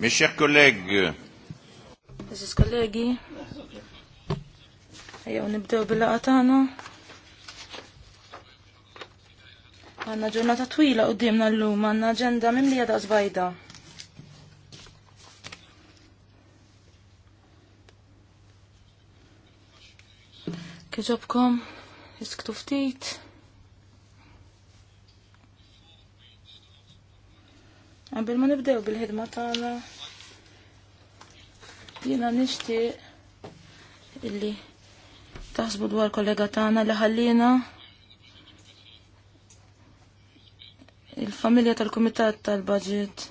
Mes chers collègues. Eżis kollegi. Ejjew nibdew bil-laqa tagħna. Għandna ġurnata twila qudiemna llum, għandna aġenda mimlija ta' żbajda. Kieġobkom, isktu ftit. Għambil ma nibdew bil-ħidma tagħna jiena nixtieq illi taħsbu dwar kollega tagħna li ħallina il-familja tal-Kumitat tal-Budget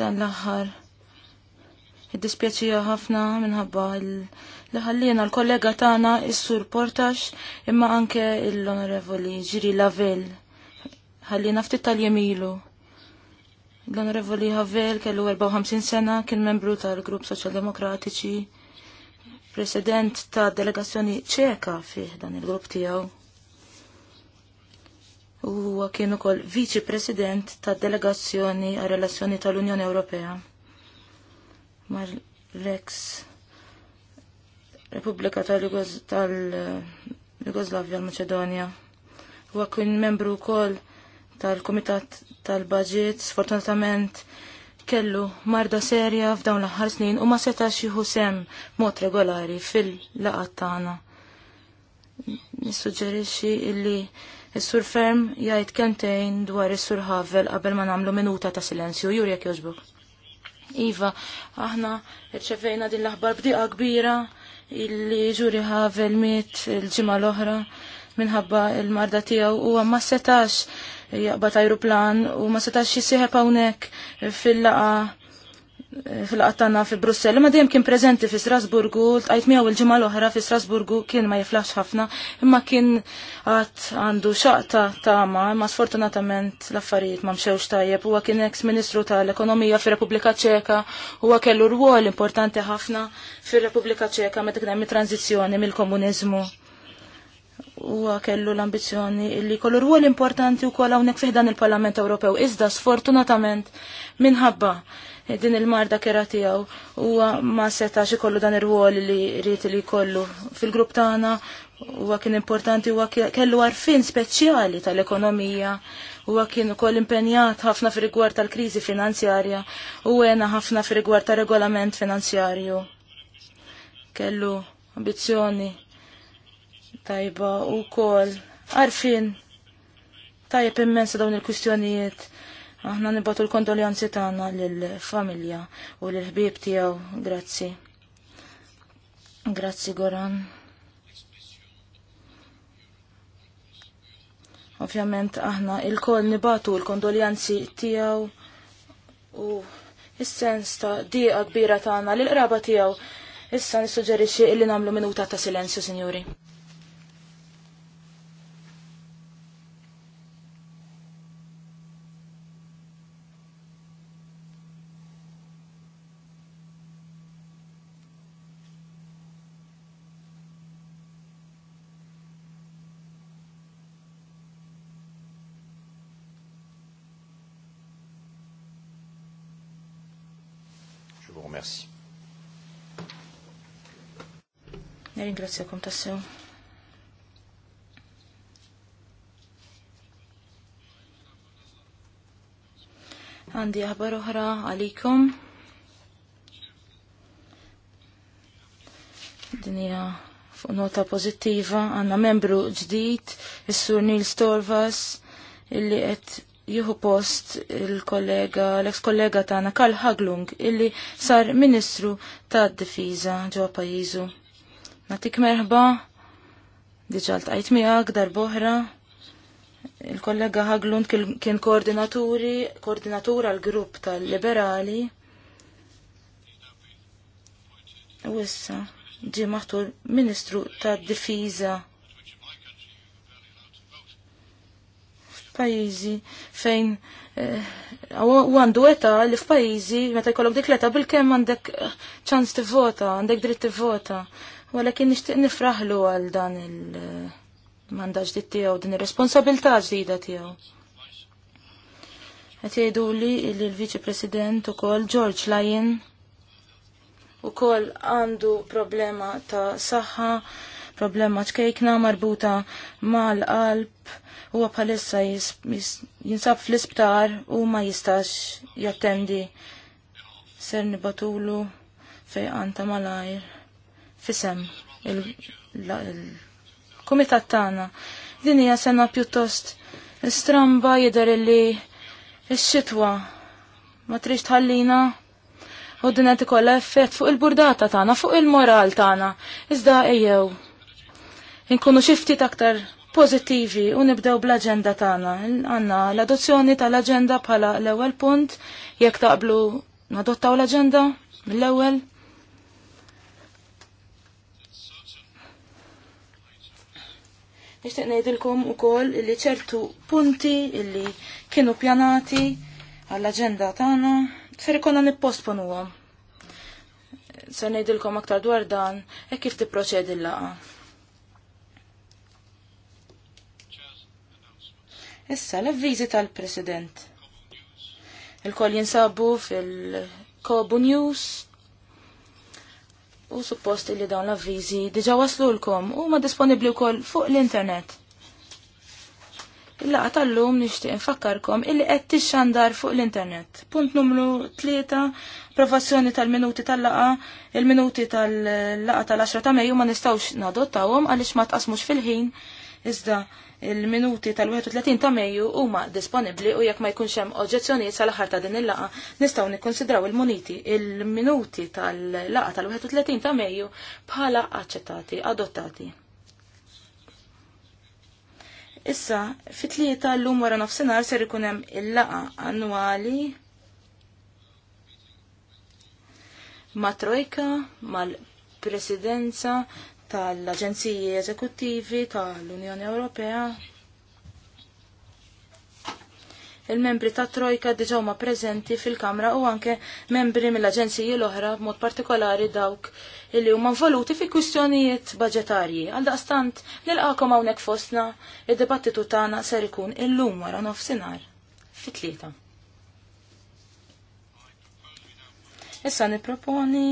dan l-aħħar id-dispjaċija ħafna minħabba li ħallina l-kollega tagħna is-Sur Portax imma anke l-Onorevoli Ġiri Lavell ħallina ftit tal-jemilu. L-Onorevoli Havel kellu 54 sena kien membru tal-Grupp Soċjaldemokratiċi, president ta' delegazzjoni ċeka fih dan il-grupp tiegħu. Huwa kien ukoll viċi president ta' delegazzjoni a relazzjoni tal-Unjoni Ewropea. Mar Rex Repubblika tal-Jugoslavja l macedonia Huwa kien membru wkoll tal-Kumitat tal-budget sfortunatament kellu marda serja f'dawn l-aħħar snin u ma setax jieħu sem mod regolari fil-laqat tagħna. Nissuġġerixxi illi Is-sur ferm jgħid kentejn dwar is-sur ħavel qabel ma nagħmlu minuta ta' silenzju, jur jekk jogħġbok. Iva, aħna rċevejna din l-aħbar bdiqa kbira illi ġuri ħavel miet il-ġimgħa l-oħra minħabba il-marda tiegħu u ma setax jaqbad ajruplan u ma setax jisieħeb hawnhekk fil-laqa fil-laqa tanna fi Brussell. Ma dejjem kien preżenti fi Strasburgu, tqajt miegħu il-ġimgħa l-oħra fi Strasburgu kien ma jiflax ħafna, imma kien għat għandu xaqta tama, imma sfortunatament l-affarijiet ma mxewx tajjeb. Huwa kien ex-Ministru tal-Ekonomija fir-Repubblika Ċeka, huwa kellu rwol importanti ħafna fir-Repubblika Ċeka meta kien hemm it-tranzizzjoni mill-komuniżmu huwa kellu l-ambizzjoni li kollu rwol importanti u kolla hawnhekk fih dan il-Parlament Ewropew. Iżda sfortunatament minħabba din il-marda kera tiegħu huwa ma setax ikollu dan ir-rwol li rrid li kollu fil-grupp tagħna huwa kien importanti huwa kellu għarfien speċjali tal-ekonomija huwa kien ukoll impenjat ħafna fir-rigward tal-kriżi finanzjarja u għena ħafna fir-rigward tal regolament finanzjarju. Kellu ambizzjoni tajba u kol Arfin, tajb immensa dawn il-kustjonijiet aħna nibatu l-kondoljanzi tagħna lill-familja u lill-ħbieb tiegħu grazzi. Grazzi Goran. Ovvjament aħna il-kol nibatu l-kondoljanzi tiegħu u is-sens ta' diqa kbira tagħna lill qraba tiegħu. Issa nissuġġerixxi illi nagħmlu minuta ta' silenzju, sinjuri. Neringrazzjakom tassew. Għandi aħbar oħra għalikom. Dinja fuq nota pozittiva għanna membru ġdid, is-sur Nil Storvas, illi qed jieħu post il-kollega, l-ex-kollega tagħna Karl Haglung, illi sar Ministru tad-Difiża ġewwa pajjiżu. Natik merħba, diġal tqajt miegħek darboħra. Il-kollega ħaglund kien koordinaturi, koordinatur għal grupp tal-liberali. U issa ġie maħtur Ministru tad-Difiża. F'pajjiżi fejn eh, u għandu eta li f'pajjiżi meta jkollok dik l-età bil kem għandek eh, ċans tivvota, għandek dritt tivvota. vota Walakin nixtieq nifraħlu għal dan il-mandat eh, ġdid tiegħu, din ir-responsabilità ġdida tiegħu. Qed jgħidu li l-Viċi President ukoll George Lyon ukoll għandu problema ta' saħħa, problema ċkejkna marbuta mal-qalb, huwa bħalissa jinsab fl-isptar u ma jistax jattendi ser nibatulu fejqan ta' malajr fisem il-komitat tagħna. Din hija sena pjuttost stramba jidher li x-xitwa ma trix tħallina u din qed ikoll effett fuq il-burdata tagħna, fuq il-moral tagħna. Iżda ejjew inkunu xi ftit aktar pożittivi u nibdew bl-aġenda tagħna. Għandna l-adozzjoni tal-aġenda bħala l-ewwel punt jekk taqblu nadottaw l-aġenda mill-ewwel. Nixtieq ngħidilkom ukoll li ċertu punti illi kienu pjanati għall-aġenda tagħna ser ikonna għom. Ser ngħidilkom aktar dwar dan e kif tipproċedi l-laqa. Issa l-avviżi tal-President. il kol jinsabu fil-Kobu News u suppost li dawn l-avviżi diġa waslulkom u ma disponibli wkoll fuq l-internet. Il-laqa tal-lum nixtieq infakkarkom illi qed tixxandar fuq l-internet. Punt numru 3, provazzjoni tal-minuti tal-laqa, il-minuti tal-laqa tal-10 ta' Mejju ma nistgħux nadottawhom għaliex ma tqasmux fil-ħin Iżda il-minuti tal-31 ta' Mejju huma disponibbli u jekk ma jkunx hemm oġġezzjonijiet sal aħħar ta' din il-laqa nistgħu nikkonsidraw il-muniti il-minuti tal-laqa tal-31 ta' Mejju bħala aċċettati, adottati. Issa, fit-tlieta l-lum wara nofsinhar ser ikun hemm il-laqa annwali ma' trojka, mal-presidenza tal-Aġenziji Eżekuttivi tal-Unjoni Ewropea. Il-membri ta' Trojka diġa huma preżenti fil-Kamra u anke membri mill-Aġenziji l-oħra b'mod partikolari dawk illi huma involuti fi kwistjonijiet budġetarji. Għal daqstant nilqakom hawnhekk fostna id-dibattitu tagħna ser ikun illum wara nofsinhar fit-tlieta. Issa nipproponi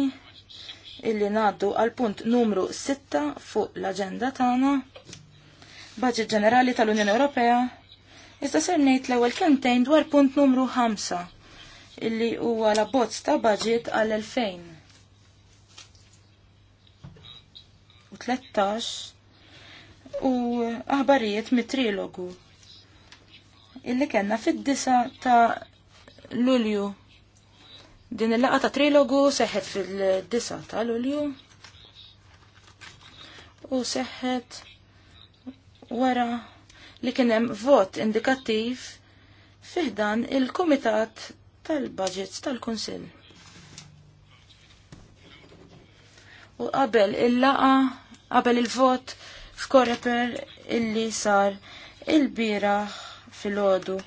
illi naddu għal punt numru 6 fuq l-agenda tagħna. Budget ġenerali tal-Unjoni Ewropea. Issa ser ngħid l-ewwel kemtejn dwar punt numru 5 illi huwa la bozz ta' budget għal 2000. U 13 u aħbarijiet mit-trilogu illi kellna fid-disa ta' Lulju Din il-laqa ta' trilogu seħħet fil-9 ta' Lulju u seħħet wara li kien hemm vot indikattiv fiħdan il-Kumitat tal-Budgets tal-Kunsill. U qabel il-laqa, qabel il-vot f'Koreper illi sar il-biraħ fil-ħodu.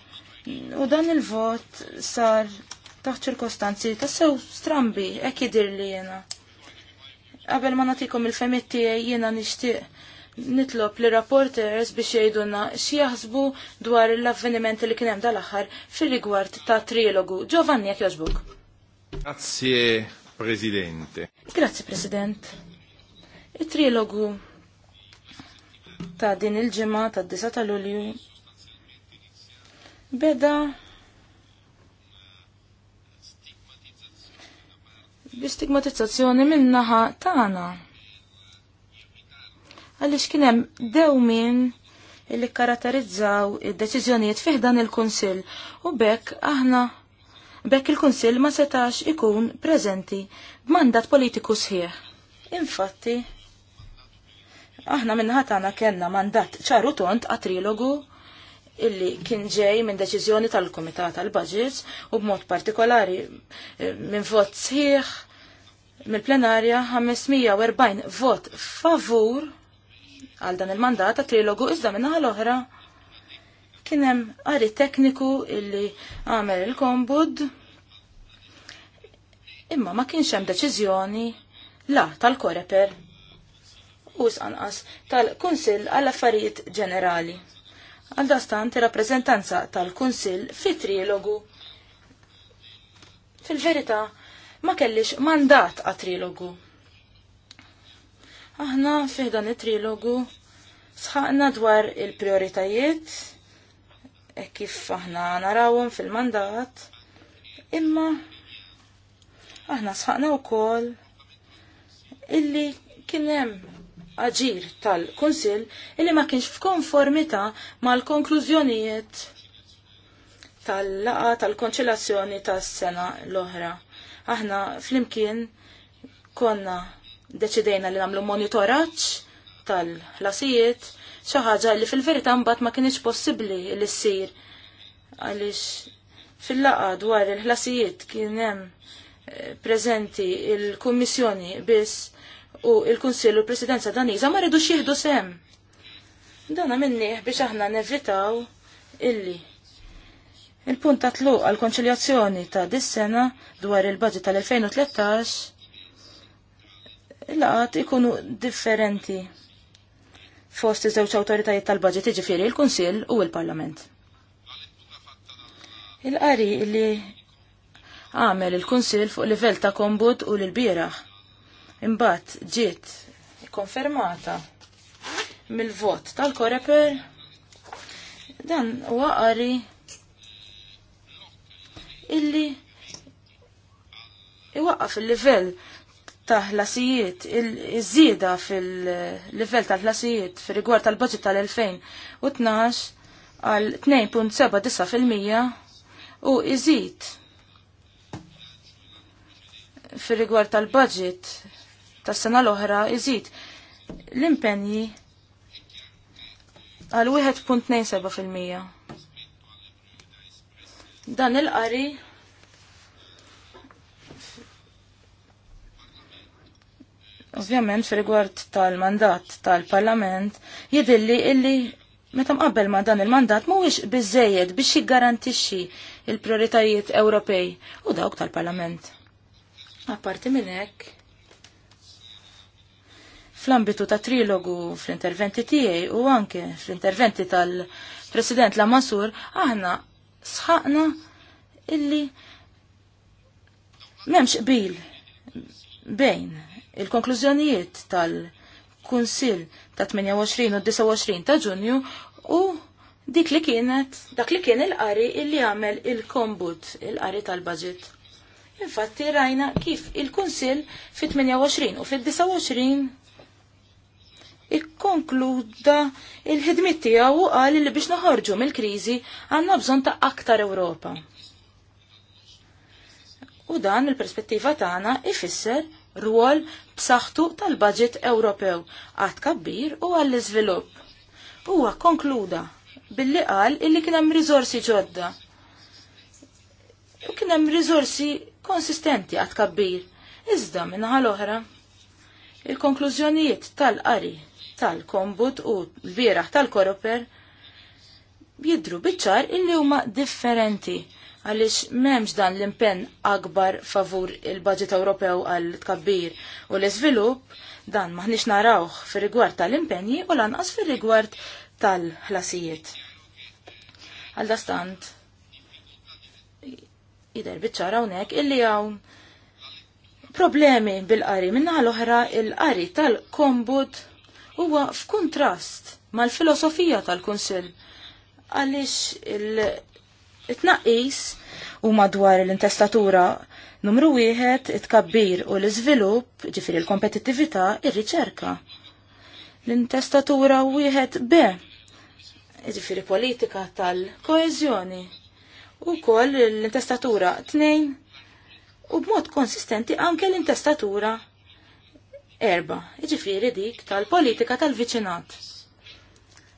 U dan il-vot sar taħt ċirkostanzi ta' sew strambi, ek jidir li jena. Qabel ma natikom il-femiet tiegħi jiena nixtieq nitlob li rapporters biex jgħidulna x'jaħsbu dwar l-avvenimenti li kien hemm dal-aħħar fir-rigward ta' trilogu. Giovanni jekk jogħġbuk. Grazie, Presidente. Grazie, President. Il-trilogu ta' din il-ġimgħa tad-9 ta' Lulju beda l-istigmatizzazzjoni minnaħa tagħna. Għaliex kien hemm min illi karatterizzaw id-deċiżjonijiet fih dan il-Kunsill u bekk aħna bekk il-Kunsill ma setax ikun preżenti b'mandat politiku sħiħ. Infatti, aħna minnaħa tagħna kellna mandat ċaru tont għat trilogu illi kien ġej minn deċiżjoni tal-Komitat tal-Budget u b'mod partikolari eh, minn vot sħiħ mill-plenarja 540 vot favur għal dan il-mandat ta' trilogu iżda minna l-oħra kien hemm qari tekniku illi għamel il-kombud imma ma kienx hemm deċiżjoni la tal-koreper u sqanqas tal-Kunsill għall affarijiet ġenerali għaldastant ir-rappreżentanza tal-Kunsill fit-trilogu. Fil-verità, ma kellix mandat għat-trilogu. Aħna fiħdan it-trilogu sħaqna dwar il-prioritajiet, e kif aħna narawhom fil-mandat, imma aħna sħaqna wkoll illi kien hemm aġir tal-Kunsill illi ma kienx f'konformità mal-konklużjonijiet tal-laqa tal-konċilazzjoni tas-sena l-oħra. Aħna flimkien konna deċidejna li nagħmlu monitoraġġ tal-ħlasijiet xi ħaġa li fil-verità mbagħad ma kienx possibbli li ssir għaliex fil-laqa dwar il-ħlasijiet kien hemm eh, preżenti il-Kummissjoni biss u il-Kunsill u l-Presidenza Daniza ma rridux jieħdu sem. Dana minni biex aħna nevitaw illi. Il-punt ta' tluq għal konċiljazzjoni ta' dis-sena dwar il-budget tal-2013 laqat ikunu differenti fost iż-żewġ awtoritajiet tal-budget iġifieri il-Kunsill u l-Parlament. Il-qari li għamel il-Kunsill fuq livell ta' kombut u l-bieraħ Imbagħad ġiet konfermata mill-vot tal-Koreper dan huwa qari illi iwaqqaf il-livell ta' ħlasijiet, iż-żieda fil-livell ta' ħlasijiet fir rigward tal-budget tal-2012 għal 2.79% u iżid fir rigward tal-budget tas-sena l-oħra iżid l-impenji għal 1.27%. Dan il-qari ovvjament fil-rigward tal-mandat tal-parlament jidilli illi meta mqabbel ma dan il-mandat mhuwiex biżejjed biex jiggarantixxi il-prioritajiet Ewropej u dawk tal-Parlament. Apparti minn hekk, fl-ambitu ta' trilogu fl-interventi tiegħi u anke fl-interventi tal-President Lamassur aħna sħaqna illi memx bil bejn il-konklużjonijiet tal-Kunsill ta' 28 u 29 ta' Ġunju u dik li kienet dak li kien il-qari illi għamel il-kombut il-qari tal-budget. Infatti rajna kif il-Kunsill fit-28 u fit-29 ikkonkluda il-ħidmit tiegħu u qal li biex noħorġu mill-kriżi għandna bżonn ta' aktar Ewropa. U dan il-perspettiva tagħna ifisser rwol b'saħħtu tal-budget Ewropew għad kabbir u għall-iżvilupp. Huwa konkluda billi qal illi kien hemm riżorsi ġodda. U kien hemm riżorsi konsistenti għad kabbir. Iżda minnaħa l-oħra, il-konklużjonijiet tal-qari tal-kombut u l-bieraħ tal-koroper jidru biċċar illi huma differenti għaliex memx dan l-impenn akbar favur il-budget Ewropew għal tkabbir u l-iżvilupp dan maħniex narawh fir-rigward tal-impenji u lanqas fir-rigward tal-ħlasijiet. Għal dastant jider biċar hawnhekk illi hawn problemi bil-qari minna l-oħra il-qari tal-kombut huwa f'kuntrast mal-filosofija tal-Kunsill għaliex il-tnaqqis u madwar l-intestatura numru wieħed it-kabbir u l-iżvilupp, ġifiri l-kompetittività, ir-riċerka. L-intestatura wieħed B, ġifiri politika tal-koezjoni, u koll l-intestatura 2 u b'mod konsistenti anke l-intestatura erba, iġifiri dik tal-politika tal-viċinat.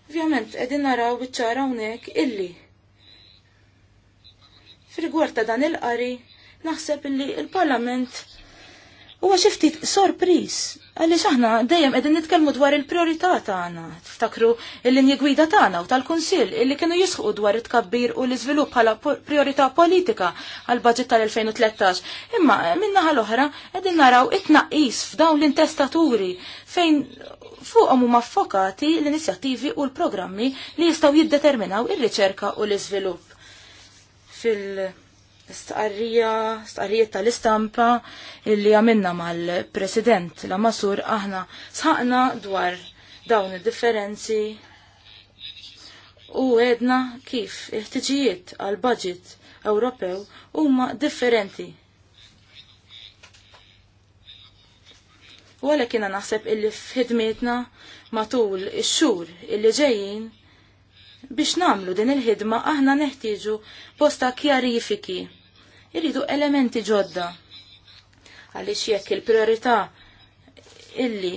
Ovvjament, edin naraw biċċara unek illi. Frigwar ta' dan il-qari, naħseb illi il-parlament huwa xi ftit sorpris, għaliex aħna dejjem qegħdin nitkellmu dwar il-priorità tagħna. Tiftakru l-linji gwida tagħna u tal-Kunsill illi kienu jisħu dwar it kabbir u l izvilup bħala priorità politika għal budget tal-2013. Imma minna l-oħra qegħdin naraw it-tnaqqis f'dawn l-intestaturi fejn fuqhom huma maffokati l-inizjattivi u l-programmi li jistgħu jiddeterminaw ir-riċerka u l-iżvilupp fil- stqarrija, stqarrijiet tal-istampa illi għamilna mal-president la masur aħna sħaqna dwar dawn il-differenzi u edna kif il-ħtiġijiet għal budget Ewropew huma differenti. U għalek naħseb illi fħidmietna matul ix-xhur illi ġejjin Biex namlu din il-ħidma aħna neħtieġu posta kjarifiki. Irridu elementi ġodda. Għaliex jekk il-priorità illi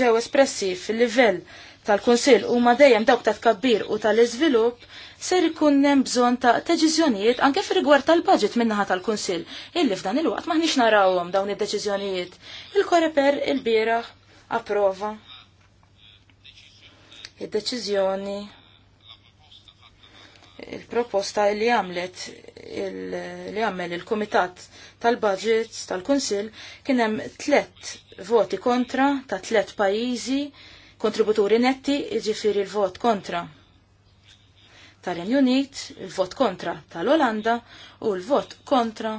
ġew espressi fil-livell tal-Kunsill huma dejjem dawk ta' tkabbir u tal-iżvilupp, ser ikun hemm bżonn ta' deċiżjonijiet anke f'rigward rigward tal-budget minnaħa tal-Kunsill, illi f'dan il-waqt maħniex narawhom dawn id-deċiżjonijiet. Il-Koreper il-bieraħ approva il deċiżjoni il-proposta li għamlet li għamel il-Komitat tal-Budget tal-Kunsil kien hemm tlet voti kontra ta' tlet pajjiżi kontributuri netti iġifiri il-vot kontra tal-Renju Unit, il-vot kontra tal-Olanda u l-vot kontra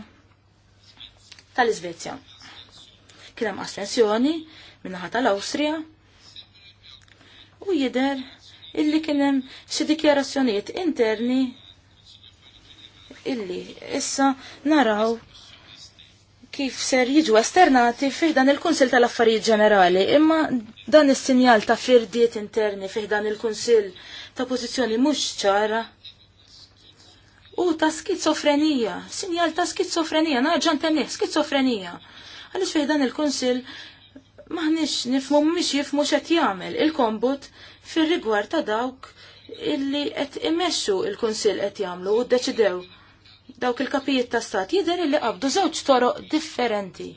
tal-Iżvezja. Kien hemm astensjoni minnaħa tal-Awstrija u jidher illi kienem xi dikjarazzjonijiet interni illi issa naraw kif ser jiġu esternati fih dan il-Kunsil tal-Affarijiet Ġenerali, imma dan is-sinjal ta' firdiet interni fih dan il-Kunsil ta' pożizzjoni mhux ċara u ta' skizofrenija, sinjal ta' skizofrenija, naġan tenni, skizofrenija. Għalix fih dan il-Kunsil maħnix nifmu miex jifmu xet jagħmel il-kombut fil rigward ta' dawk illi qed imessu il-Kunsill qed jagħmlu u ddeċidew dawk il-kapijiet ta' stat jidher illi qabdu żewġ toroq differenti.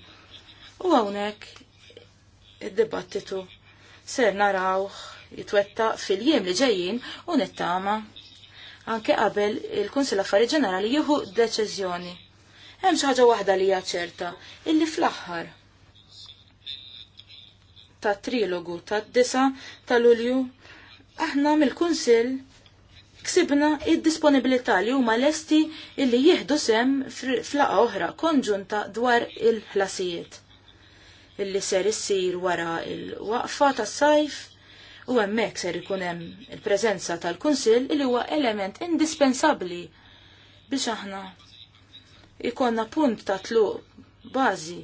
U hawnhekk id-dibattitu ser narawh jitwetta fil-jiem li ġejjin u nittama anke qabel il-Kunsill Affarijiet Ġenerali jieħu deċiżjoni. Hemm xi ħaġa waħda li hija ċerta, illi fl-aħħar ta' trilogu ta' disa ta' Lulju aħna mill-Kunsill ksibna id-disponibilità li huma lesti illi jieħdu sem flaqa oħra konġunta dwar il-ħlasijiet illi ser issir wara il-waqfa tas-sajf u hemmhekk ser ikun hemm il-preżenza tal-Kunsill illi huwa element indispensabbli biex aħna ikonna punt ta' tluq bażi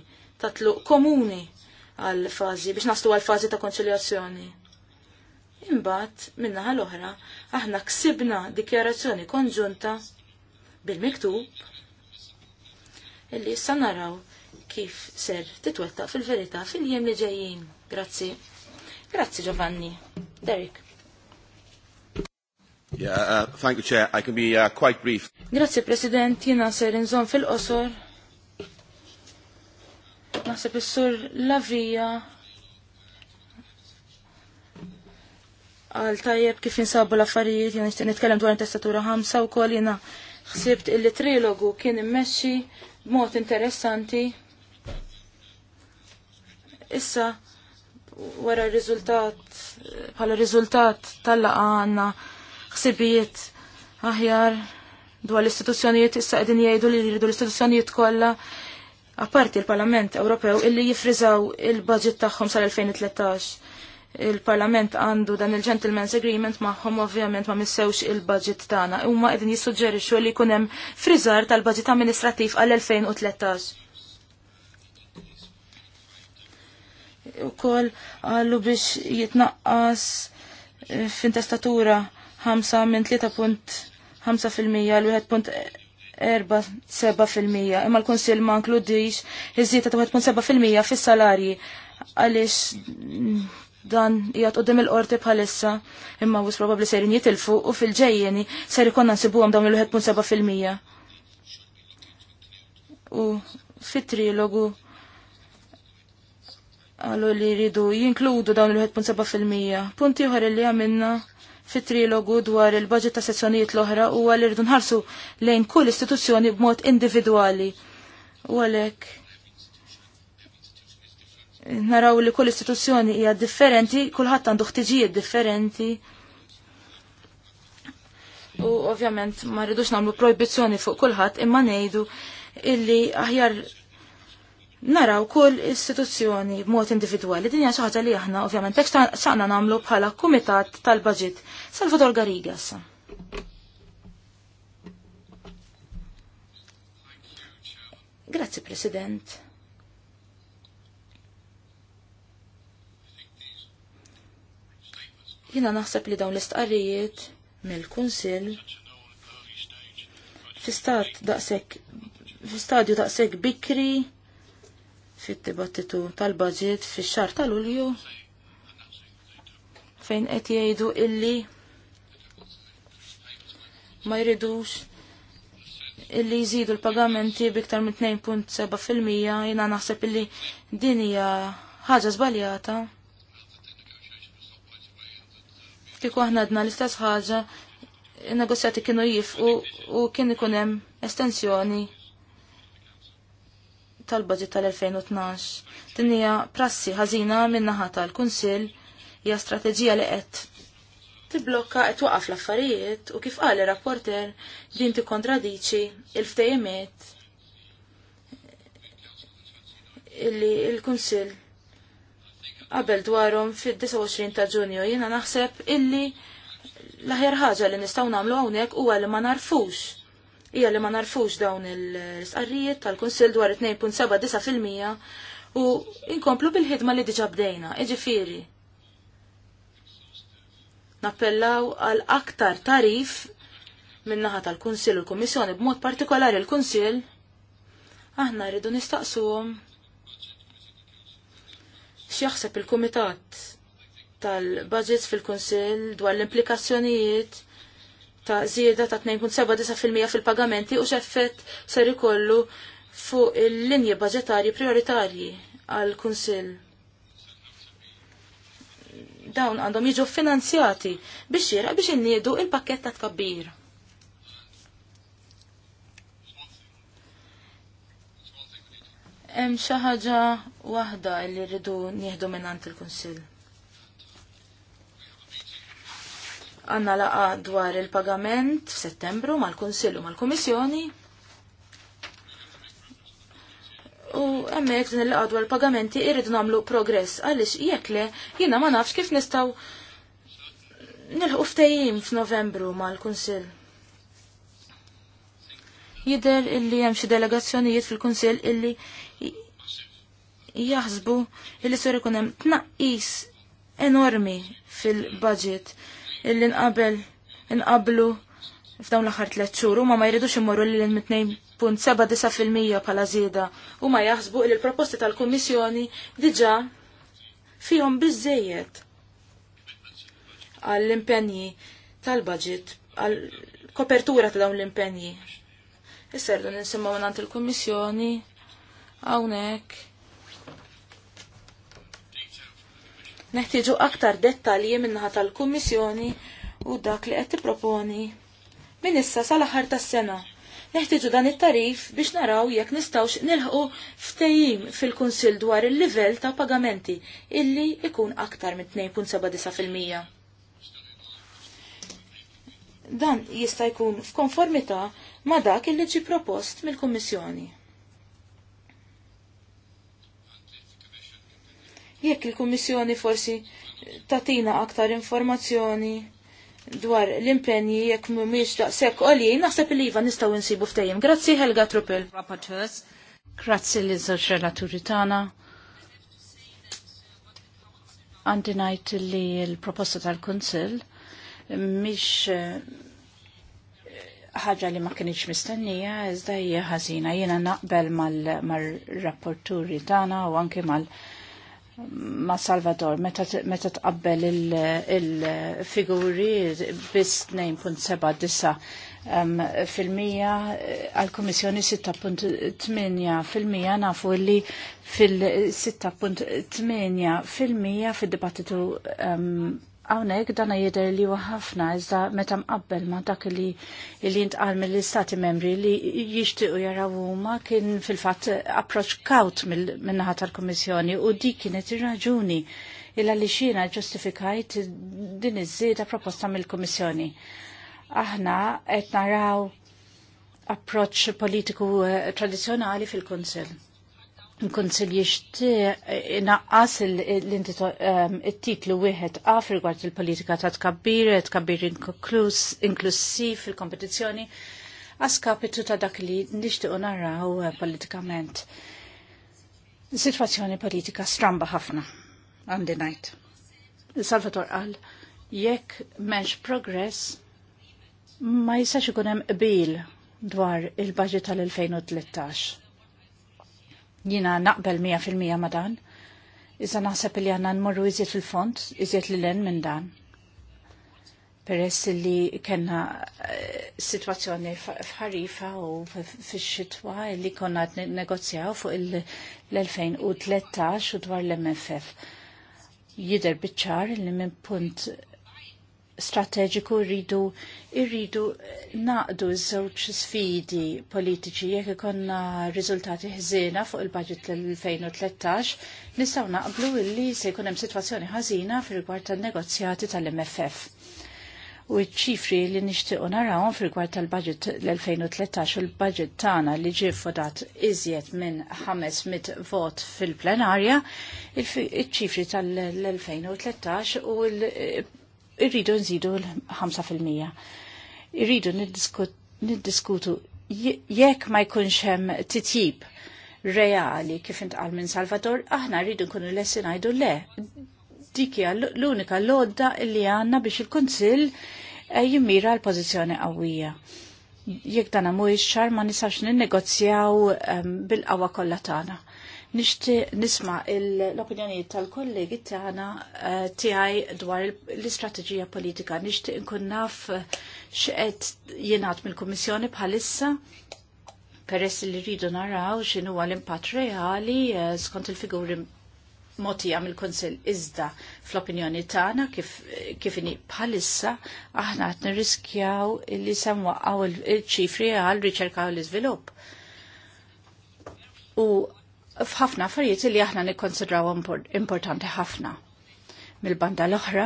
ta' tluq komuni għal fażi biex naslu għal fażi ta' konċiljazzjoni. Imbagħad minnaħa l-oħra aħna ksibna dikjarazzjoni konġunta bil-miktub illi issa naraw kif ser titwettaq fil-verità fil-jiem li ġejjin. Grazzi. Grazzi Giovanni. Derek. Yeah, uh, thank you, Chair. I can be uh, quite brief. Grazzi, President. Jina ser nżon fil-qosor. Nasib is-sur Lavija għal tajjeb kif insabu l-affarijiet, jena nishtiq nitkellem dwar intestatura ħamsa u kol jena xsibt illi trilogu kien immexxi b'mod interessanti. Issa, wara r-riżultat, bħala riżultat tal-laqa għanna xsibijiet aħjar dwar l-istituzzjonijiet issa qegħdin jgħidu li jridu l-istituzzjonijiet kollha apparti l-Parlament Ewropew illi jifrizaw il-budget tagħhom sal-2013 il-Parlament għandu dan il-Gentleman's Agreement magħhom ovvjament ma missewx il-budget tagħna. Huma qegħdin jissuġġerixxu li jkun hemm friżar tal-budget amministrativ għal-2013. kol għallu biex jitnaqqas eh, f'intestatura 5 minn 3.5% l-1.47% imma l-Konsil ma nkludix iż ta' 1.7% fis-salarji għaliex dan jgħat qoddim il-qorti bħalissa imma wis probabli serin jitilfu u fil-ġejjeni ser ikonna nsibuhom dawn il-1.7 mija U fit-trilogu għallu li jridu jinkludu dawn il-1.7 fil-mija. Punti uħar li għamilna fit-trilogu dwar il-budget ta' sezzjonijiet l-oħra u li irridu nħarsu lejn kull istituzzjoni b'mod individwali. U għalek naraw li kull istituzzjoni hija differenti, kulħadd għandu ħtiġijiet differenti. U ovvjament ma rridux nagħmlu proibizzjoni fuq kulħadd imma ngħidu illi aħjar naraw kull istituzzjoni b'mod individwali. Din hija xi ħaġa li aħna ovvjament hekk xaqna nagħmlu bħala kumitat tal-baġit. Salvador Garigas. Grazie Grazzi President. Jina naħseb li dawn l-istqarrijiet mill-Kunsill fi stadju daqsek bikri fit-dibattitu tal-budget fix-xar tal-Ulju fejn qed jgħidu illi ma jridux illi jżidu l-pagamenti biktar minn 2.7% jiena naħseb illi din hija ħaġa żbaljata kieku aħna għadna l-istess ħaġa, il-negozjati kienu jifqu u kien ikun hemm estensjoni tal-budget tal-2012. Din hija prassi ħażina min-naħa tal-Kunsill hija strateġija li qed tiblokka qed waqaf l-affarijiet u kif qal ir-rapporter din tikkontradiċi il-ftejimiet illi il-Kunsill qabel dwarhom fid-29 ta' Ġunju jiena naħseb illi l-aħjar ħaġa li nistgħu nagħmlu hawnhekk huwa li ma narfux hija li ma narfux dawn il-sqarrijiet tal-Kunsill dwar 2.79 u inkomplu bil-ħidma li diġà bdejna, iġifieri. Nappellaw għal aktar tarif minnaħa tal-Kunsill u l-Kummissjoni b'mod partikolari l-Kunsill aħna rridu nistaqsuhom x'jaħseb il-Kumitat tal-Budgets fil-Kunsill dwar l-implikazzjonijiet ta' zieda ta' 2.7% fil-pagamenti u x'effett ser ikollu fuq il-linji budgetarji prioritarji għal-Kunsill. Dawn għandhom jiġu finanzjati biex jira biex inniedu il-pakket ta' tkabbir. Hemm xi ħaġa waħda li rridu nieħdu mingħand il-Kunsill. Għanna laqa dwar il-pagament f'Settembru mal-Kunsill u mal-Kummissjoni. U hemmhekk din il-laqa dwar il-pagamenti irridu nagħmlu progress għaliex jekk le jiena ma nafx kif nistgħu nilħu ftejjim f'Novembru mal-Kunsill. Jider illi hemm xi delegazzjonijiet fil-Kunsill illi jaħsbu illi ser ikun hemm tnaqqis enormi fil-budget illi nqabel inqablu f'dawn l-aħħar tliet xhur huma ma jridux immorru lil fil-mija bħala żieda huma jaħsbu li l-proposti tal-Kummissjoni diġà fihom biżejjed għall-impenji tal-budget għall kopertura ta' dawn l-impenji. Isser dan nisimgħu nant il-Kummissjoni hawnhekk Neħtieġu aktar dettalji minnaħa tal-Kummissjoni u dak li qed tipproponi Min issa sal-aħħar tas-sena. Neħtieġu dan it-tarif biex naraw jekk nistgħux nilħqu ftejim fil-Kunsill dwar il-livell ta' pagamenti illi ikun aktar minn 2.79%. Dan jista' jkun f'konformità ma' dak illi ġi propost mill-Kummissjoni. Jekk il-Kummissjoni forsi tatina aktar informazzjoni dwar l-impenji jekk mhumiex daqshekk għali, naħseb il iva nistgħu nsibu ftehim. Grazzi Helga Truppel. Grazzi li żewġ relaturi tagħna. Għandi ngħid li l-proposta tal-Kunsill mhix eh, ħaġa li ma kienx mistennija, iżda hija ħażina. Jiena naqbel mal-rapporturi tagħna u anke mal-, mal ma' Salvador, meta tqabbel il-figuri bis 2.7 2.79 fil-mija għal-Komissjoni 6.8 fil-mija nafu li fil-6.8 fil-mija fil-dibattitu Għawnek dana jider li ħafna iżda meta mqabbel ma dak li li intqal mill-istati membri li jixtiequ jaraw huma kien fil-fatt approċ kaut minnaħa tal-Kummissjoni u dik kienet irraġuni raġuni illa li xina ġustifikajt din iż-żieda proposta mill komissjoni Aħna qed naraw approċ politiku eh, tradizzjonali fil-Kunsill Eh, naqqas l-inti t ehm, titlu wieħed għaf rigward il-politika ta' tkabbir, tkabbir inklusiv fil-kompetizzjoni, kapitu ta' dak li nixtiqu naraw eh, politikament. Situazzjoni politika stramba ħafna, għandi najt. Salvator qal, jekk menx progress ma jisax ikun hemm qbil dwar il-budget tal-2013 Jina naqbel 100% ma dan. Iżda naħseb li għanna nmorru iżjed il font iżjed li l minn dan. Peress li kena eh, situazzjoni fħarifa u fil-xitwa li konna negozjaw fuq l-2013 u dwar l-MFF. Jider bitċar li minn punt strateġiku rridu irridu naqdu żewġ sfidi politiċi jekk ikonna riżultati ħżiena fuq il-budget l-2013 nistgħu naqblu illi se jkun hemm sitwazzjoni ħażina fir-rigward tan-negozjati tal-MFF. U ċifri li nixtiequ narawhom fir-rigward tal-budget l-2013 u l-budget tagħna li ġie fodat iżjed minn 500 vot fil-plenarja, iċ-ċifri tal-2013 u l irridu nżidu l-5%. Irridu niddiskutu jekk ma jkunx hemm titjib reali kif intqal minn Salvador, aħna rridu nkunu lessi ngħidu le. Dik hija l-unika lodda li għandna biex il-Kunsill eh, jimmira l-pożizzjoni qawwija. Jekk dan mhuwiex ċar ma nistax ninnegozjaw ehm, bil-qawwa kollha tagħna. Nixtieq nisma' l opinjoni tal-kollegi tagħna eh, tiegħi dwar l-istrateġija politika. Nixtieq inkun naf eh, x'qed jingħad mill-Kummissjoni bħalissa peress li rridu naraw x'inhu l-impatt reali eh, skont il-figuri għam mill konsil iżda fl-opinjoni tagħna kif kif bħalissa aħna qed nirriskjaw li semwaqgħu il-ċifri għal riċerka u l-iżvilupp. U f'ħafna affarijiet li aħna nikkonsidraw importanti ħafna. Mill-banda l-oħra,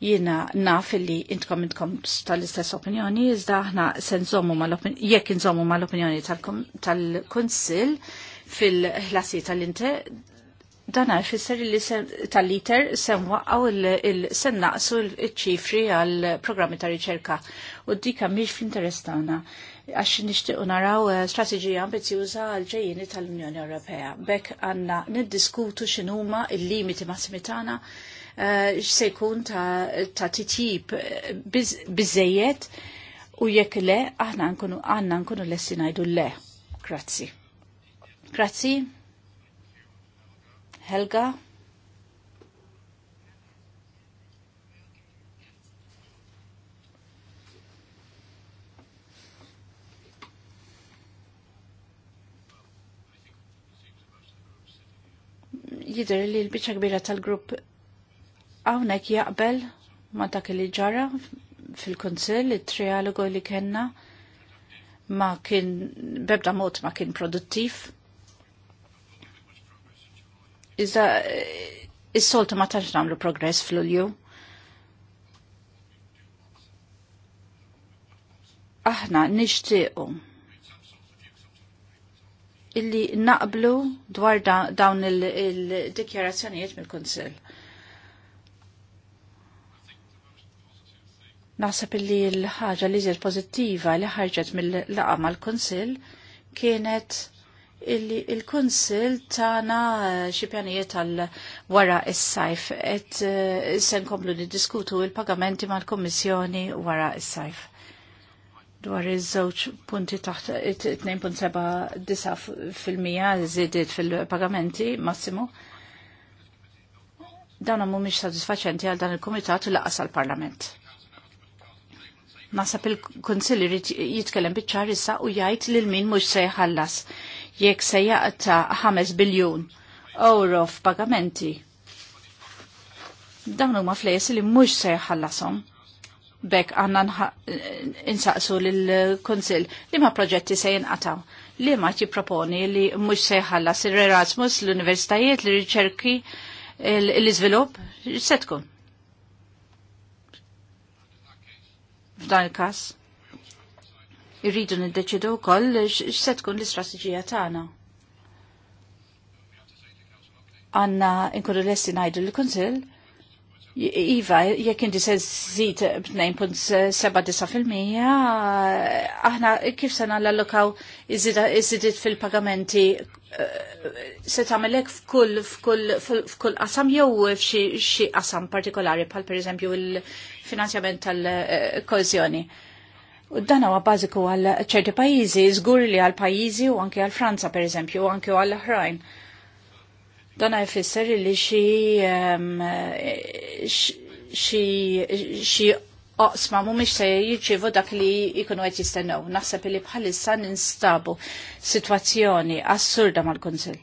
jiena naf li intkom intkom tal-istess opinjoni, iżda aħna se nżommu mal-opinjoni, jekk nżommu mal-opinjoni tal-Kunsill fil-ħlasi tal-inte, dan għal fisser li tal-liter sen waqqaw sen naqsu il ċifri għal programmi ta' riċerka u dika miex fl-interess tagħna għax nixtiequ naraw eh, strateġija ambizjuża għal ġejjini tal-Unjoni Ewropea. Bekk għandna niddiskutu x'inhuma il-limiti massimi tagħna eh, x'se jkun ta' titjib eh, biżejjed u jekk le aħna nkunu għandna nkunu lessi ngħidu le. Grazzi. Grazzi. Helga. jidher li l bicċa kbira tal-grupp hawnhekk jaqbel ma dak li ġara fil-Kunsill, it-trialogu li kellna ma kien bebda mod ma kien produttiv. Iżda eh, is-soltu ma tantx nagħmlu progress fl-ulju. Aħna nixtiequ illi naqblu dwar dawn il-dikjarazzjonijiet il dikjarazzjonijiet mill kunsill Naħseb illi l-ħaġa li żiet pożittiva li ħarġet mill-laqa mal-Kunsill kienet illi il-Kunsill tana eh, xi pjanijiet għal wara s-sajf qed eh, se nkomplu niddiskutu il-pagamenti mal-Kummissjoni wara s-sajf dwar iż-żewġ punti taħt 2.79% żidiet fil-pagamenti massimo. Dawn mhumiex sodisfaċenti għal dan il-Kumitat u laqas parlament Nasab il-Kunsill irid jitkellem biċ-ċar issa u jgħid lil min mhux se jħallas jekk se jaqta' 5 biljun euro f'pagamenti. Dawn huma flejs li mhux se jħallashom bekk għanna insaqsu l-Konsil li ma proġetti se jinqataw. Li ma ti proponi li mux se jħallas l-Erasmus, l-Universitajiet, l-Riċerki, l-Izvilup, Setkun. tkun? F'dan il-kas, irridu niddeċidu wkoll x'se tkun l-istrateġija tagħna. Għanna inkunu lesti ngħidu l-Kunsill Iva, jekk inti se żid fil-mija, aħna kif se nallokaw iż fil-pagamenti eh, se tagħmel hekk f'kull f'kull qasam jew f'xi qasam partikolari bħal pereżempju il-finanzjament tal-kożjoni. U dan huwa bażiku għal ċerti pajjiżi, żgur li għal pajjiżi u anke għal Franza pereżempju u anke għal oħrajn. Dan jfisser li xi xie xi oqsma mhumiex se jirċievu dak li jkunu qed jistennew. Naħseb li bħalissa ninstabu sitwazzjoni assurda mal-Kunsill.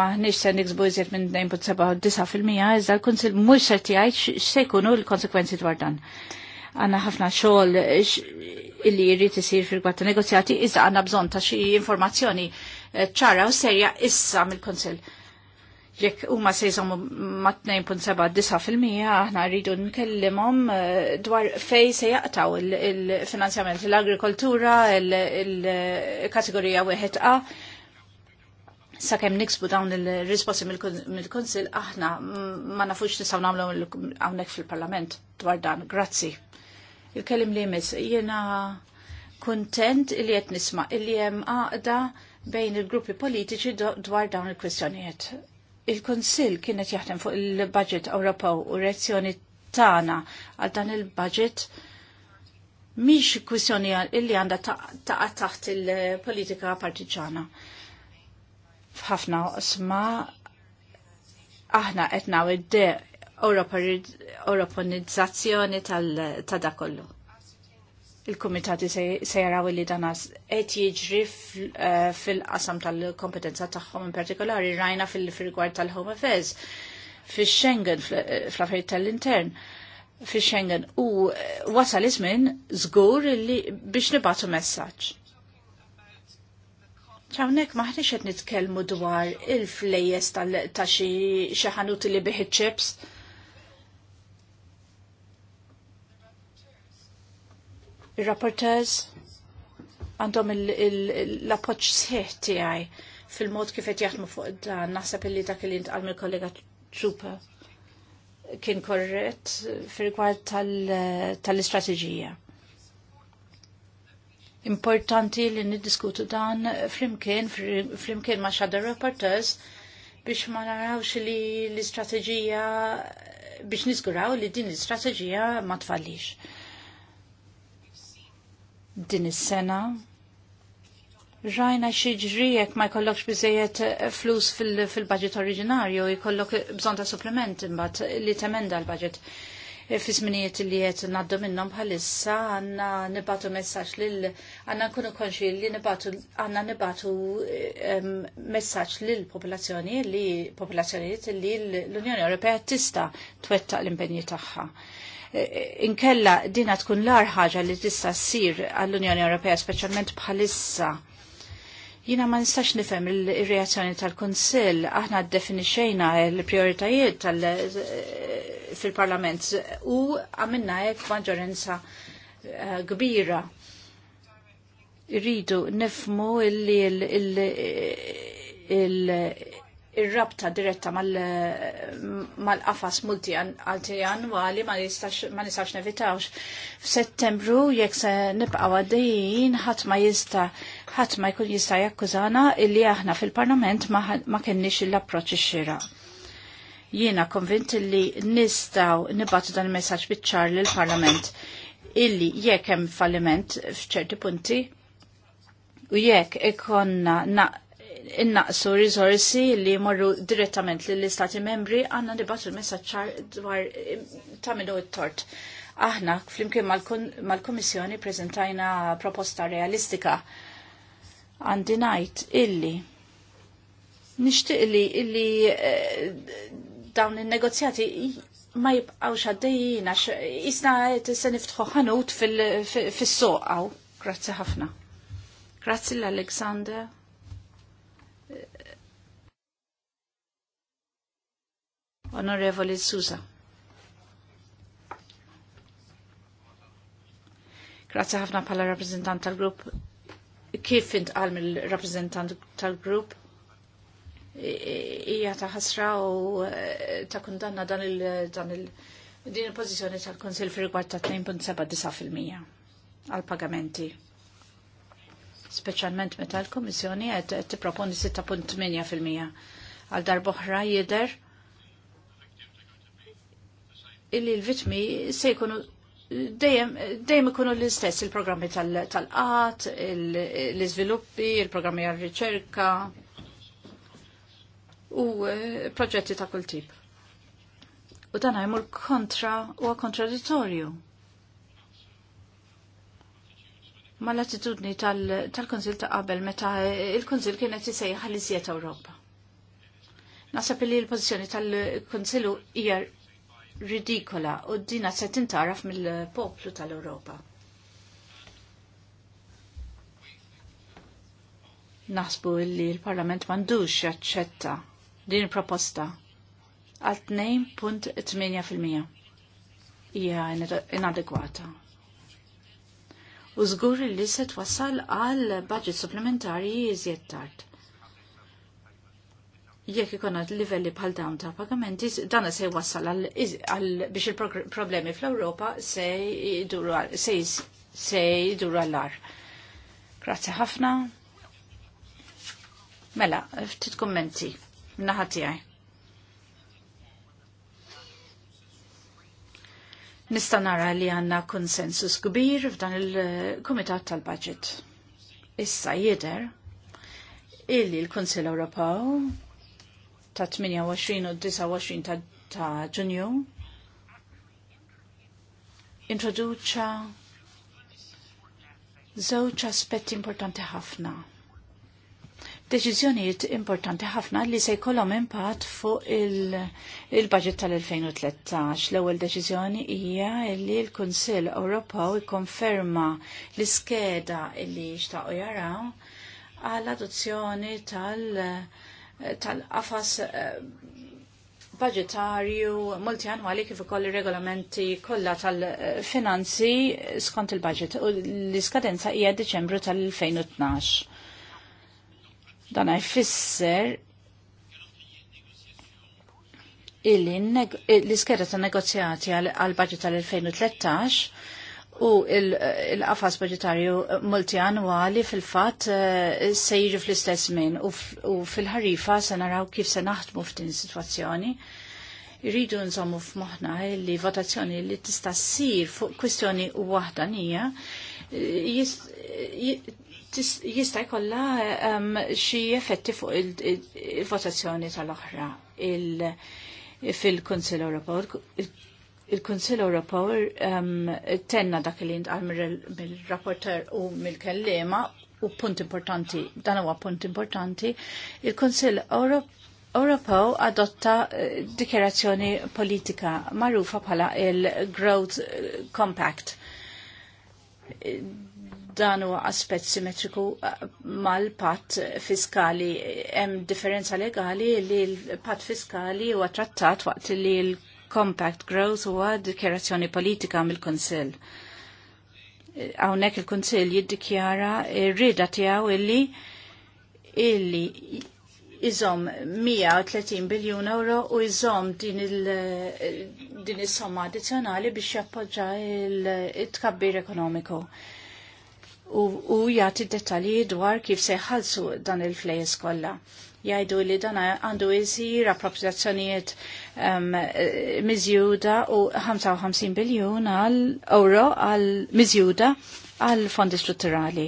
Maħniex se niksbu iżjed minn 2.79% iżda l-Kunsill mhux se jgħid se jkunu l-konsekwenzi dwar dan. Għanna ħafna xogħol illi jrid isir fil-gwatta negozjati iżda għandna bżonn ta' xi informazzjoni eh, ċara u serja issa mill-Kunsill jekk huma se jżommu ma' 2.7 fil-mija aħna rridu nkellimhom eh, dwar fej se jaqtaw il-finanzjament l-agrikoltura, il-kategorija wieħed A. Sakemm niksbu dawn il-risposti mill-Kunsil aħna ma nafux nistgħu nagħmlu hawnhekk fil-Parlament dwar dan. Grazzi. Il-kelim li jmiss jiena kuntent li qed nisma' li hemm għaqda bejn il-gruppi politiċi dwar dawn il-kwistjonijiet il-Konsil kienet jaħdem fuq il-budget Ewropew u reazzjoni tagħna għal dan il-budget miex kwistjoni illi għandha taqa' taħt il-politika partiġana. F'ħafna osma aħna qed id-de Europanizzazzjoni tal-dakollu il-komitati se jaraw li danas qed jiġri eh, fil-qasam tal-kompetenza tagħhom in partikolari rajna fil-rigward tal-Home Affairs fix-Schengen eh, fl-affarijiet tal-intern fix-Schengen u eh, wasal iż-żmien żgur li biex nibatu messaġġ. ċawnek maħniex qed nitkellmu dwar il-flejjes ta' xi ħanut li biħi ċips Il-rapporters għandhom l-appoċ sħiħ tiegħi fil-mod kif qed jaħdmu fuq dan, naħseb illi dak li ntqal mill-kollega Trupa kien korrett fil-rigward tal-istrateġija. Importanti li niddiskutu dan flimkien, flimkien ma' xadda reporters biex ma narawx li l-istrateġija biex nizguraw li din l-istrateġija ma tfallix din is-sena rajna xieġri jekk ma jkollokx biżejjed eh, flus fil-budget fil oriġinarju, jkollok bżonn ta' supplement imbagħad li temenda l-budget. Eh, fi żminijiet li qed ngħaddu minnhom bħalissa għandna nibatu messaġġ lil għandna nkunu konxi li nibatu għandna nibatu eh, messaġġ lill popolazzjoni li popolazzjonijiet li l-Unjoni Ewropea tista' twettaq l-impenji tagħha inkella dina tkun l-ar ħaġa li tista' ssir għall-Unjoni Ewropea speċjalment bħalissa. Jina ma nistax nifhem il-reazzjoni tal-Kunsill, aħna ddefinixxejna l-prioritajiet fil-Parlament u għamilna hekk maġġoranza eh, kbira. Irridu nifmu illi il ir-rabta diretta mal-qafas multi għal-tijanwali ma nistax nevitawx. F'Settembru jekk se nibqa' għaddejjin ħadd ma jista' ħat ma jkun jista' jakkużana illi aħna fil-Parlament ma kenniex l-approċċ xira. jiena konvint li nistaw nibatu dan il-messagġ bitċar l parlament illi jekk hemm falliment f'ċerti punti u jekk ikonna innaqsu risorsi li morru direttament lill istati membri għanna nibatu l-messagġar dwar eh, tamilu it-tort. Aħna, flimkien mal-Komissjoni, prezentajna proposta realistika għandi najt illi nishtiq li illi eh, dawn il-negozjati ma jibqawx għaddejjina jisna tista' niftħu ħanut fis-soqaw. Grazzi ħafna. Grazzi l-Alexander. Onorevoli Susa. Grazie ħafna pala rappresentant tal-grupp. Kif int qal mill-rappresentant tal-grupp? Ija ta' ħasra u eh, ta' kundanna dan il- dan il- din il-pozizjoni tal-Konsil fi rigward ta' 2.79% għal pagamenti. Speċjalment meta l-Komissjoni qed tipproponi 6.8% għal darboħra jidher illi l-vitmi se jkunu dejjem ikunu l-istess il-programmi tal-qat, l-iżviluppi, il-programmi għal-riċerka u eh, proġetti ta' kull tip. U dan l kontra u kontraditorju ma l-attitudni tal-Konsil ta' qabel meta il-Konsil kienet jisejħa l-Iżjed Ewropa. Nasab li l-pozizjoni tal-Konsilu hija ridikola u dina se tintaraf mill-poplu tal-Europa. Nasbu li l-Parlament mandux jaċċetta din proposta għal 2.8% hija inadegwata. U żgur li se twassal għal budget supplementari iżjed tard jekk ikonna livelli bħal dawn ta' pagamenti, dana se jwassal għal biex il-problemi fl-Ewropa se jduru għall-ar. Grazzi ħafna. Mela, ftit kommenti naħati tiegħi. Nista' nara li għandna konsensus kbir f'dan il-Kumitat tal-Budget. Issa jidher illi l-Kunsill Ewropew ta' 28 u 29 ta' ġunju introduċa żewġ aspetti importanti ħafna. Deċiżjonijiet importanti ħafna li se jkollhom impatt fuq il-budget il tal-2013. L-ewwel deċiżjoni hija li l-Kunsill Ewropew ikkonferma l-iskeda li xtaqgħu jaraw għall-adozzjoni tal- Eh, tal-qafas eh, budgetarju multianwali kif ukoll ir-regolamenti kollha tal-finanzi eh, skont il-budget u l-iskadenza hija Diċembru tal-2012. Dan jfisser illi l-iskeda ta' negozjati għal budget tal-2013 U il-qafas budgetarju multianwali fil-fat eh, se jiġu fl-istess min u fil-ħarifa se naraw kif se naħdmu f'din situazzjoni. Irridu nżommu f'moħna li votazzjoni li tista' ssir fuq kwistjoni waħda nija eh, jista' jkollha ehm, xi effetti fuq il-votazzjoni tal-oħra fil-Kunsill Ewropew il-Kunsill Ewropew um, tenna dak li jintqal mill-rapporter u mill kellema u punt importanti, dan huwa punt importanti, il-Kunsill Ewropew adotta eh, dikjerazzjoni politika magħrufa bħala il-Growth eh, Compact. Dan huwa aspett simmetriku eh, mal-patt fiskali. Hemm differenza legali li l-patt fiskali huwa trattat waqt li l Compact Growth huwa dikjarazzjoni politika mill-Kunsill. Hawnhekk il-Kunsill jiddikjara r-rieda tiegħu illi illi izom 130 biljun euro u izom din is-somma addizzjonali biex jappoġġa il-tkabbir ekonomiku. U, u jagħti dettalji dwar kif se jħallsu dan il-flejes kollha. Jgħidu li dan għandu jsir appropriazzjonijiet um, u 55 biljun għal euro għal miżjuda għal fondi strutturali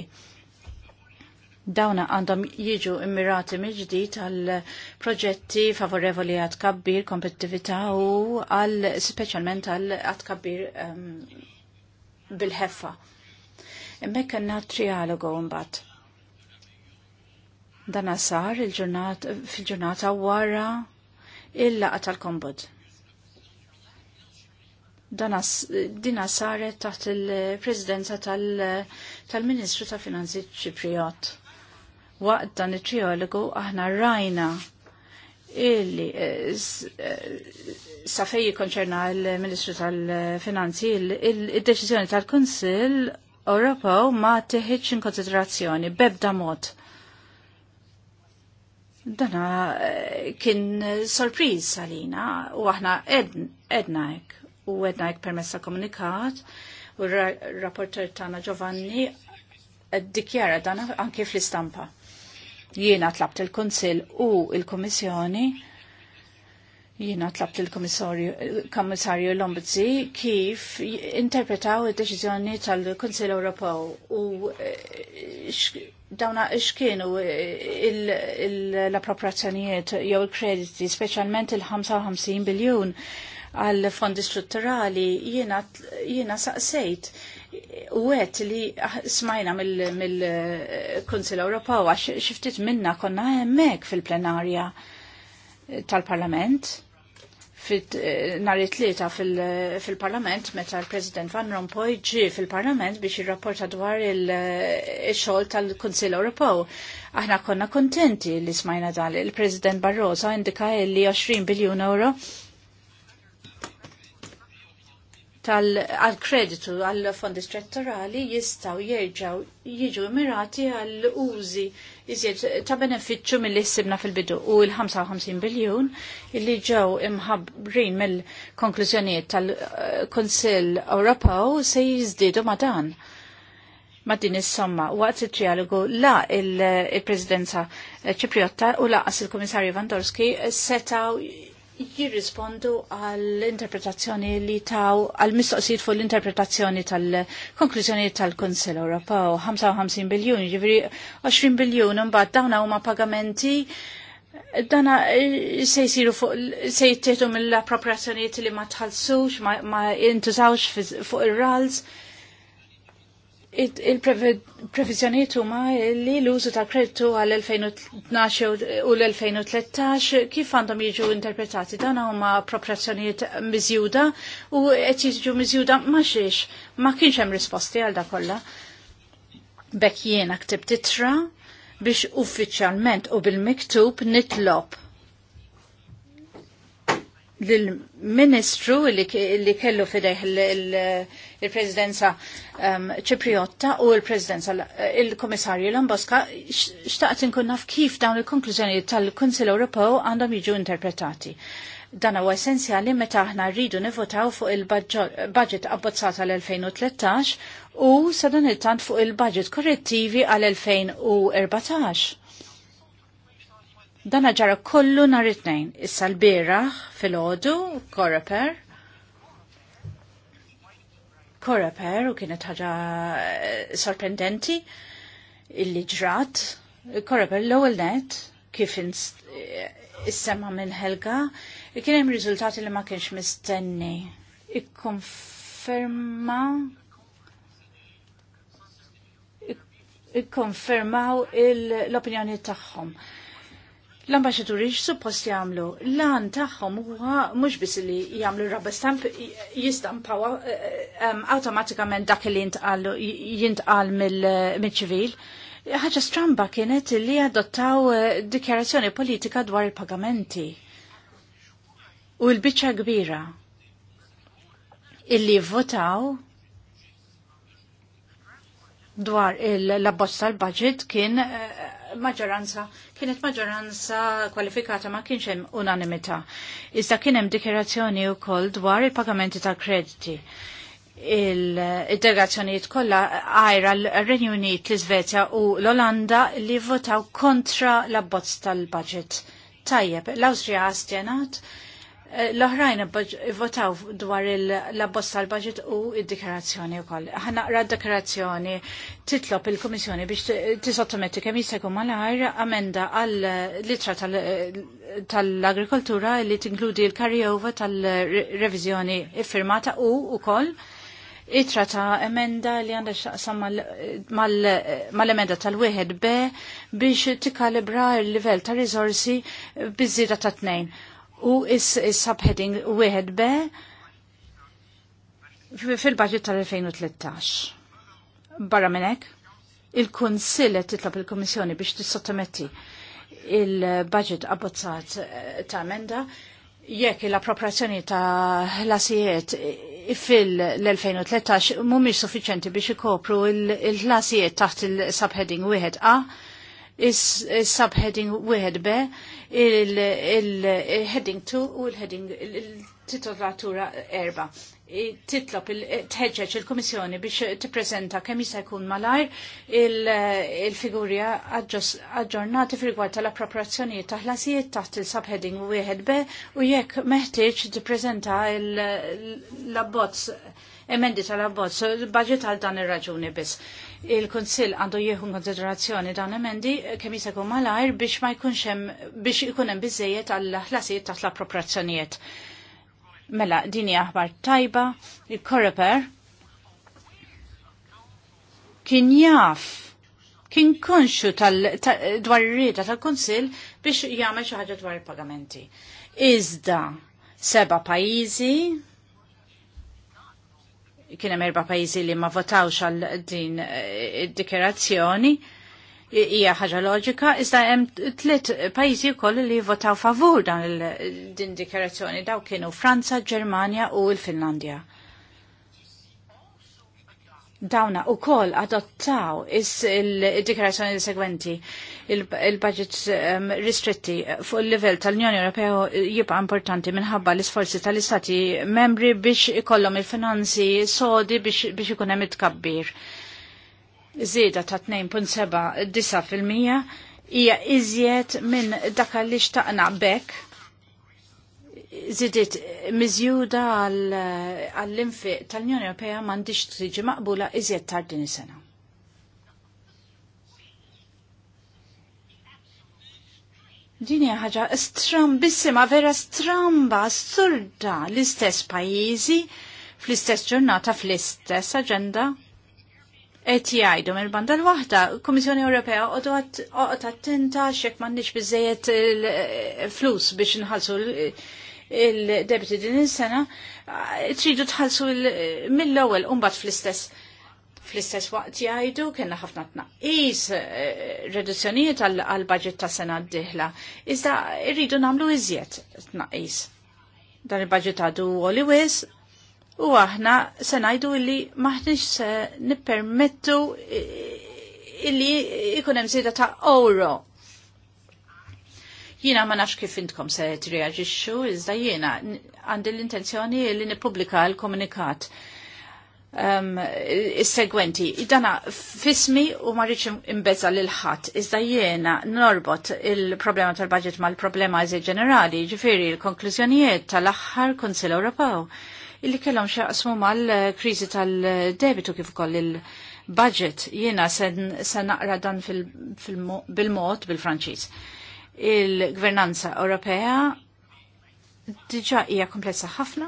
dawna għandhom jiġu immirati mill-ġdid għal proġetti favorevoli għad kabbir, kompetitività u għal specialment għal għad kabbir um, bil-ħeffa. Imma għanna trialogu mbagħad. Dana sar il-ġurnata fil-ġurnata wara il-laqa tal-kombod. Dina saret taħt il-prezidenza tal-Ministru tal ta' Finanzi Ċipriot. Waqt dan it-triologu aħna rajna illi eh, eh, safej konċerna il-Ministru tal-Finanzi il-deċizjoni tal-Konsil Ewropew ma teħiċ in konsiderazzjoni bebda mod Dana eh, kien eh, sorpriz għalina u aħna edna ek u edna ek permessa komunikat u r-rapporter tana Giovanni dikjara dana anke fl-istampa. Jiena tlabt il-Konsil u il-Komissjoni jiena tlabt il-Komissarju Lombozzi kif interpretaw id-deċiżjoni tal-Konsil Ewropew u eh, dawna x'kienu l-appropriazzjonijiet jew il-krediti, speċjalment il-55 biljun għal fondi strutturali jiena saqsejt u għet li smajna mill-Kunsil Ewropew għax xiftit minna konna hemmhekk fil-plenarja tal-Parlament Eh, nhar it-tlieta fil-Parlament meta l-President Van Rompuy ġie fil-Parlament biex jirrapporta dwar il-xogħol eh, tal-Kunsill Ewropew. Aħna konna kontenti li smajna dal il-President Barroso indika li 20 biljun euro tal-kreditu għall-fondi strettorali jistaw jirġaw jiġu mirati għall-użi iżjed ta' beneficju mill issibna fil-bidu u l-55 biljun illi ġew imħabrin mill-konklużjonijiet tal-Konsil Ewropew se jiżdiedu ma' dan ma' din is-somma waqt it-trialogu la il-Presidenza Ċipriotta u laqas il-Komissarju Vandorski setaw jirrispondu għall-interpretazzjoni li taw, għall-mistoqsijiet fuq l-interpretazzjoni tal-konklużjoni tal-Kunsel Ewropew 55 biljun, ġifri 20 biljun, mbagħad dawn huma pagamenti dana se jisiru fuq se jittieħdu mill-appropriazzjonijiet li ma tħallsux, ma jintużawx fuq ir-rals il-previżjonijiet huma li l-użu ta' kreditu għal-2012 u l-2013 kif għandhom jiġu interpretati dan huma appropriazzjonijiet miżjuda u qed jiġu miżjuda ma xiex ma kienx hemm risposti għal dakolla. kollha. Bekk jiena ktib titra biex uffiċjalment u bil-miktub nitlob l-ministru li kellu fideħ il-presidenza um, ċipriotta u il-presidenza il-komissarju Lamboska xtaqt nkunnaf naf kif dawn il-konklużjoni tal-Kunsil Ewropew għandhom jiġu interpretati. Dan huwa essenzjali meta aħna rridu nivotaw fuq il-budget abbozzata l-2013 u sadan il-tant fuq il-budget korrettivi għal-2014 Dan ġara kollu nhar it-tnejn, issa l fil-ħodu, Koraper. Koraper u kienet ħaġa eh, sorprendenti illi ġrat. Koraper l-ewwel net kif eh, issemma minn Helga, kien hemm riżultati li ma kienx mistenni. Ikkonferma ikkonfermaw l-opinjoni tagħhom l-ambasġaturi x-suppost jagħmlu lan tagħhom huwa mhux biss li jagħmlu rabba stamp jistampawa eh, eh, awtomatikament dak li jintqal mill-ċivil. Ħaġa stramba kienet li adottaw eh, dikjarazzjoni politika dwar il-pagamenti. U l-biċċa kbira illi votaw dwar il-labbozz tal-budget kien maġġoranza kienet maġġoranza kwalifikata ma kienx hemm unanimità. Iżda kien hemm dikjerazzjoni wkoll dwar il-pagamenti ta' krediti il-delegazzjonijiet kollha għajra l-Renju Unit, l-Iżvezja u l-Olanda li votaw kontra l-abbozz tal-budget. Tajjeb, l-Awstrija astjenat Eh, l-oħrajn votaw dwar il abbozz tal-budget u id-dikarazzjoni u koll. Ħanaqra d-dikarazzjoni titlop il-Komissjoni biex tisottometti kemm jista' jkun malajr amenda għal litra tal-agrikoltura li tinkludi l-carryover tal-reviżjoni iffirmata u koll. itra ta' emenda li għandha xaqsam mal-emenda tal-wieħed B biex tikkalibra l-livell ta' risorsi bizzida ta' tnejn u is-subheading wieħed B fil-budget tal-2013. Barra minnek, il-Kunsill qed titlob il-Kummissjoni biex tissottometti il-budget abbozzat eh, ta' emenda jekk l-appropriazzjoni ta' lasijiet fil-2013 mhumiex suffiċenti biex ikopru il-lasijiet taħt il-subheading wieħed A is-subheading wieħed be il-heading 2 u l-heading il-titolatura erba. Titlob tħeġġeġ il-Komissjoni biex tippreżenta kemm jista' jkun malajr il-figuri aġġornati fil-rigward tal-appropriazzjonijiet ta' ħlasijiet taħt il-subheading wieħed be u jekk meħtieġ tippreżenta l-abbozz emendi tal-abbozz budget għal dan ir-raġuni biss il-Konsil għandu jieħu konsiderazzjoni dan emendi eh, kemm jisegħu malajr biex ma jkunx hemm biex ikun hemm biżejjed għall-ħlasijiet taħt l-appropriazzjonijiet. Mela, dini aħbar tajba, il-Koreper kien jaf, kien konxu tal, ir dwar tal-Konsil biex jagħmel xi ħaġa dwar il-pagamenti. Iżda seba pajjiżi kien hemm erba' pajjiżi li ma votawx għal din eh, id-dikerazzjoni hija ħaġa loġika, iżda hemm tliet pajjiżi wkoll li votaw favur dan din dikerazzjoni daw kienu Franza, Ġermanja u l-Finlandja dawna u kol adottaw is il-dikarazzjoni segwenti il-budget um, ristretti fuq il-level tal-Unjoni Ewropea jibqa importanti minħabba l-isforzi tal-istati membri biex ikollhom il-finanzi sodi biex, biex ikun hemm itkabbir. Zieda ta' 2.7 fil-mija hija iżjed minn dak li xtaqna bekk Zidit, miżjuda għall-infiq tal-Unjoni Ewropea m'għandix tiġi maqbula iżjed tard din is-sena. Din hija ħaġa strambissima, vera stramba, assurda l-istess pajjiżi fl-istess ġurnata fl-istess aġenda qed jgħidu mill-banda l-waħda, Kummissjoni Ewropea qod attenta x'jekk m'għandix biżejjed flus biex inħallsu il-debiti din is-sena tridu tħallsu mill-ewwel u mbagħad fl-istess fl-istess waqt jgħidu kena ħafna tnaqqis eh, reduzzjonijiet għal budget ta' sena d-dihla. Iżda irridu namlu iżjed tnaqqis. Dan il-budget għadu għoli wis u aħna se ngħidu illi maħniex se nippermettu illi ikun hemm ta' oro Jiena ma nafx kif intkom se triaġixxu, iżda jiena għandi l-intenzjoni li nippubblika l-komunikat um, is-segwenti. Dana fismi u ma imbeza imbezza lil ħadd, iżda jiena norbot il-problema tal-budget mal-problema eżi ġenerali, ġifiri l-konklużjonijiet tal-aħħar Kunsill Ewropew illi kellhom xaqsmu mal-kriżi tal-debitu kif ukoll il- budget jiena se naqra dan bil-mod bil-Franċiż il-gvernanza Ewropea diġa hija komplessa ħafna.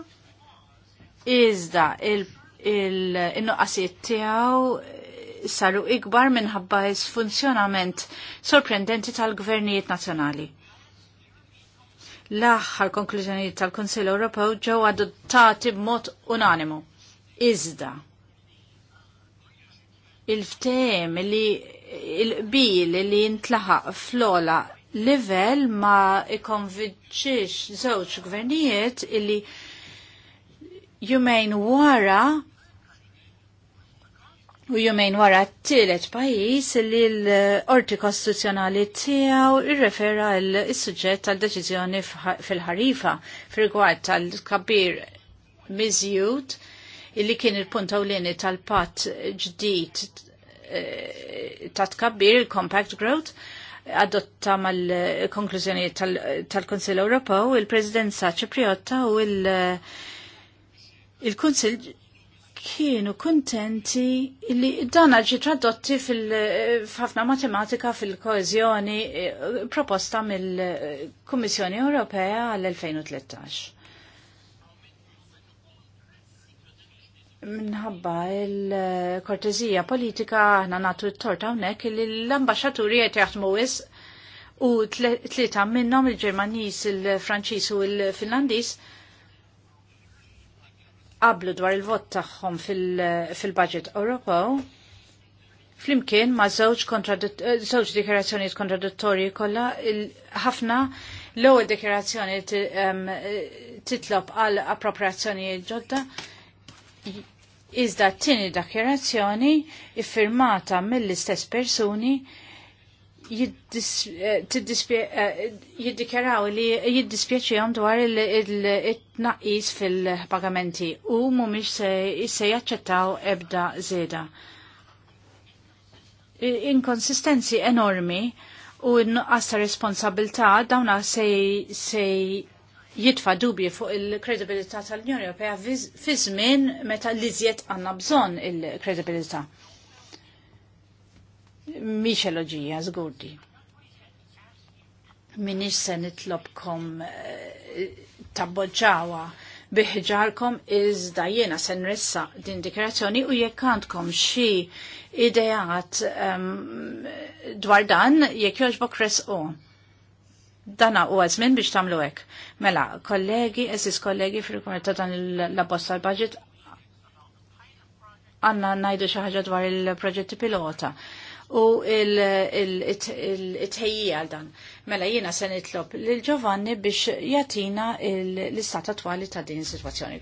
Iżda il-nuqqasijiet il, il tiegħu saru ikbar minħabba funzjonament sorprendenti tal-gvernijiet nazzjonali. L-aħħar konklużjonijiet tal-Kunsill Ewropew ġew adottati b'mod unanimu. Iżda il-ftehim li il-qbil li jintlaħaq fl-ola livell ma ikonvinċiex żewġ gvernijiet illi jumejn wara u jumejn wara t-tielet pajis illi l-orti kostituzzjonali tiegħu irrefera l-suġġett tal-deċiżjoni fil-ħarifa fil-rigward tal-kabir miżjud illi kien il-punt ewlieni tal-patt ġdid eh, ta' tkabbir il-compact growth adotta mal-konklużjoni tal-Konsil tal Ewropew, il-Presidenza Ċipriotta u il-Kunsil kienu kontenti li dan ġi tradotti fil-ħafna matematika fil-koezjoni eh, proposta mill-Kummissjoni Ewropea għall-2013. Minħabba il-kortezija politika aħna natu t-torta hawnhekk li l ambasġaturi qed jaħdmu wis u tlieta minnhom il-Ġermaniż, il-Franċiż u l-Finlandiż qablu dwar il-vot tagħhom fil-budget Ewropew flimkien ma' żewġ eh, żewġ dikjarazzjonijiet kontradittorji kollha ħafna l-ewwel dikjarazzjoni eh, titlob għal appropriazzjonijiet ġodda iżda t-tini dakjerazzjoni iffirmata mill-istess persuni eh, eh, jiddikjaraw li jiddispjaċijom dwar il-tnaqqis fil-pagamenti u mumiex se jaċċettaw ebda zeda. Inkonsistenzi enormi u n-nuqqas ta' responsabilta dawna se jitfa dubji fuq il-kredibilità tal-Unjoni Ewropea fi żmien meta l-iżjed għandna bżonn il-kredibilità. Mhix eloġija żgurdi. Minix se nitlobkom eh, tabboġġawa biħġarkom iżda jiena se nressa din dikrazzjoni u jekk għandkom xi ideat ehm, dwar dan jekk jogħġbok resqu dana u għazmin biex tamlu hekk. Mela, kollegi, eżis kollegi fil dan l-abbozz tal-budget għanna najdu xaħġa dwar il-proġetti pilota u il-tħejji għal dan. Mela jina se nitlob lil Giovanni biex jatina l-istat attwali ta' din is-sitwazzjoni.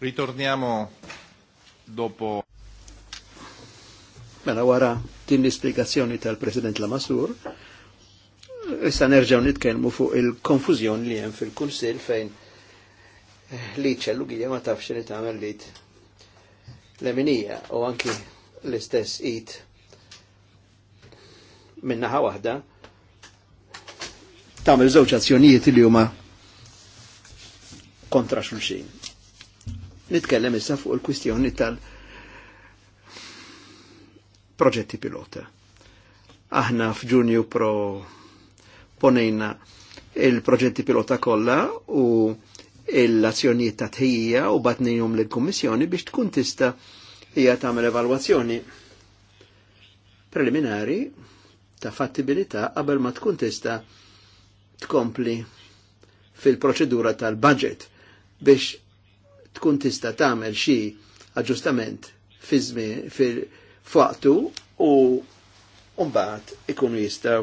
Ritorniamo dopo. Mela wara din l isplikazzjoni tal-President Lamassur. Issa nerġaw nitkellmu fuq il-konfużjoni li hemm fil kunsil fejn eh, li għidja ma tafx li tagħmel li l-eminija u anki l-istess it minnaħa waħda tagħmel żewġ azzjonijiet li huma kontra xulxin. Nitkellem issa fuq il-kwistjoni tal- proġetti pilota. Aħna f'Ġunju pro ponejna il-proġetti pilota kollha u l-azzjonijiet ta' tħejja u batnejhom lill-Kummissjoni biex tkun tista' hija tagħmel evalwazzjoni preliminari ta' fattibilità qabel ma tkun tista' tkompli fil-proċedura tal-budget biex tkun tista' tagħmel xi aġġustament fi faqtu u mbagħad ikunu jistgħu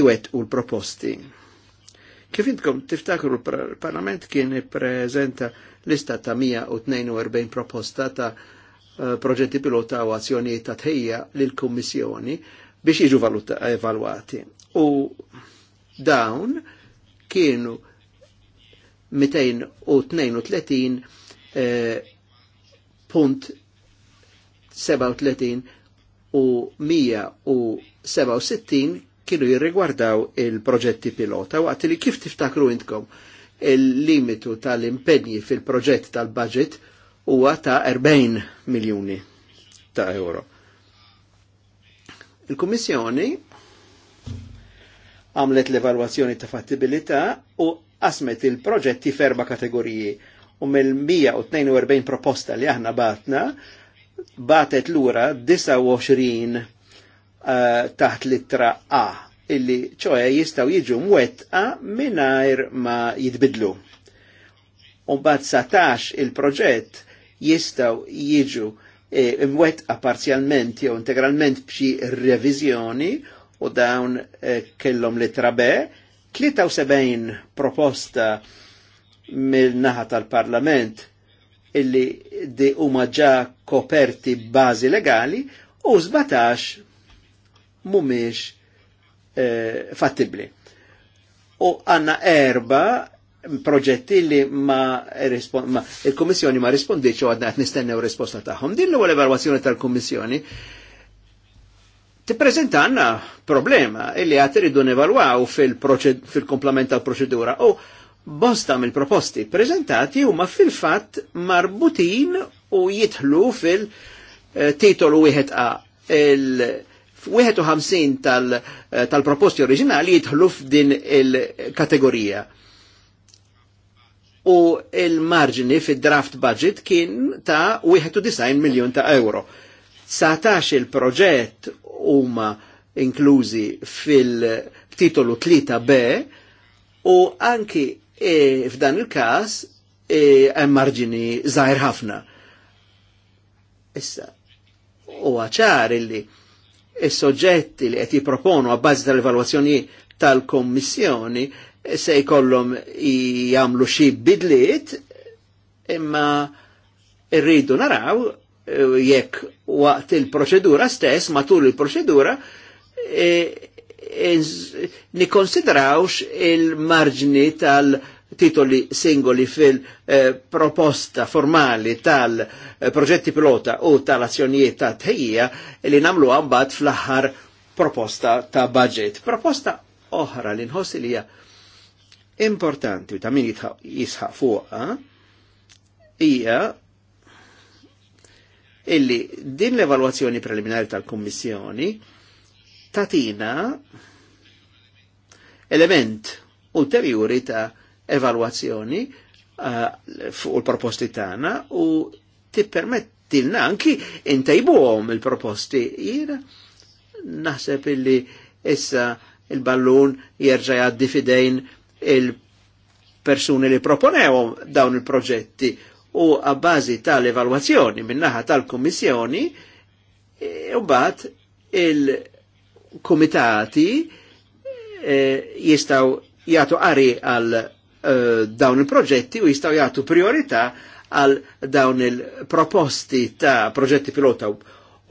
iwettqu l-proposti. Kif intkom tiftakru l-Parlament kien ippreżenta lista ta' 142 proposta ta' eh, proġetti pilota u azzjonijiet ta' tħejja lill-Kummissjoni biex jiġu evalwati. U dawn kienu 232 eh, punt 37 u 167 kienu jirrigwardaw il-proġetti pilota waqt li kif tiftakru intkom il-limitu tal impegni fil-proġett tal-budget huwa ta' 40 miljuni ta' euro. Il-Kummissjoni għamlet l-evalwazzjoni ta' fattibilità u qasmet il-proġetti ferba kategoriji u mill-142 proposta li aħna batna batet lura 29 uh, eh, taħt litra A illi ċoħe jistaw jiġu mwetqa minnajr ma jitbidlu. Umbat satax il-proġett jistaw jiġu e, mwetqa parzjalment jew integralment bxi revizjoni u dawn e, kellhom litra B, 73 proposta mill-naħa tal-Parlament illi di huma ġa koperti bażi legali u 17 mhumiex eh, fattibli. U għanna erba proġetti li ma, ma il-Komissjoni ma rispondiċ u għadna għat nistennew risposta taħħom. Din l evalwazzjoni tal-Komissjoni ti prezentanna problema illi għat iridu nevalwaw fil-komplement fil tal-proċedura u bosta mill-proposti prezentati huma fil-fatt marbutin u jitħlu fil-titolu eh, wieħed A. Il-51 eh, tal-proposti tal oriġinali jitħlu f'din il-kategorija. U il-marġini fil-draft budget kien ta' 91 miljon ta' euro. 19 il-proġett huma inklużi fil-titolu 3B u anki E, F'dan il-każ e, hemm marġini żgħir ħafna. Issa, huwa ċar illi is-soġġetti li qed jipproponu għabbażi tal-evalwazzjoni tal-Kommissjoni se jkollhom jagħmlu xi bidliet imma rridu naraw e, jekk waqt il-proċedura stess matul il-proċedura e, nikonsidrawx il-marġni tal- titoli singoli fil-proposta eh, formali tal-proġetti pilota u tal-azzjonijiet ta' tħejja li namlu għambat fl-aħħar proposta ta' budget. Proposta oħra li nħossi li hija importanti u ta' min jisħaq fuqha hija illi din l-evalwazzjoni preliminari tal-Kummissjoni tatina element ulterjuri ta' evalwazzjoni eh, fuq il-proposti tagħna u tippermettilna anki intajbuhom il-proposti. Jiena naħseb illi issa il-ballun jerġa' jgħaddi fidejn il-persuni li proponewhom dawn il-proġetti u għabbażi tal-evalwazzjoni minnaħa tal-Kummissjoni eh, u bat il- komitati eh, jistaw jgħatu għari għal eh, dawn il-proġetti u jistaw jgħatu priorità għal dawn il-proposti ta' proġetti pilota u,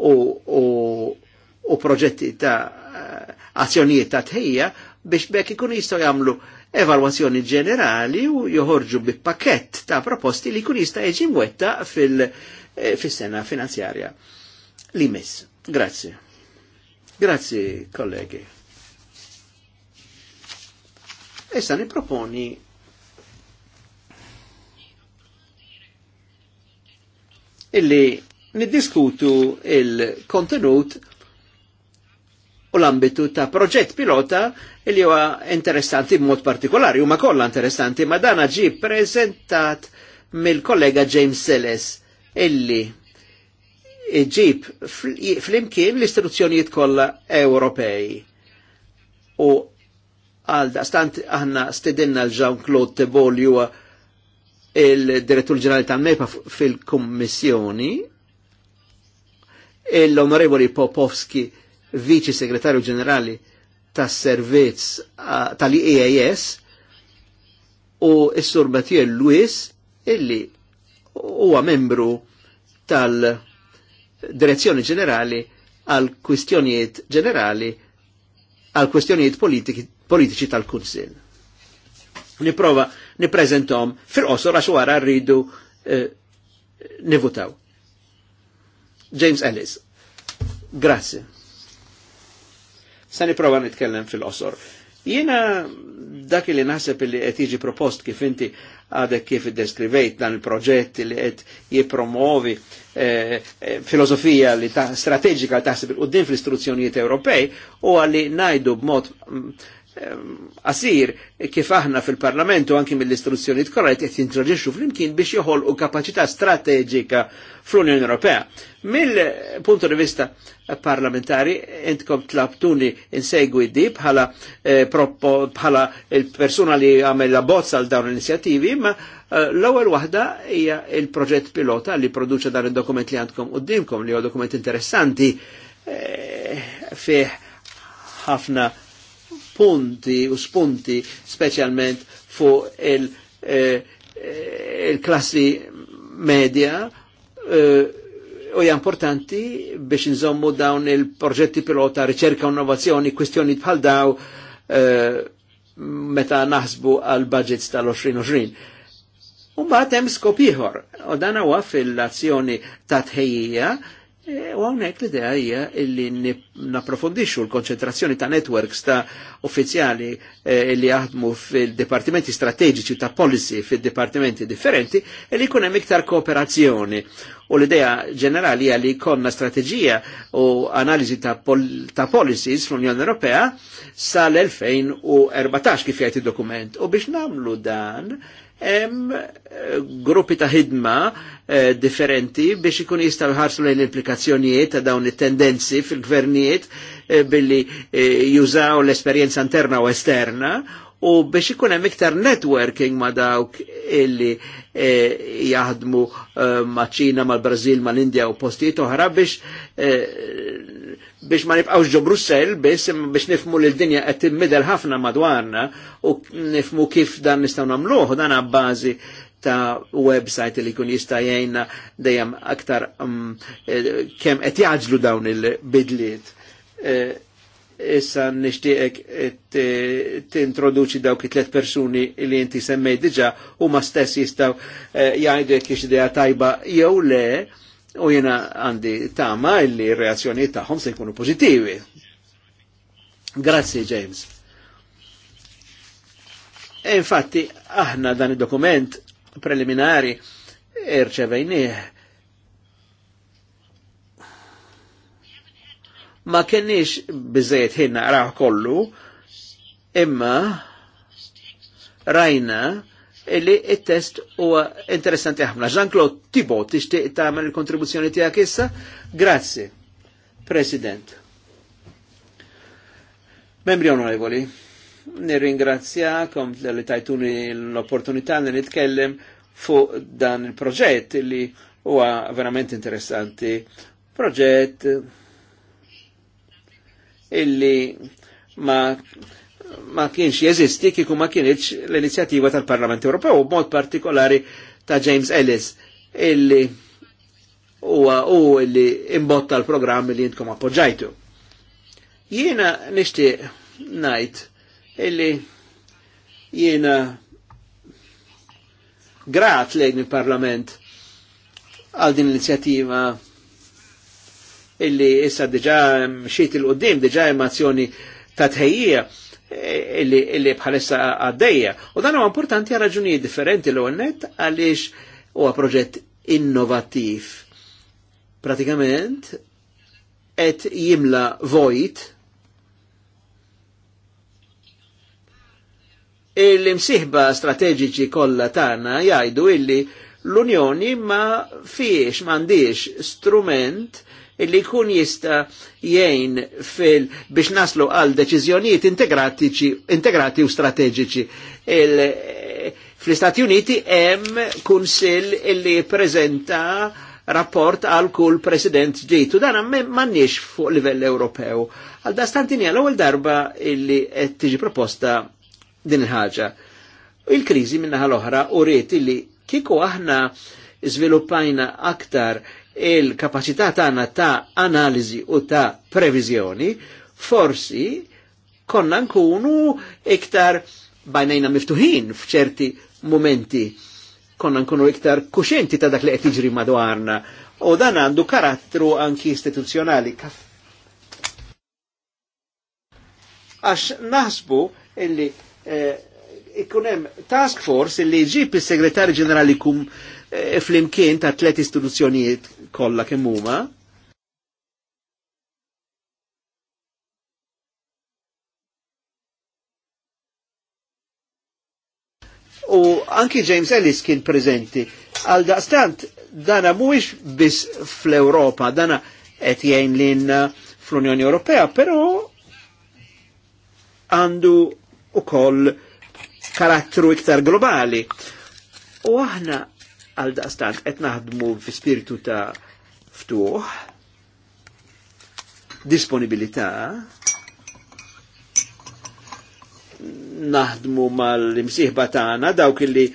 u, u proġetti ta' eh, azzjonijiet ta' tħejja biex bekk ikun jistaw jagħmlu evalwazzjoni ġenerali u joħorġu bi pakett ta' proposti li kun jista' jiġi fil-sena fil finanzjarja. l Grazie. Grazie ne proponi e le, ne discuto il contenuto o l'ambito ambitu ta' proġett pilota li ho interessanti b'mod partikolari, una colla interessante, ma dana ġi preżentat il collega James Seles illi iġib fl-imkien l-istituzzjonijiet kollha Ewropej. U għal stant aħna stedinna l-Jean-Claude Tebol li il-direttur ġenerali tal-MEPA fil-Kommissjoni, l-Onorevoli Popovski viċi segretarju ġenerali tas-servizz tal-IAS, u s-sur Mathieu Luis, illi huwa membru tal- direzzjoni ġenerali għal kwistjonijiet ġenerali għal kwistjonijiet politiċi tal-Kunsil. Niprova niprezentom fil-qosor għax wara rridu eh, nivutaw. James Ellis. Grazie. Sa niprova nitkellem fil-qosor. Jena dak li naħseb li qed propost kif inti eh, għadek kif id-deskrivejt dan il-proġett li għed jipromovi eh, eh, filosofija li ta' li taħseb il-qoddim fl-istruzzjonijiet Ewropej u għalli najdu b'mod mm, qasir kif aħna fil-Parlamentu anki mill-istruzzjonijiet korret qed jintroġixxu fl-imkien biex joħolqu kapaċità strateġika fl-Unjoni Ewropea. Mill-punto di vista parlamentari entkom tlabtuni insegwi di bħala eh, bħala il-persuna li għamel la bozza għal dawn l inizjativi ma eh, l-ewwel waħda hija il-proġett pilota li produċa dan il dokument li għandkom qudiemkom li huwa dokument interessanti eh, fih ħafna spunti u spunti specialment fu il-klassi il eh, eh, media eh, u u importanti biex nżommu dawn il-proġetti pilota, riċerka u innovazzjoni, kwestjoni bħal daw eh, meta naħsbu għal budgets tal-2020. Umbat hemm skop ieħor, u dan huwa fil-azzjoni ta' tħejjija Eh, u għonek l-idea hija illi naprofondixxu l-konċentrazzjoni ta' networks ta' uffiċjali eh, illi jaħdmu fil-dipartimenti strateġiċi ta' policy fil-dipartimenti differenti illi e li jkun hemm iktar kooperazzjoni. U l-idea ġenerali hija li jkollna strateġija u analiżi ta', pol ta policies fl-Unjoni Ewropea sal-2014 kif jgħid id-dokument. U biex namlu dan, hemm eh, gruppi ta' ħidma eh, differenti biex ikun jistaw ħarsu lejn l-implikazzjonijiet ta' dawn it-tendenzi fil-gvernijiet eh, billi eh, jużaw l-esperjenza interna u esterna u biex ikun hemm iktar networking ma' dawk illi e, jaħdmu e, ma' Ċina, mal-Brażil, mal-Indja u postijiet oħra biex biex ma nibqawx ġo Brussel, biex, biex nifmu li l-dinja qed timmidel ħafna madwarna u nifmu kif dan nistgħu nagħmluh dan bażi ta' website li kun jista' jgħinna dejjem aktar um, kemm qed jaġlu dawn il-bidliet. Eh, issa nixtieqek eh, t-introduċi dawk it tlet persuni li inti semmej diġà huma stess jistgħu jgħidu jekk ix tajba jew le u jena għandi tama illi reazzjoniet tagħhom se jkunu pozitivi. Grazzi James. E infatti aħna dan id-dokument preliminari irċevejnieh ma kenniex biżejt ħinna raħ kollu imma rajna illi il-test huwa interessanti ħafna. Jean-Claude Thibault tixtieq tagħmel il-kontribuzzjoni tiegħek issa? Grazzi, President. Membri onorevoli, nirringrazzjakom li tajtuni l-opportunità li nitkellem fuq dan il-proġett li huwa verament interessanti. Proġett illi ma ma kienx jeżisti kieku ma kienx l-inizjattiva tal-Parlament Ewropew, b'mod partikolari ta' James Ellis, illi huwa u illi imbotta l-programm li jintkom appoġġajtu. Jiena nixtieq ngħid illi jiena grat lejn il-Parlament għal din l-inizjattiva illi issa diġa mxiet il-qoddim, diġa emazzjoni ta' tħejjija illi bħalissa għaddejja. U dan huwa importanti għal raġunijiet differenti l għonnet għaliex huwa proġett innovattiv. Pratikament qed jimla vojt il-imsiħba strateġiċi kollha tagħna jgħidu illi l-Unjoni ma fiex m'għandix strument illi jkun jista jgħin fil biex naslu għal deċiżjonijiet integrati u strateġiċi. Fl-Istati Uniti hemm kunsill illi prezenta rapport għal kull president ġitu. U dan mannix fuq livell Ewropew. Għal da l għal ewwel darba illi qed tiġi proposta din il-ħaġa. Il-kriżi minnaħal l-oħra u rrit illi kieku aħna żviluppajna aktar il-kapacità tagħna ta' analiżi u ta' previżjoni, forsi konna nkunu iktar bajnejna miftuħin f'ċerti momenti konna nkunu iktar kuxenti ta' dak li qed jiġri madwarna. U dan għandu karattru anki istituzzjonali. Għax naħsbu illi eh, ikunem task force illi ġib il-segretari ġenerali kum eh, fl-imkien ta' tlet istituzzjonijiet kollha kemm huma. U anki James Ellis kien prezenti. Għal daqstant, dana mhuwiex biss fl-Ewropa, dana qed l-in uh, fl-Unjoni Ewropea, però għandu koll karattru iktar globali. U aħna għal daqstant qed naħdmu fi spiritu ta' ftuħ, disponibilità, naħdmu mal-imsieħba tagħna dawk illi eh,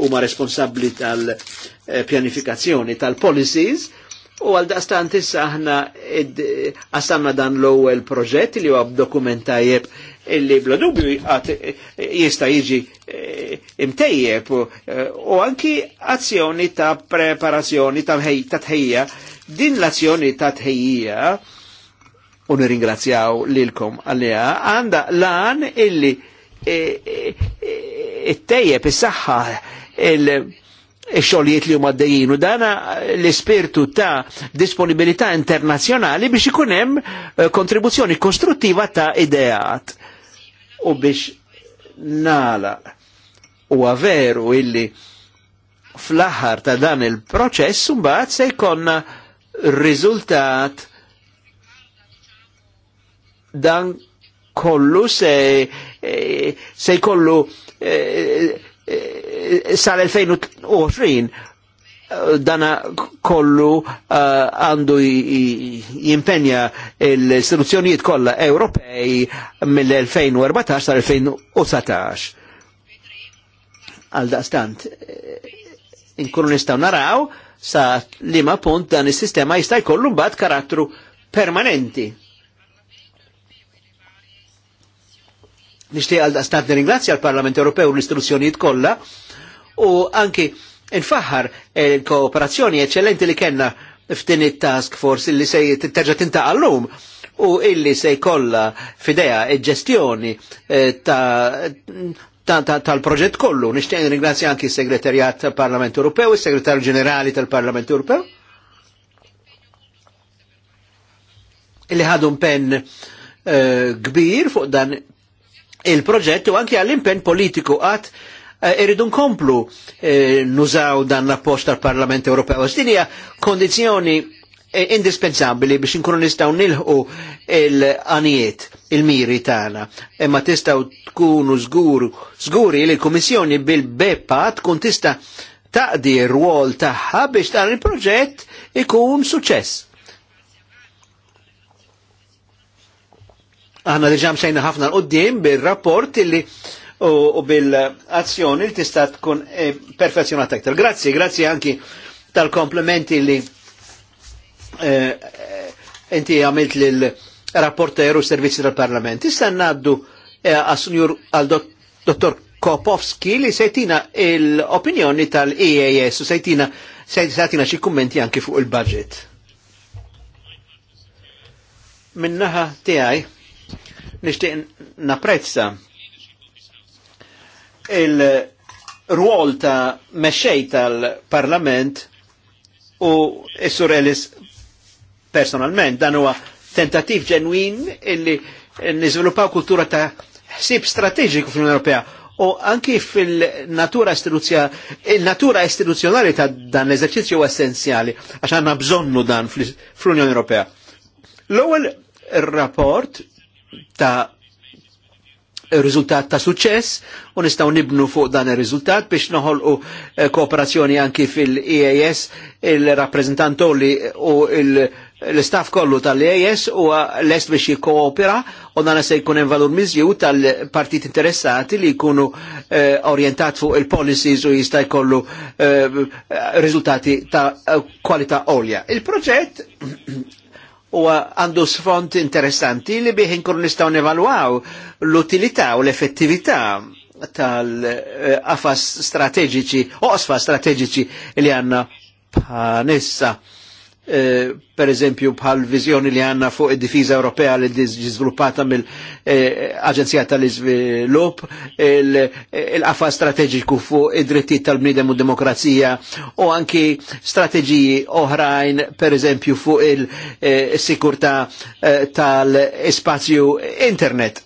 huma responsabbli tal-pjanifikazzjoni tal-policies u għal daqstant issa aħna għasamna eh, dan l-ewwel proġett li huwa dokument illi bla dubju jista jiġi eh, imtejjeb eh, u anki azzjoni ta' preparazzjoni ta' tħejja din l-azzjoni ta' tħejjija u nirringrazzjaw lilkom għalija għanda lan illi eh, it-tejjeb is-saħħa xogħlijiet li huma dejjin u dana l-ispirtu ta' disponibilità internazzjonali biex ikun hemm kontribuzzjoni kostruttiva ta' ideat u biex nala u għaveru illi fl-aħħar ta' dan il-proċess mbagħad se jkonna rizultat. dan kollu se eh, se jkollu eh, eh, sal-2020 dana kollu eh, għandu jimpenja l-istituzzjonijiet kollha Ewropej mill-2014 sal-2019. Għal daqstant, eh, inkunu nistaw naraw sa li ma punt dan is-sistema jista' jkollu mbagħad karattru permanenti. Nixtieq għal daqstant nirringrazzja l-Parlament Ewropew l-istituzzjonijiet kollha u anki infaħħar il-kooperazzjoni eh, eccellenti li kenna f'din task force illi se terġa' tinta' għallum u illi se jkollha fidea il-ġestjoni e eh, tal-proġett kollu. Nixtieq ringrazzja anki il segretarjat tal-Parlament Ewropew, il segretarju Ġenerali tal-Parlament Ewropew. Illi ħadu pen eh, kbir fuq dan il-proġett u anki għall-impenn politiku għat uh, Eh, irridu nkomplu eh, nużaw dan l apposta tal-Parlament Ewropew. Għastinija kondizjoni eh, indispensabili biex nkunu nistaw nilħu il anijiet il-miri tana. Imma tistaw tkunu zguri li l-Kummissjoni bil-BEPA tkun tista' taqdi r-rwol tagħha biex dan il-proġett ikun suċess. Għanna diġam xejna ħafna l-qoddim bil-rapport illi u u bil-azzjoni li tista' tkun e, perfezzjonata aktar. Grazie, grazie anki tal-komplimenti li eh, eh, inti għamilt lil rapporter u servizi tal-Parlament. Issa naddu e, għas sunjur għal-Dottor Kopowski li sejtina l-opinjoni tal-EAS u sejtina sejtina xie kummenti anki fuq il-budget. Minnaħa tijaj, nishtiq naprezza il-ruol ta' mexxej tal-Parlament u Sur Ellis personalment dan huwa tentativ ġenwin illi niżviluppaw kultura ta' ħsib strateġiku fl-Unjoni Ewropea u anki fil-natura il-natura istituzjonali ta' dan l-eżerċizzju essenzjali għax għandna bżonnu dan fl-Unjoni Ewropea. L-ewwel rapport ta' rizultat ta' suċċess u nistaw nibnu fuq dan ir rizultat biex u eh, kooperazzjoni anki fil-EAS il-rappreżentant li u il- l-istaff kollu tal eas u l-est biex jikoopera u dan se jkun hemm valur miżju tal-partit interessati li jkunu eh, orientat fuq il-policies u jista' jkollu eh, ta' eh, kwalità olja. Il-proġett u għandu sfond interessanti li bih inkun nistaw nevalwaw l-utilità u l-effettività tal-qafas strateġiċi, oqsfa strategiċi li għanna pa' nissa. Eh, per eżempju bħal viżjoni li għanna fuq id-difiża Ewropea li żviluppata mill-Aġenzija eh, tal-Iżvilupp, il-qafa strateġiku fuq id-drittijiet tal-bniedem u demokrazija u anki strateġiji oħrajn per eżempju fuq il-sikurta eh, tal-spazju internet.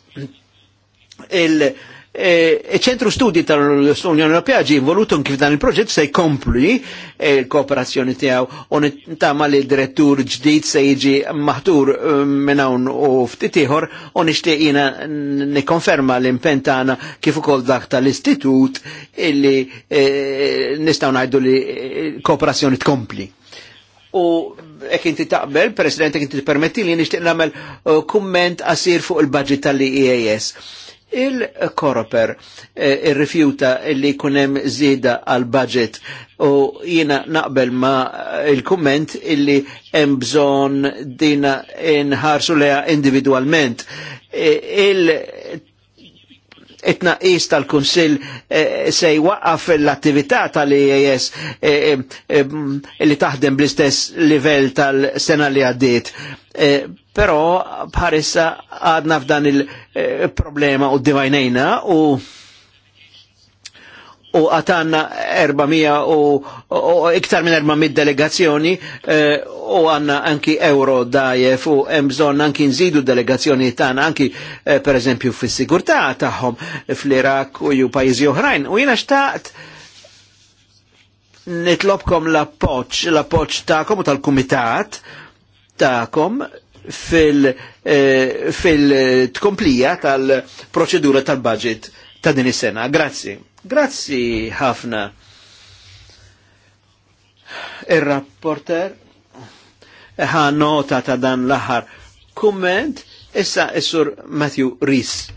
E, e ċentru e, studi tal-Unjoni Ewropea ġi involutun kif dan il-proġett se jkompli e, l-kooperazzjoni tiegħu u nittama li direttur ġdid se jiġi maħtur minn hawn u ftit ieħor u nixtieq jiena nikkonferma l-impenn tagħna kif ukoll dak tal-istitut illi nistgħu ngħidu li kooperazzjoni tkompli. U ek inti taqbel, President, ek inti permetti li nixtieq nagħmel kumment għasir fuq il-budget tal-EAS Il-Koroper eh, irrifjuta il li kunem zida għal budget u jina naqbel ma il-komment illi hemm bżon dina inħarsu leha individualment. E, il it is tal-Kunsill eh, se jwaqqaf l-attività tal ias eh, li taħdem bl-istess livell tal-sena li għaddiet. Però bħarissa għadna f'dan eh, il-problema u divajnejna u u għatanna 400 u, u iktar minn 400 delegazzjoni eh, u għanna anki euro dajef u emżon anki nżidu delegazzjoni tana anki eh, per eżempju fis sigurtà taħħom fl-Irak u ju pajjiżi oħrajn. U jiena xtaqt nitlobkom l-appoċ, l-appoċ taħkom u tal-kumitat taħkom Eh, fil-tkomplija fil tal-proċedura tal-budget ta' din is-sena. Grazzi. Grazzi ħafna. ir rapporter ħa nota ta' dan l-aħħar kumment issa is-sur Matthew Rees.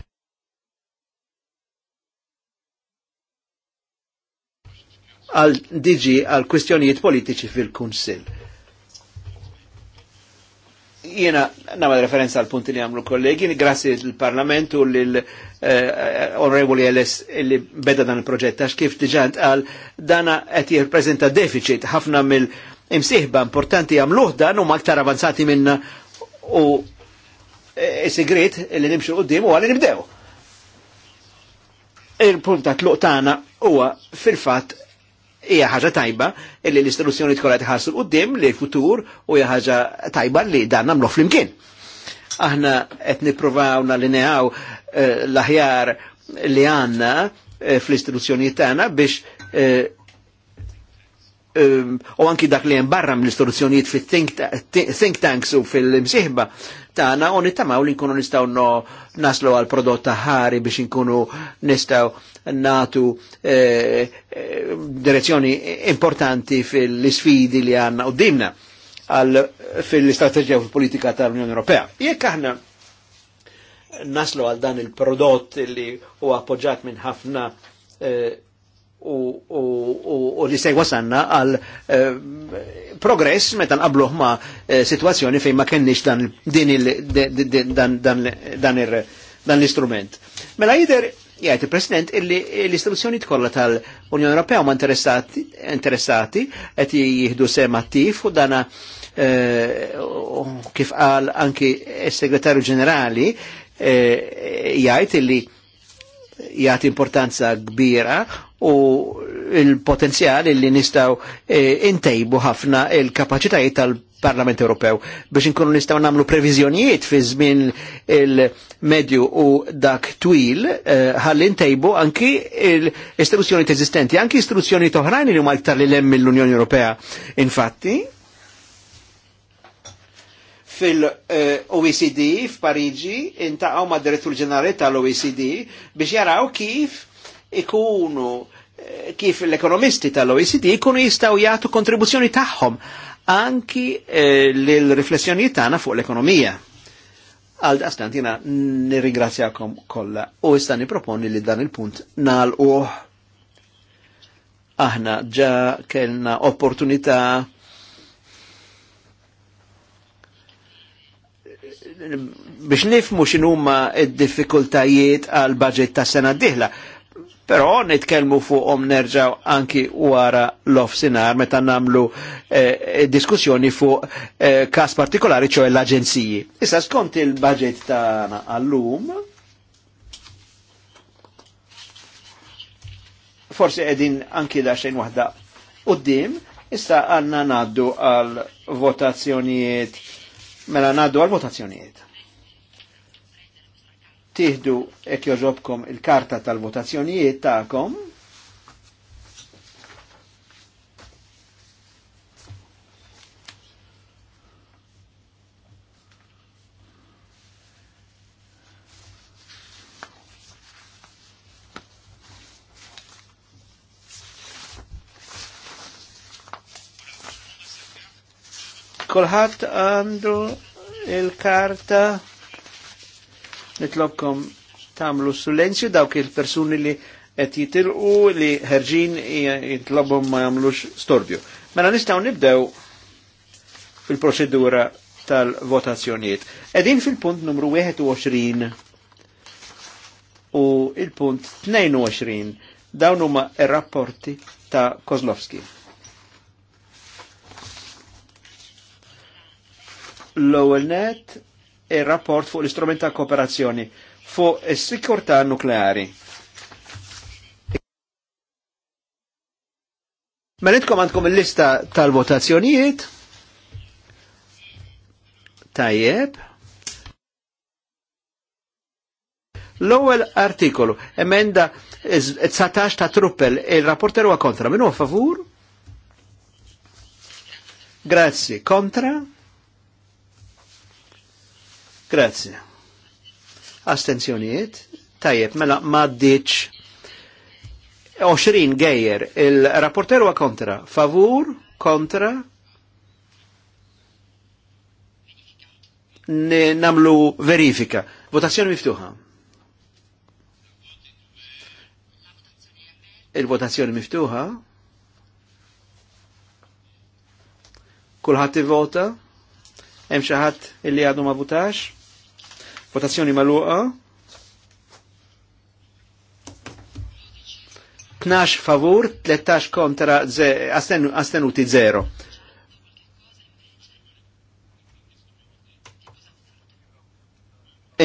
għal diġi għal kwestjonijiet politiċi fil-Kunsil. Jena namad referenza għal punti li għamlu kollegi, grassi eh, l parlamentu u l-Onorevoli LS li beda dan il-proġett, għax kif tiġant għal dana għet jirprezenta deficit ħafna mill-imsiħba importanti għamluħ dan u maktar avanzati minna u eh, segret li nimxu d u għal nibdew. Il-punt ta' tluq tana huwa fil-fat hija ħaġa tajba li l-istituzzjoni tkollha tħassu l-qudiem li l-futur u hija ħaġa tajba li dan nagħmlu flimkien. Aħna qed nippruvaw nalineaw eh, l-aħjar li għandna eh, fl istituzzjoni tagħna biex eh, u anki dak li hemm barra mill-istituzzjonijiet fit-think tanks u fil imsieħba tagħna u nittamaw li nkunu nistgħu naslu għal prodott ħari biex inkunu nistgħu natu eh, eh, direzzjoni importanti fil-sfidi li għanna u dimna fil-istrateġija u politika tal-Unjoni Ewropea. Jekk aħna naslu għal dan il-prodott li huwa appoġġat minn ħafna eh, u, u, u, u li sej wasanna għal progress meta nqabluh ma situazzjoni fejn ma kenniex dan din il, dan, dan, dan, dan, dan l-istrument. Mela jider jgħid il-President illi l-istituzzjoni tkollha tal-Unjoni Ewropea ma interessati interessati qed jieħdu sem attiv u dana eh, kif qal anki s-Segretarju Ġenerali eh, jgħid illi jgħat importanza kbira u il-potenzjal li nistaw eh, intejbu ħafna il-kapacitajiet tal- parlament Ewropew biex inkunu nistgħu nagħmlu previżjonijiet fi żmien il-medju u dak twil eh, ħalli ntejbu anki l-istituzzjoni teżistenti, anki istituzzjoni toħrajn li huma iktar li lemm mill-Unjoni Ewropea. Infatti, fil-OECD f'Pariġi intaqgħu ma' direttur ġenerali tal-OECD biex jaraw kif ikunu eh, kif l-ekonomisti tal-OECD ikunu jistaw jgħatu kontribuzzjoni tagħhom anki eh, l-riflessjoni tagħna fuq l-ekonomija. Għal daqstant jina nirringrazzjakom kollha u issa proponi li dan il-punt nagħlquh aħna ġa kellna opportunità biex nifmu xinumma d-diffikultajiet għal budget ta' sena d-dieħla Però nitkellmu fuqhom nerġaw anki wara l-offsinar meta nagħmlu eh, eh, diskussjoni fuq eh, każ partikolari ċoe l agenziji Issa skont il-budget tagħna għallum forsi qegħdin anki daxejn waħda qudiem, issa għandna ngħaddu għal votazzjonijiet mela ngħaddu għal votazzjonijiet tieħdu qed joġobkom il-karta tal-votazzjonijiet ta'kom. Kolħat għandu il-karta Nitlobkom tamlu silenzju dawk il-persuni li qed jitilqu li ħerġin jitlobhom ma jagħmlux storbju. Mela nistgħu nibdew fil-proċedura tal-votazzjonijiet. Edin fil-punt numru 21 u il-punt 22 dawn huma r-rapporti ta' Kozlovski. L-ewwel net il-rapport fuq l-istrument ta' kooperazzjoni fuq is-sikurtà nukleari. Meritkom mela għandkom il-lista tal-votazzjonijiet. Tajjeb. L-ewwel artikolu, emenda 19 ta' truppel, il-rapporter huwa kontra, minn huwa favur? Grazzi, kontra? Grazie. Astenzjonijiet, tajjeb, mela maddiċ 20 gejjer, il rapporter wa kontra, favur, kontra, namlu verifika. Votazzjoni miftuħa. Il-votazzjoni miftuħa. Kulħat vota. Hemm xi ħadd illi għadu ma votax? Votazzjoni magħluqa. 12 favur, 13 kontra, astenuti 0.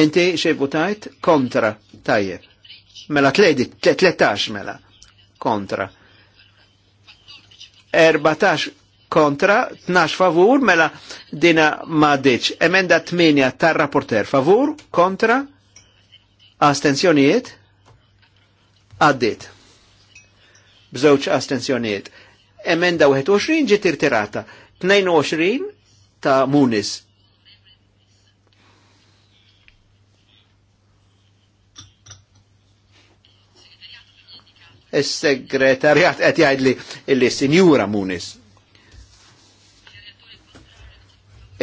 Enti xej votajt? Kontra, tajjeb. Mela tledi, 13 mela. Kontra. 14 kontra, 12 favur, mela dina maddiċ. Emenda 8 tar rapporter favur, kontra, astenzjoniet, għaddit. Bżoċ astenzjoniet. Emenda 21 ġiet irtirata. 22 ta' Munis. Is-segretarjat qed jgħidli illi Sinjura Munis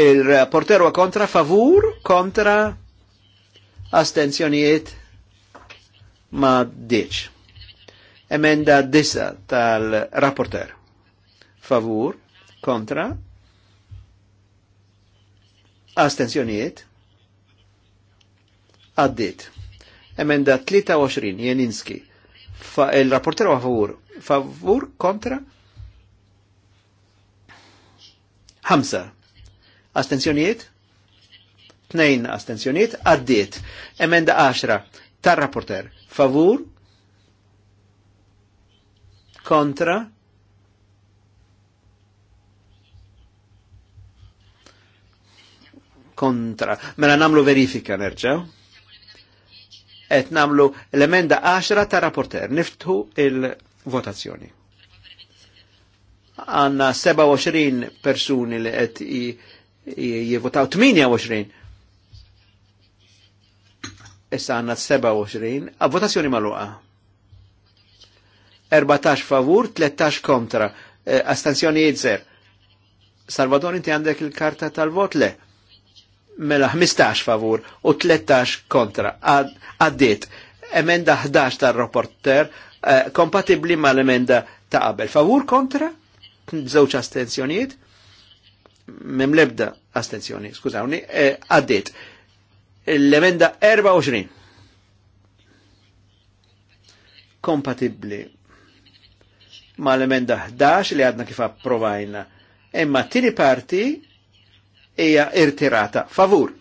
il portero kontra favur, kontra astenzjonijiet ma diċ. Emenda disa tal-rapporter. Favur, kontra, astenzjonijiet, għaddit. Emenda 23, Jeninski. Fa il-rapporter favur, favur, kontra, ħamsa. Astenzjonijiet? Tnejn astenzjonijiet, għaddiet. Emenda 10 tar-rapporter. Favur? Kontra? Kontra. Mela namlu verifika nerġaw. Et namlu l-emenda 10 tar-rapporter. Niftu il-votazzjoni għanna 27 persuni li qed jivvotaw 28. Issa għanna 27, votazzjoni maluqa. 14 favur, 13 kontra, e, astanzjoni zer. Salvador, inti għandek il-karta tal-vot le? Mela 15 favur u 13 kontra. Għaddit, emenda 11 tal-rapporter, e, kompatibli ma l-emenda ta' qabel. Favur kontra? Zewċ astenzjonijiet? mem lebda astenzjoni, skużawni, e, għaddit. L-emenda 24. Kompatibli ma l-emenda 11 li għadna kif approvajna. Imma tini parti hija irtirata. Favur.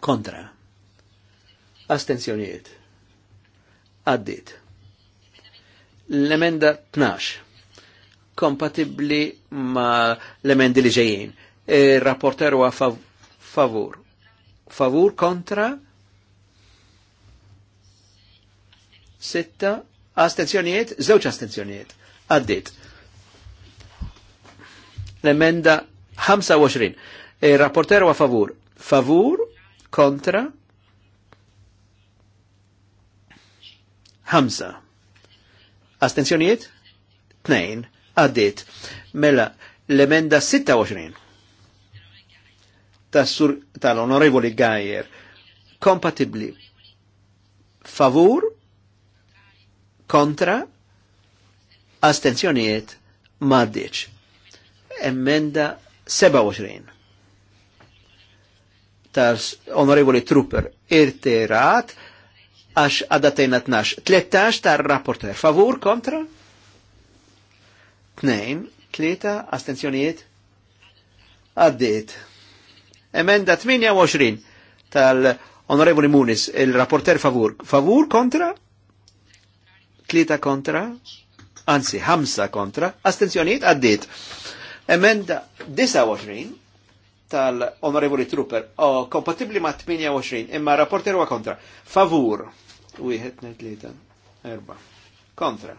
Kontra. Astenzjonijiet. Għaddit. L-emenda 12 kompatibli ma l-emendi li ġejjin. Il-rapporter huwa fav favur. Favur kontra? Sitta? Astenzjonijiet? Zewċ astenzjonijiet. Għaddit. L-emenda 25. Il-rapporter huwa favur. Favur kontra? Hamza. Astenzjonijiet? Tnejn għaddit. Mela, l-emenda 26 tal-onorevoli ta Gajer kompatibli favur kontra astenzjoniet maddiċ. Emenda 27 tal-onorevoli Trooper irterat għax għadatajna 12. 13 tal-rapporter favur kontra Tnejn, tlieta, astenzjonijiet, għaddiet. Emenda 28 tal-Onorevoli Munis, il-rapporter favur. Favur kontra? Tlieta kontra? Anzi, ħamsa kontra. Astenzjonijiet, għaddiet. Emenda 29 tal-Onorevoli Trooper, o kompatibli ma' 28, imma rapporter wa kontra. Favur, wieħed, tlieta, erba. Kontra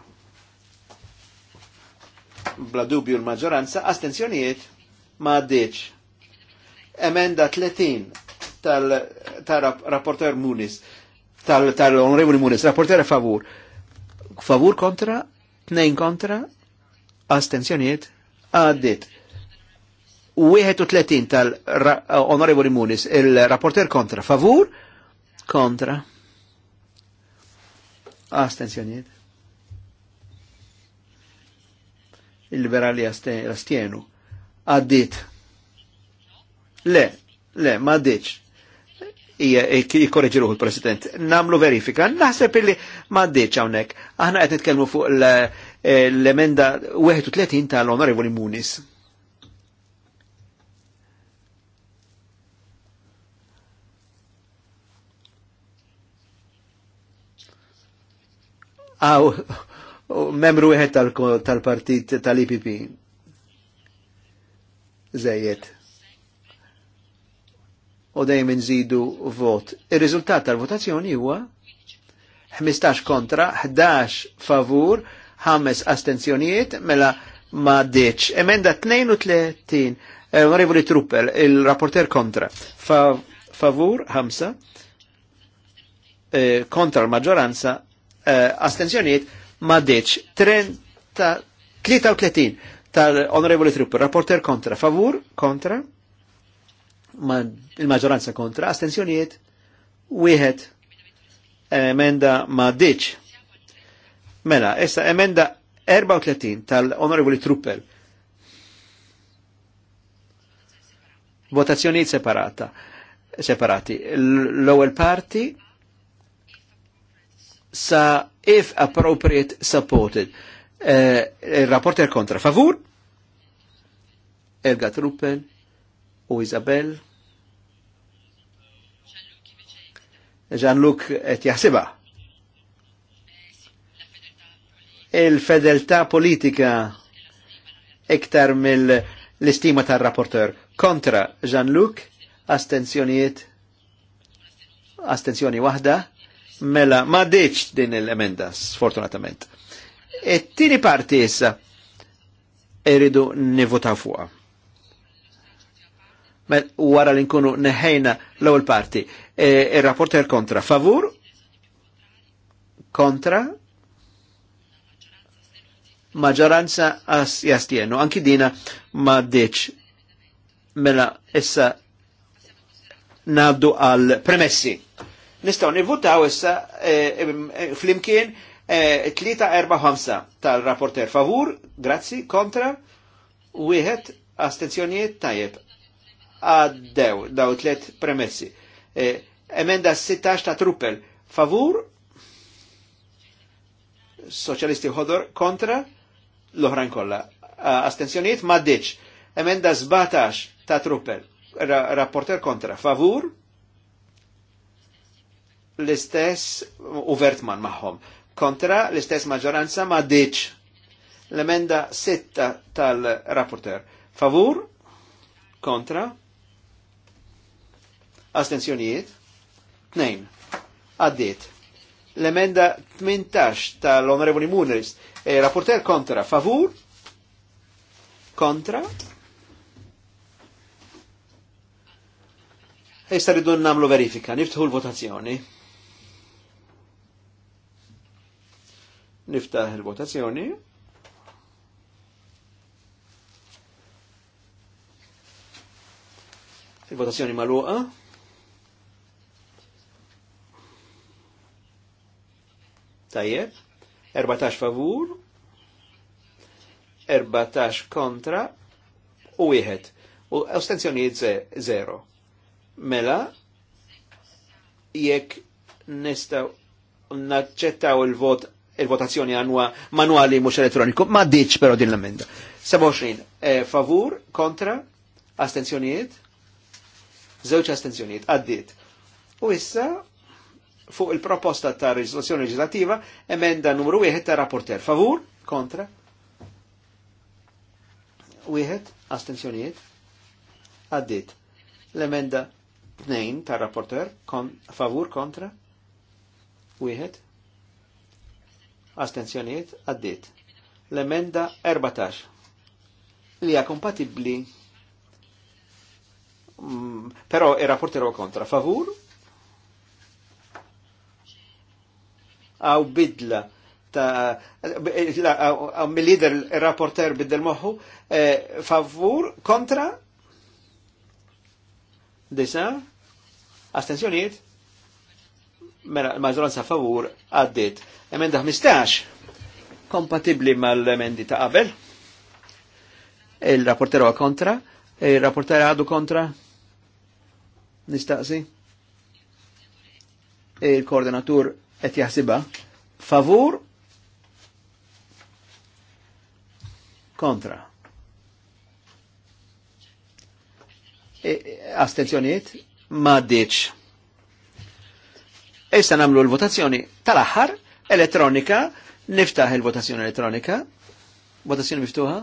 bla dubju l-maġġoranza, astenzjonijiet ma għaddiċ. Emenda 30 tal-rapporter tal Munis, tal-onorevoli tal Munis, rapporter favur. Favur kontra, tnejn kontra, astenzjonijiet u 31 tal-onorevoli Munis, il-rapporter kontra, favur, kontra, astenzjonijiet il-liberali astienu. Għaddit. Le, le, ma għaddit. Ikkorreġi e, ruħu l president Namlu verifika. Naħseb illi ma għaddit għawnek. Aħna għed nitkellmu fuq e, l-emenda 31 tal-Onorevoli Munis. Aw, membru wieħed tal-partit tal partit tal ipp Zejjed. U dejjem nżidu vot. Ir-riżultat tal-votazzjoni huwa 15 kontra, 11 favur, 5 astenzjonijiet, mela ma deċ. Emenda 32, onorevoli Truppel, il-rapporter kontra. favur, 5, eh, kontra l-maġġoranza, eh, astenzjonijiet, ma deċ. 33 tal-Onorevoli Trupp, rapporter kontra, favur, kontra, ma il-maġoranza kontra, astenzjonijiet, wieħed emenda ma deċ. Mela, essa emenda 34 tal-Onorevoli Truppel. Votazzjoni separata, separati. L-ewwel parti sa if appropriate supported. Eh, il-rapporter kontra favur, Elga Truppen u Isabel. Jean-Luc et jaħsiba. Il-fedeltà politika iktar mill-istima tal-rapporter. Kontra Jean-Luc, astenzjonijiet, astenzjoni wahda, Mela, ma deċ din l-emenda, sfortunatament. E tini parti issa eridu nivota fuqa. Mel wara li nkunu neħejna l-ewwel parti. E, il kontra favur? Kontra? Maġġoranza jastienu. Anki dina ma deċ. Mela issa naddu għal premessi. Nistaw nivvutaw issa eh, eh, fl-imkien 3-4-5 eh, tal-rapporter favur, grazzi, kontra, wieħed astenzjoniet tajjeb. Għaddew daw tlet premessi. Emenda 16 ta' truppel favur, soċalisti ħodor kontra, l-oħrajn kolla. Astenzjoniet ma' Emenda 17 ta' truppel, rapporter kontra, favur, l-istess u Vertman maħħom. Kontra l-istess maġġoranza ma diċ l-emenda setta tal-rapporter. Favur? Kontra? Astenzjonijiet? Tnejn. Addit. L-emenda 18 tal-Onorevoli Munris. E rapporter kontra. Favur? Kontra? Issa ridu namlu verifika, niftħu l-votazzjoni. Niftaħ il-votazzjoni. Il-votazzjoni maluqa. Tajjeb. 14 favur. 14 kontra. U wieħed. U astenzjonijiet zero. Mela, jekk nistaw naċċettaw il-vot il-votazzjoni għanwa manuali mhux elettroniku, ma ditx però din l-emenda. 27, eh, favur, kontra, astenzjoniet, zewċ astenzjoniet, għaddit. U issa fuq il-proposta ta' legislazzjoni legislativa, emenda numru 1 ta' rapporter. Favur, kontra, wieħed, astenzjoniet, għaddit. L-emenda 2 ta' rapporter, kon, favur, kontra, wieħed, astenzjoniet għaddit. L-emenda 14 li kompatibli kompatibbli mm, però ir kontra favur għaw bidla għaw mill-lider rapporter bidl moħu eh, favur kontra disa 14 mela maġoranza favur għaddit. Emenda 15 kompatibli mal-emendi ta' qabel. Il-rapportero kontra, il-rapportero għadu kontra. Nistaqsi? Il-koordinatur qed jaħsibha favur kontra. E, e, astenzjoniet ma ditx Issa namlu l-votazzjoni tal-aħħar elettronika, niftaħ il-votazzjoni elettronika. Votazzjoni miftuħa.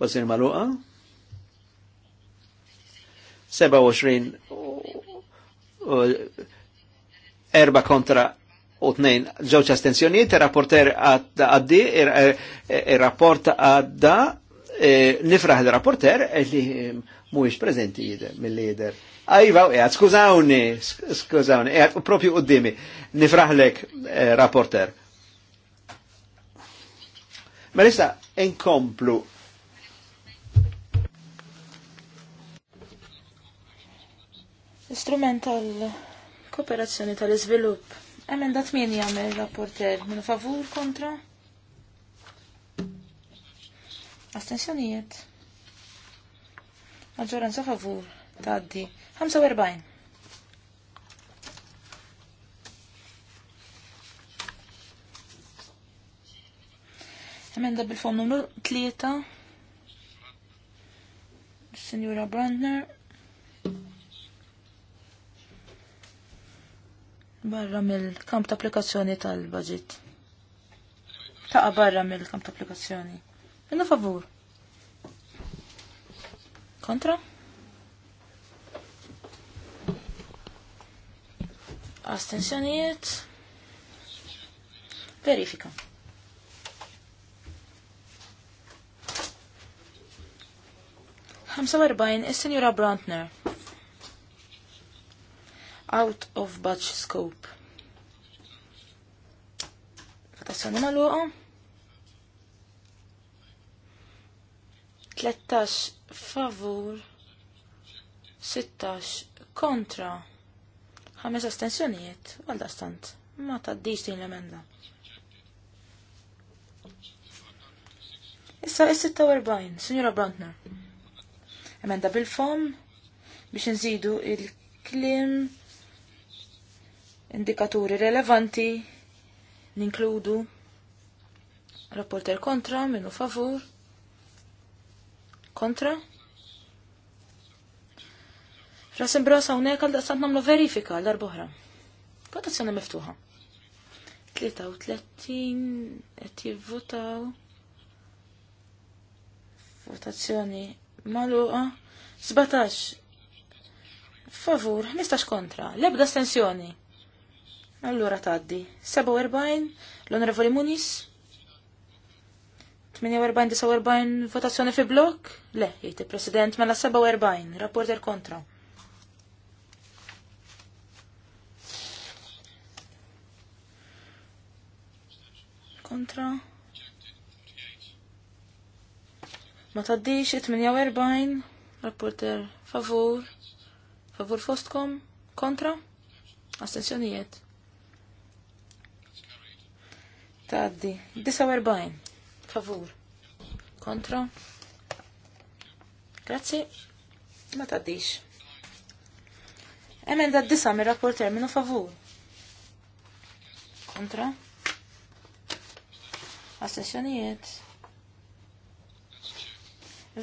Votazzjoni maluqa. 27 erba kontra u tnejn ġewċ astenzjonijiet, il-rapporter għadda, il-rapport għadda Eh, nifraħ il-rapporter eh, li eh, mhuwiex preżenti mill-lider. Ajva, ah, għad, skużawni, skużawni, u propju qoddimi, nifraħlek rapporter. Marissa inkomplu. Istrument tal-kooperazzjoni tal-izvilupp. Emendat min jagħmel rapporter minn favur kontra? Astensjonijiet. Maġġoranza favur. Taddi. 45. Emenda bil-fom numru 3. Signora Brandner. Barra mill-kamp ta' applikazzjoni tal-budget. Ta' barra mill-kamp ta' applikazzjoni. Minu favur? Kontra? Astensjoniet. Verifika. Hamsa warbajn is-Senjura Brantner. Out of batch scope. Votazzjoni maluqa? 13 favur, 16 kontra, 5 astensjonijiet, għalda stant, ma taddix din l-emenda. Issa is-46, Signora Brantner. Emenda bil-fom biex nżidu il-klim indikaturi relevanti ninkludu rapporter kontra minnu favur kontra. Rasim brasa unek għal daqsant namlu verifika għal s Votazzjoni miftuħa. 33 qed jivvotaw. Votazzjoni maluqa. 17 favur, 15 kontra, lebda stensjoni. Allura taddi. 47 l-Onorevoli Munis 48-49 votazzjoni fi blok? Le, jgħid il-President mela 47, rapporter kontra. Kontra. Ma taddix 48, rapporter favur. Favur fostkom, kontra. Astenzjonijiet. Taddi, 49 favur kontra grazzi ma taddix emenda da disa mi rapporter minu favur kontra assessjonijiet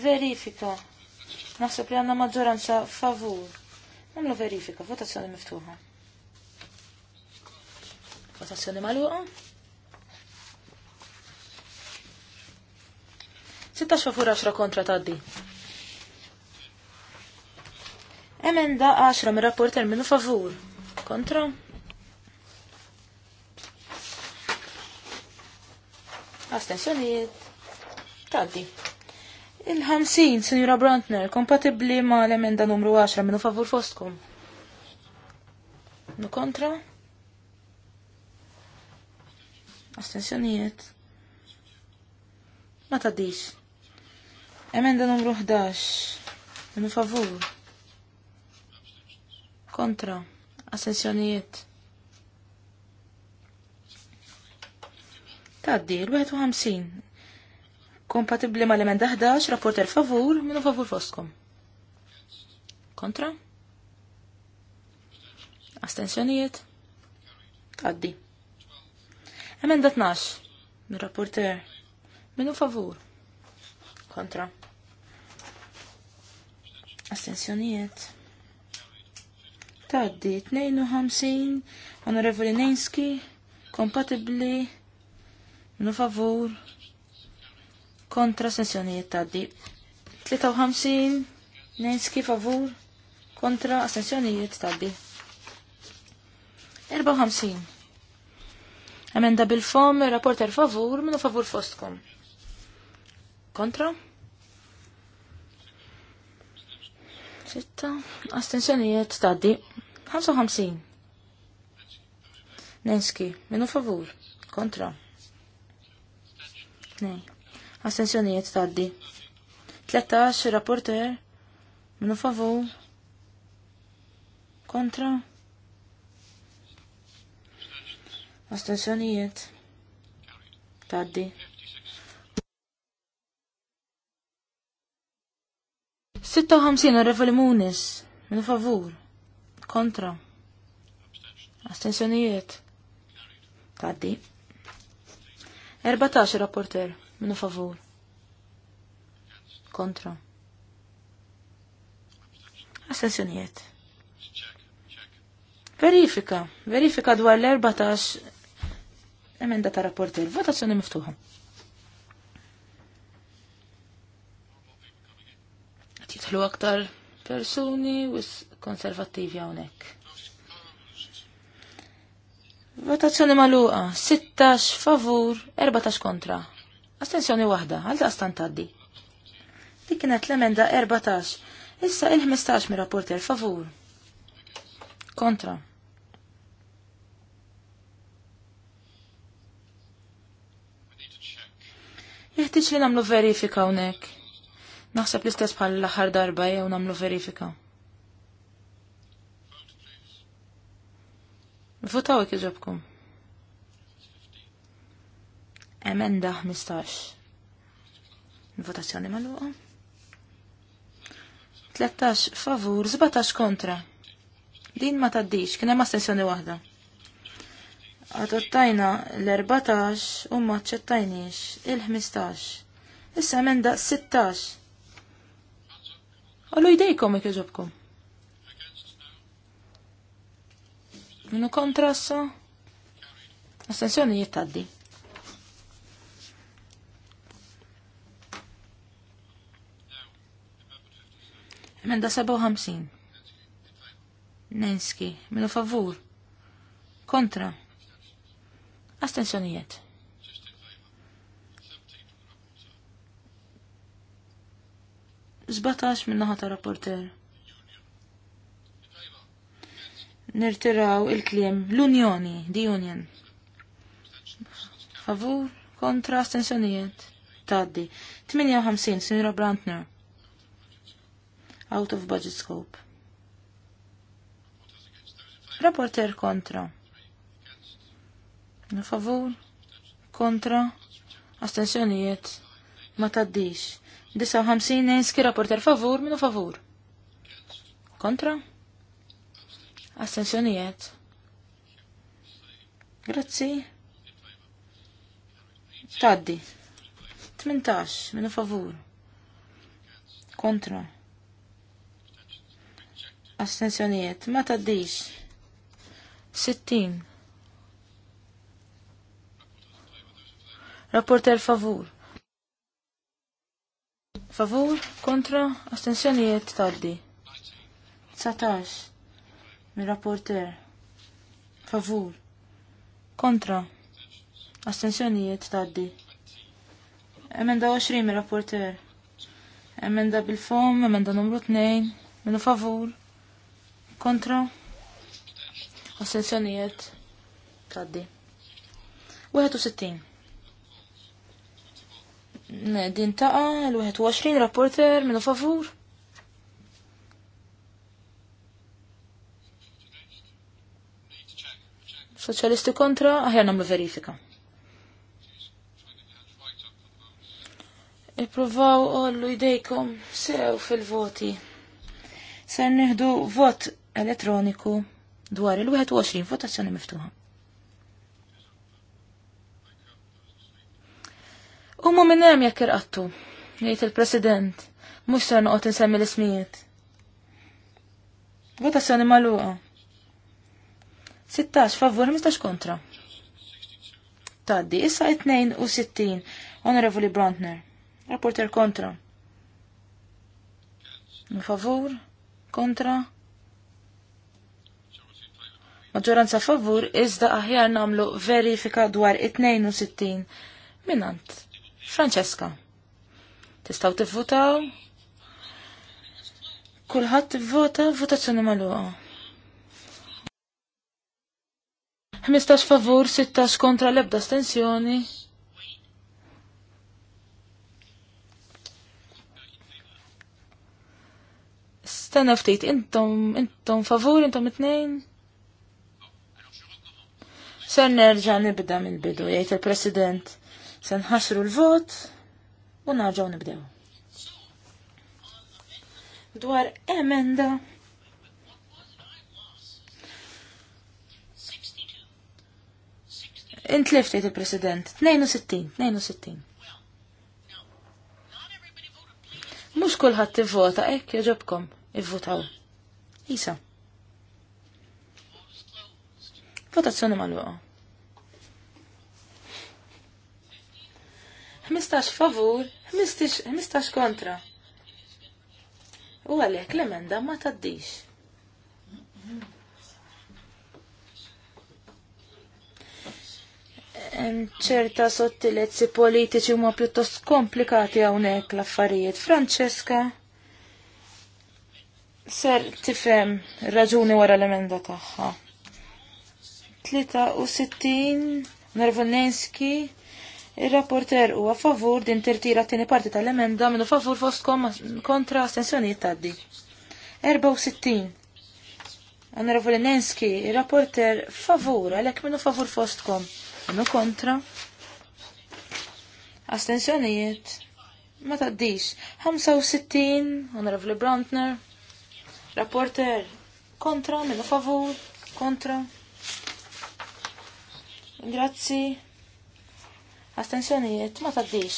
verifika naħseb li għanna maġġoranza favur Namlu verifika, votazzjoni miftuħa. Votazzjoni maluqa? 16 favur 10 kontra taddi. Emenda 10 mir rapporter minnu favur. Kontra? Astensjoniet. Taddi. il ħamsin Sinjura Brantner, kompatibli ma l-emenda numru 10 minnu favur fostkom. Nu kontra? Astensjoniet. Ma tadix. Emenda numru 11. Minu favur. Kontra. Asensjonijiet. Taddi, l-51. Kompatibli ma l-emenda 11, rapporter favur, minu favur fostkom. Kontra. Astensjonijiet. Taddi. Emenda 12. Mir-rapporter. Minu favur kontra astensjonijiet taddi 52 onorevoli Nenski kompatibli minu favur kontra astensjonijiet taddi 53 Nenski favur kontra astensjonijiet taddi 54 Emenda bil-fom, rapporter favur, minu favur fostkom. Kontra? Sitta. Astensjonijiet taddi. 55. Nenski. Minu favur. Kontra. Nej. Astensjonijiet taddi. 13. Rapporter. Minu favur. Kontra. Taddi. Taddi. 56 Onorevoli Munis, minu favur, kontra, astensjonijiet, taddi. 14 rapporter, minn favur, kontra, astensjonijiet. Verifika, verifika dwar l-14 emenda ta' rapporter, votazzjoni miftuħa. jidħlu aktar persuni u konservattivi hawnhekk. Votazzjoni maluqa, 16 favur, 14 kontra. Astenzjoni waħda, għalda daqstan taddi. Dik kienet l-emenda 14, issa il-15 mi rapporter favur. Kontra. Jeħtieġ li nagħmlu verifika hawnhekk. Naħseb l-istess bħal l-aħħar darba jew nagħmlu verifika. Votaw jekk iġobkom. Emenda 15. Votazzjoni magħluqa. 13 favur, 17 kontra. Din ma taddix, kien hemm astensjoni waħda. Adottajna l-14 u ma ċettajniex il-15. Issa emenda 16. Għallu jdejkom jek jġobkom. Minu kontrasso? Astensjoni jittaddi. Emenda 57. Nenski, minu favur. Kontra. Astensjonijiet. 17 minnaħa ta' rapporter. Nirtiraw il-kliem l-Unjoni, di Union. Favur, kontra, stensjonijiet. Taddi. 58, Sinjora Brantner. Out of budget scope. Rapporter kontra. Favur, kontra, astensjonijiet. Ma taddix. 59 ninski rapporter favur minu favur. Kontra? Astensjonijiet. Grazzi. Taddi. 18 minu favur. Kontra. Astensjonijiet. Ma taddix. 60. Rapporter favur. Favur, kontra, astensjonijiet taddi. 19. Mi rapporter Favur. Kontra. Astensjonijiet taddi. Emenda 20 mi rapporter Emenda bil-fom, emenda numru 2. Minu favur. Kontra. Astensjonijiet taddi. 61 din taqa l-21 rapporter minu favur. Soċjalisti kontra, aħjar namlu verifika. Ipruvaw ollu idejkom sew fil-voti. Ser neħdu vot elettroniku dwar il-21 votazzjoni miftuħa. U mu minn hemm jekk irqattu, jgħid il-President, mhux se noqgħod insemmi l-ismijiet. Votazzjoni magħluqa. 16 favur, 15 kontra. Taddi, issa 62, Honorevoli Brontner. Rapporter kontra. Favur, kontra. Maġġoranza favur, iżda aħjar namlu verifika dwar 62 minant Franceska. Tistaw Kulħat Kulħadd tivvota votazzjoni magħluqa. 15 favur, 16 kontra l-ebda stensjoni. Stenna ftit, intom, intom favur, intom it-nejn. Ser nerġa' nibda mill-bidu, jgħid il-President. Se nħassru l-vot u narġaw nibdew. Dwar emenda 62. Intliftit il-President, 62, 62. Mux kullħat t-vota, ekk joġobkom, i-votaw. Isa. Votazzjoni mal vota 15 favur, 15 kontra. U għalek l-emenda ma taddix. ċerta sottilezzi politiċi huma pjuttost komplikati hawnhekk l-affarijiet. Franceska ser tifhem raġuni wara l-emenda tagħha. 63 Nervonenski Il-rapporter huwa favur din tirtira t tini parti tal-emenda minnu favur fost kontra astensjonijiet taddi. 64. Onorevoli Nenski, il-rapporter favur, għalek minnu favur fostkom, minnu kontra. astensjoniet ma taddix. 65, onorevoli Brantner, rapporter kontra, minnu favur, kontra. Grazzi astensjonijiet ma taddix.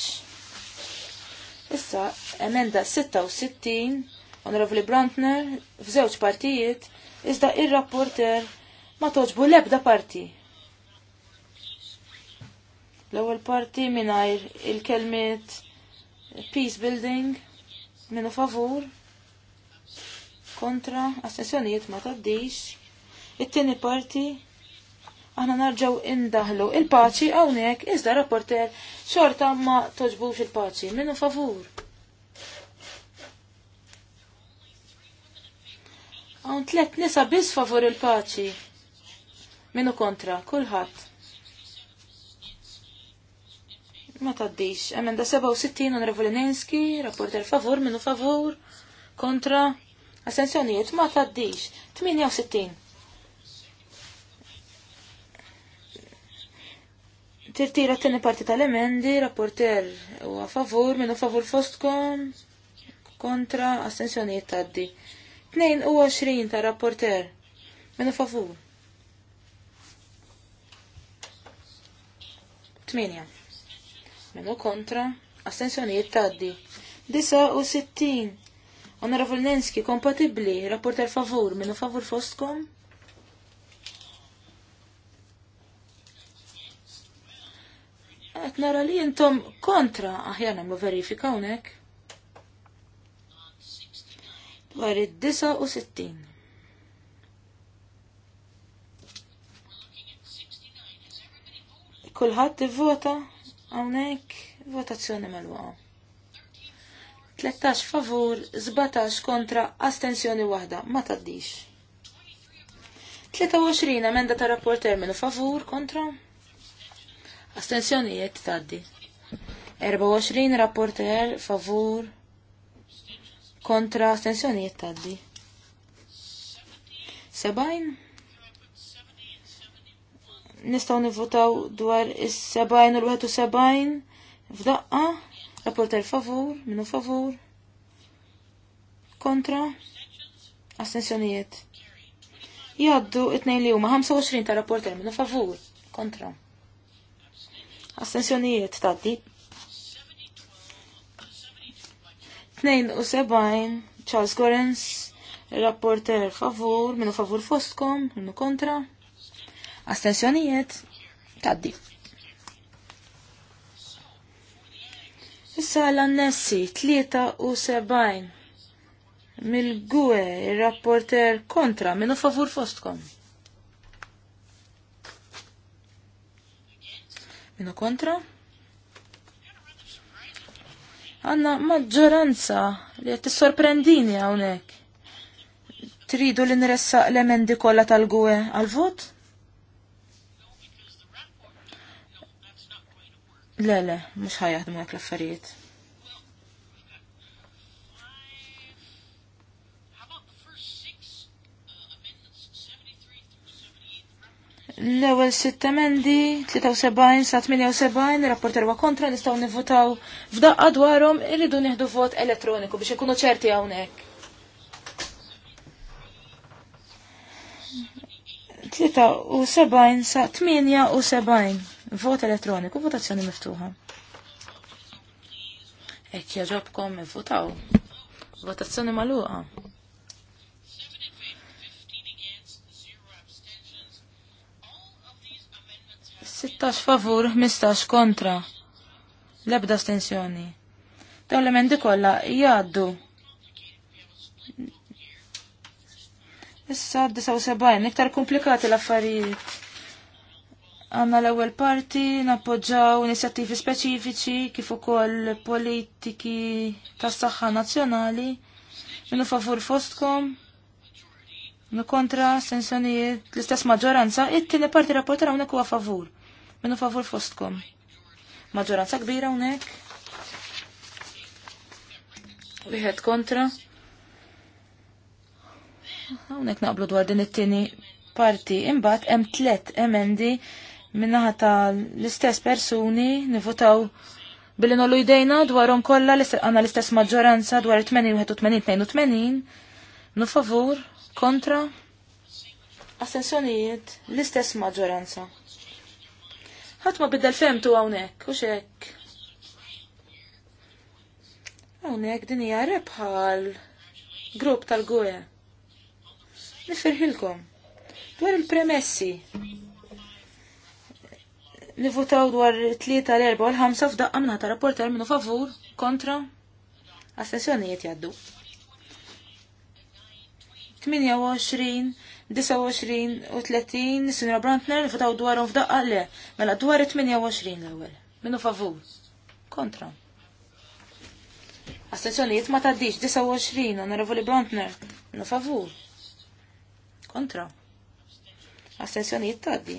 Issa, emenda 66, Onorevoli Brantner, f'żewġ partijiet, iżda ir-rapporter ma toġbu lebda parti. L-ewwel parti mingħajr il-kelmiet peace building minu favur kontra astensjonijiet ma taddix. It-tieni parti aħna narġaw indaħlu il-paċi hawnhekk iżda rapporter xorta ma toġbux il-paċi minnu favur. Hawn tliet nisa biss favur il-paċi. Minnu kontra, kulħadd. Ma taddix, emenda 67 un Revolinenski, rapporter favur, minnu favur, kontra, assenzjonijiet ma taddix, 68. Tirtira t-tini parti tal-emendi, rapporter u a favur, minu favur fostkom, kontra astensjoniet taddi. 22 ta' rapporter, minu favur. 8. Minu kontra, astensjoniet taddi. 69. Onorevol Nenski, kompatibli, rapporter favur, minu favur fostkom, qed nara li intom kontra aħjana ma verifika hawnhekk. Dwar id-69. Kulħadd ivvota hawnhekk votazzjoni melwa. 13 favur, 17 kontra, astensjoni waħda, ma taddix. 23 emenda ta' rapport terminu favur kontra Astenzjonijiet taddi. 24 rapporter favur kontra astenzjonijiet taddi. 70 nistaw nivvotaw dwar is-70 u l-71 f'daqqa rapporter favur minu favur kontra astenzjonijiet. Jaddu it-nejn li huma 25 ta' rapporter minu favur kontra Astensjonijiet u 72 Charles Gorens, rapporter favur, minu favur fostkom, minu kontra. Astensjonijiet di. Issa l-annessi 73 mill-gwe, il-rapporter kontra, minu favur fostkom. Minu kontra? Għanna maġġoranza li għed sorprendini għawnek. Tridu li nressaq l-emendi kollha tal-gwe għal-vot? Le, le, mux ħajħadmu għak l-affarijiet. L-ewel sitt emendi, 73 sa 78, rapporter wa kontra, nistaw nivvotaw f'daqqa dwarhom irridu nieħdu vot elettroniku biex ikunu ċerti hawnhekk. 73 sa 78, vot elettroniku, votazzjoni miftuħa. Ekk jaġobkom votaw. Votazzjoni maluqa. Tax favur, mistax kontra. Lebda stensjoni. Ta' l-emendi kolla jgħaddu. Issa 79, iktar komplikati l-affarijiet. Għanna l-ewwel parti nappoġġaw inizjattivi speċifiċi kif ukoll politiki tas-saħħa nazzjonali. Minnu favur fostkom, minnu kontra, sensjonijiet, l-istess maġġoranza, it-tieni parti rapporter hawnhekk huwa favur. Minu favur fostkom. Maġoranza kbira unek. Wieħed kontra. Unek naqblu dwar din it-tieni parti. Imbagħad hemm tlet emendi minnaħa tal-istess persuni nivotaw billi nollu jdejna dwarhom kollha għandna l-istess maġġoranza dwar 80-81-82 nu favur kontra assenzjonijiet l-istess maġġoranza ħadd ma bidel femtu hawnhekk u xek. Hawnhekk din hija rebħal grupp tal-gwe. Nifirħilkom. Dwar il-premessi. Nivutaw dwar 3 l-4 u l-5 f'daqqa minna ta' rapporter minnu favur, kontra, għas-sessjonijiet jaddu. 28 29 u 30, Sinra Brantner, nifutaw dwarhom f'daqqa le, mela dwar 28 l ewel Minu favur. Kontra. Astenzjonijiet ma taddix 29, Onorevoli Brantner, minu favur. Kontra. Astenzjonijiet taddi.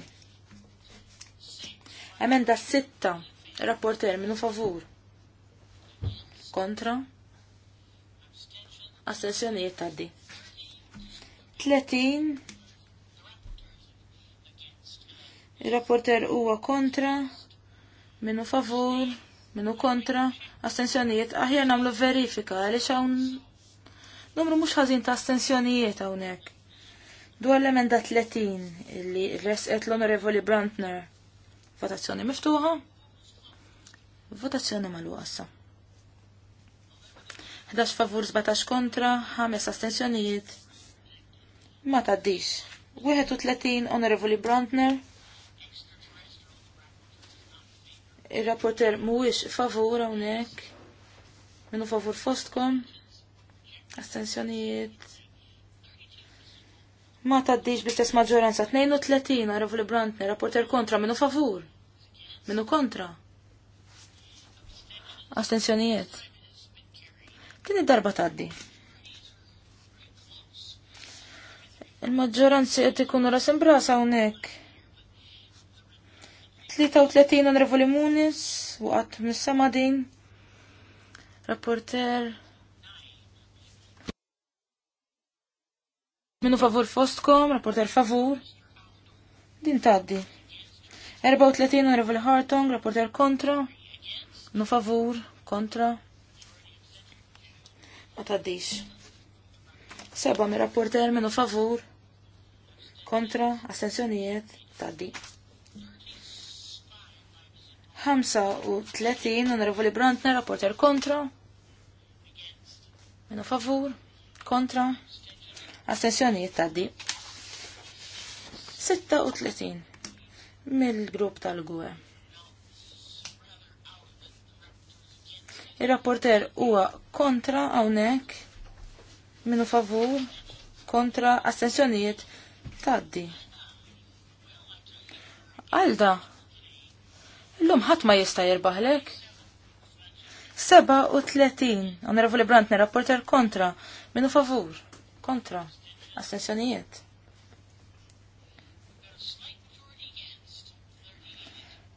Emenda 6, rapporter, minu favur. Kontra. Astenzjonijiet taddi. 30 Il-rapporter huwa kontra minnu favur minnu kontra astensjonijiet aħjar namlu verifika għaliex hawn numru mhux ħażin ta' astensjonijiet hawnhekk. Dwar l-emenda 30 illi resqet l-Onorevoli Brantner. Votazzjoni miftuħa? Votazzjoni malu għassa. 11 favur 17 kontra, 5 astensjonijiet ma taddix. 31 Onorevoli Brandner. Il-rapporter mhuwiex favur hawnhekk. Minu favur fostkom. Astensjonijiet. Ma taddix bistess maġġoranza 32 Onorevoli Brandner, rapporter kontra minu favur. Minu kontra. Astensjonijiet. Kien id-darba taddi. Il-maġġoranzi qed ikunu ras imbrasa hawnhekk. 33 onorevoli Munis waqgħet mis-sema din. Rapporter. Minu favur fostkom, rapporter favur. Din taddi. 34 onorevoli Hartong, rapporter kontra. Minu favur, kontra. Ma taddix. Seba mi rapporter minu favur kontra astensjonijiet taddi. 35 onorevoli Brantner, rapporter kontra. Minu favur, kontra, astensjonijiet taddi. 36 mill-grupp tal-gwe. Il-rapporter huwa kontra hawnhekk minu favur kontra astensjonijiet Taddi. Għalda, l-lum ħat ma jista jirbaħlek. 37, onorevoli Brantner, rapporter kontra, minu favur, kontra, astensjonijiet.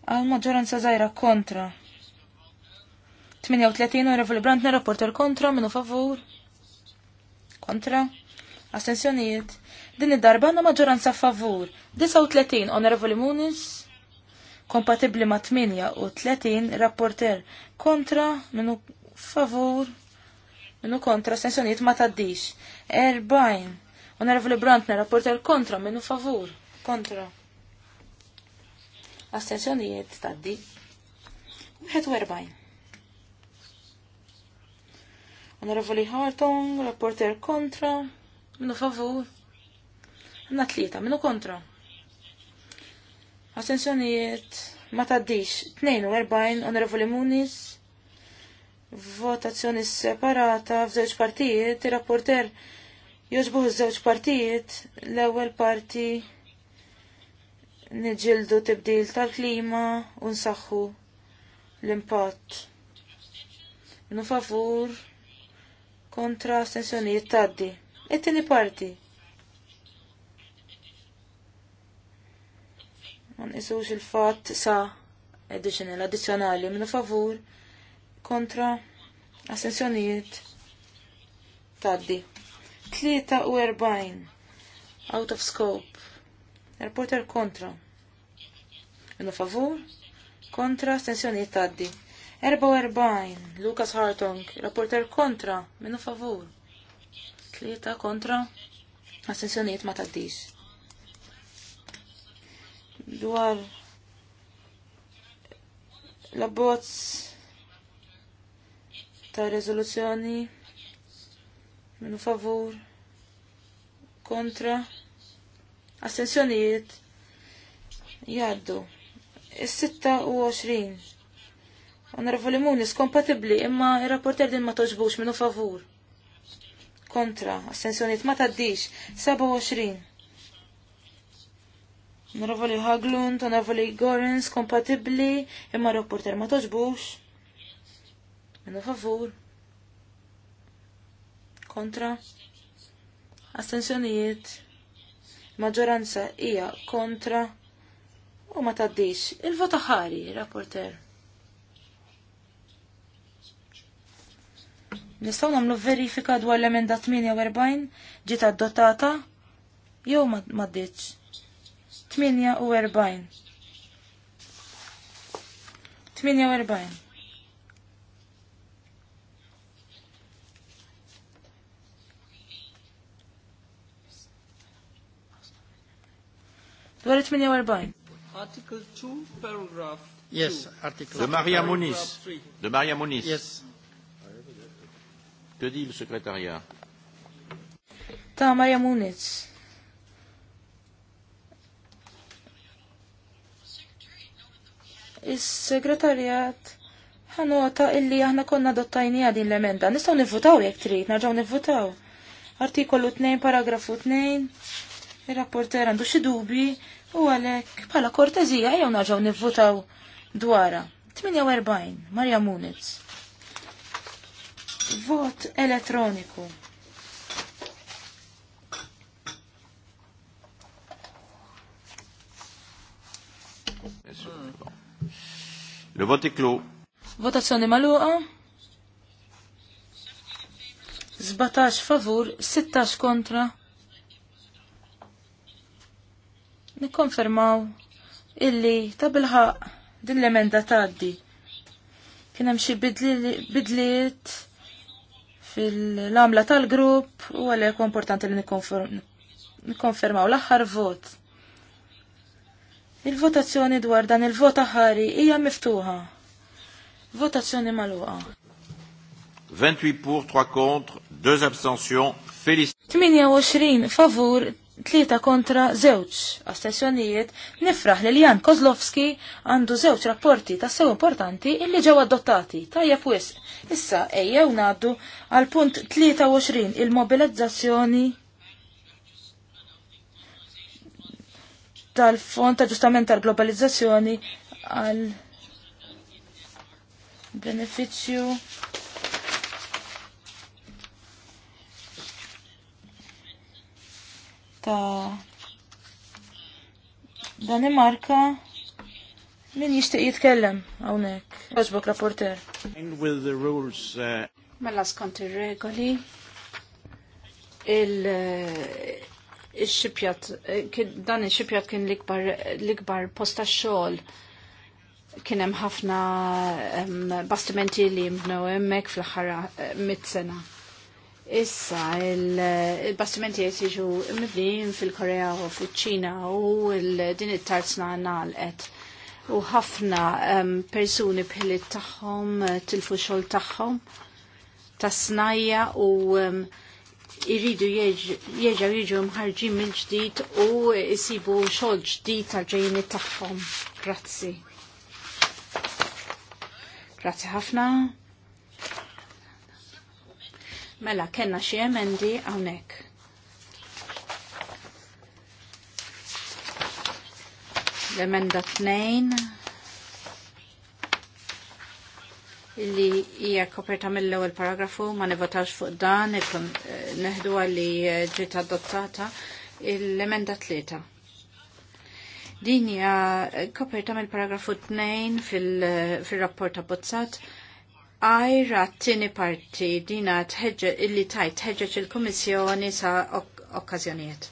Għal maġġoranza zaħira kontra. 38, onorevoli Brantner, rapporter kontra, minu favur, kontra, astensjonijiet Din id-darba għandna maġġoranza favur. 39 Onorevoli Muniz kompatibli ma' 38 rapporter kontra minu favur minu kontra sensjoniet ma' taddix. 40 Onorevoli Brantner rapporter kontra minu favur kontra. Astensjonijiet taddi. 41. Onorevoli Hartong, rapporter kontra, minu favur, Għanna tlieta, minnu kontra. Astensjonijiet, ma taddix, 42, onorevoli Munis, votazzjoni separata f'żewġ partijiet, il-rapporter joġbuħ żewġ partijiet, l-ewwel parti niġildu tibdil tal-klima u nsaħħu l-impatt. Minu favur kontra astensjonijiet taddi. It-tieni parti Man isux il-fat sa l addizjonali, minnu favur kontra assenzjonijiet taddi. 43 out of scope. Reporter kontra. Minu favur kontra assenzjonijiet taddi. 44 Lucas Hartong, rapporter kontra, minnu favur. Tlieta kontra, assenzjonijiet ma taddix dwar l-abbozz ta' rezoluzzjoni minu favur kontra assenzjonijiet jaddu is-26 Onorevoli Munis kompatibli imma ir-rapporter din ma toġbux minu favur kontra astensjonijiet ma taddix 27 ħaglun, ta' Onorevoli Gorens, kompatibli, imma rapporter ma toġbux. Minna favur. Kontra. Astensjonijiet. Maġġoranza hija kontra. U ma taddix. Il-vota ħari, rapporter. Nistaw namlu verifika dwar l-emenda 48 ġiet dotata jew ma ddiċ. Dwar 48. Article 2, paragraph. Yes, article. 2. De Maria Moniz. De Maria Moniz. Yes. Que dit le secrétariat Ta Maria Moniz. Is-segretarjat ħanota illi aħna konna dottajnija din l-emenda. Nistgħu nivvutaw jekk trid, nerġgħu nivvutaw. Artikolu 2, paragrafu 2, ir-rapporter għandu xi dubi u għalhekk bħala kortezija jew nerġgħu nivvutaw dwara. 48, Marja Muniz. Vot elettroniku. Il-voti klu. Votazzjoni maluqa. 17 favur, 16 kontra. Nikkonfermaw illi ta' bilħaq din l-emenda taddi. Kien hemm xi bidliet fil-għamla tal-grupp u għalhekk importanti li nikkonfermaw l-aħħar vot. Il-votazzjoni dwar dan il-vota ħari hija miftuħa. Votazzjoni magħluqa. 28 pour, 3 contre, 2 abstentions. Félicitations. 28 favur, 3 kontra, 0 astensjonijiet. Nifraħ li Jan Kozlovski għandu 0 rapporti ta' sew importanti illi ġew adottati. Tajja wis. Issa ejjew ngħaddu għal punt 23 il-mobilizzazzjoni tal-Fond ta' ġustament tal-globalizzazzjoni għal beneficju ta' Danimarka min jishtiq jitkellem hawnhekk. Għaġbok rapporter. And uh, Mela skont ir-regoli il xipjat, dan il-xipjat kien l-ikbar posta xol kien hemm ħafna bastimenti li jimbnu hemmhekk fl-aħħar eh, mit-sena. Issa il-bastimenti qed jiġu mibnin fil-Korea u fiċ-Ċina u din it-tarzna nalqet. U ħafna persuni bħilit tagħhom eh, tilfu xogħol tagħhom tas-snajja u um, irridu jieġaw jiġu mħarġin minn ġdid u jisibu xogħol ġdid tal-ġejni tagħhom. Grazzi. Grazzi ħafna. Mela, kena xie emendi għawnek. L-emenda 2 li hija koperta mill-ewwel paragrafu ma nivotax fuq dan ikun eh, neħduha li eh, ġiet adottata l-emenda tlieta. Din hija eh, koperta mill-paragrafu 2 fil-rapport abbozzat għajra t-tini parti dina tħeġġeġ illi tajt tħeġġeġ il-Komissjoni sa okkażjonijiet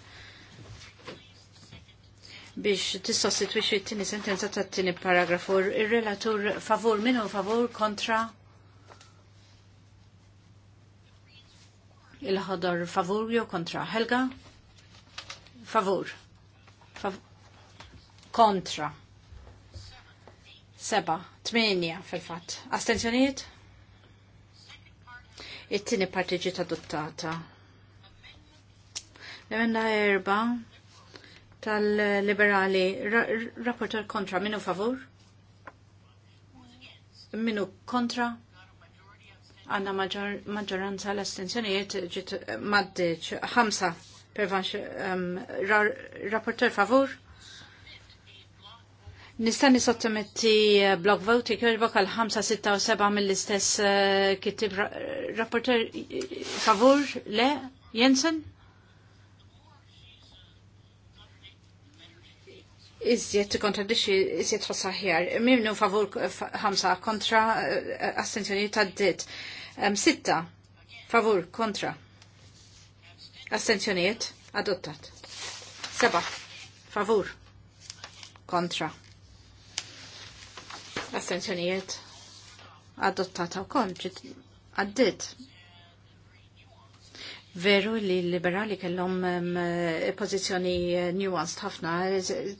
biex tissostitwixi t-tini sentenza ta' t-tini paragrafu. Il-relatur favur minnu favur kontra il-ħodor favur jew kontra. Helga? Favur. kontra. Seba, tmenja fil-fat. Astenzjoniet? It-tini partiġi ta' dottata. Lemenda erba' tal-liberali, rapporter kontra, minu favur? Minu kontra? Għanna maġoranza l-astenzjonijiet ġit maddeċ, ħamsa, pervanx, um, rapporter favur? Nistani sottometti eh, block vote jirbok għal 5-6-7 mill-istess eh, kittib rapporter eh, favur le Jensen? iżjed tikkontradixxi iżjed ħoss aħjar. Minnu favur ħamsa kontra eh, eh, astenzjoni tad dit Sitta favur kontra astenzjonijiet adottat. Seba favur kontra astenzjonijiet adottat u konġit għaddit Veru li l-liberali kellhom eh, pożizzjoni eh, nuanced ħafna.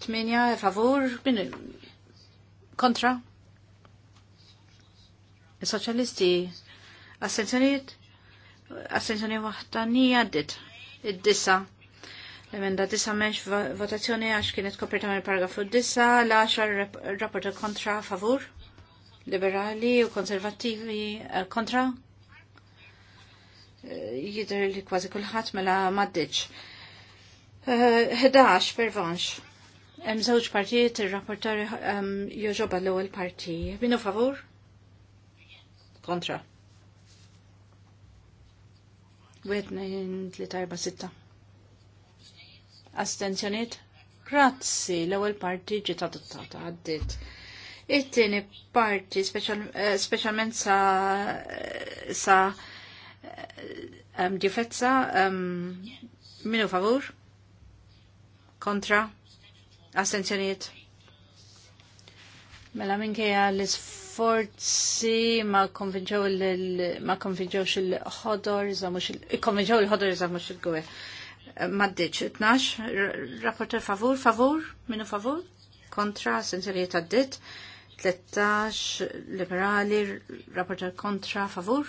Tminja favur minn kontra. Is-soċjalisti assenzjonijiet assenzjoni waħda ni għaddit id-disa. L-emenda disa menx votazzjoni għax kienet koperta mill paragrafu disa, l rapporta kontra favur, liberali u konservativi eh, kontra, jidher li kważi kulħadd mela maddiċ. 11 eh, pervanx. Hemm żewġ partijiet ir-rapportar ehm, joġoba l-ewwel parti. Binu favur? Kontra. Wieħed nejn tlieta erba' sitta. Astenzjoniet? Grazzi, l-ewwel parti ġiet adottata, għaddiet. It-tieni parti eh, speċjalment sa sa Um, difetza um, minu favur? Kontra? Astenzjoniet? Mela minkejja l-sforzi ma konvinġew il-ħodor, konvinġew il-ħodor za xil il-gwe. Maddiċ, 12, rapporter favur, favur, minu favur? Kontra, astenzjoniet għaddit? 13, liberali, rapporter kontra, favur?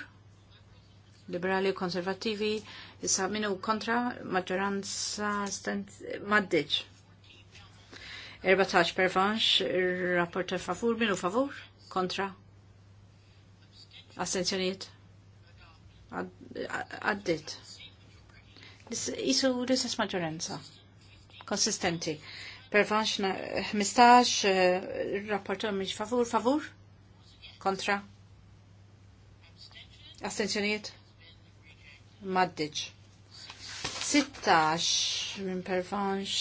liberali u konservativi, issa minu kontra maġġoranza maddiċ. 14 per vanx, rapporter favur, minu favur, kontra. Astenzjoniet. Addit. Isu l-istess maġġoranza. Konsistenti. Per vanx, 15, eh, rapporter miex favur, favur, kontra. Astenzjoniet maddiċ. 16 minn pervanx,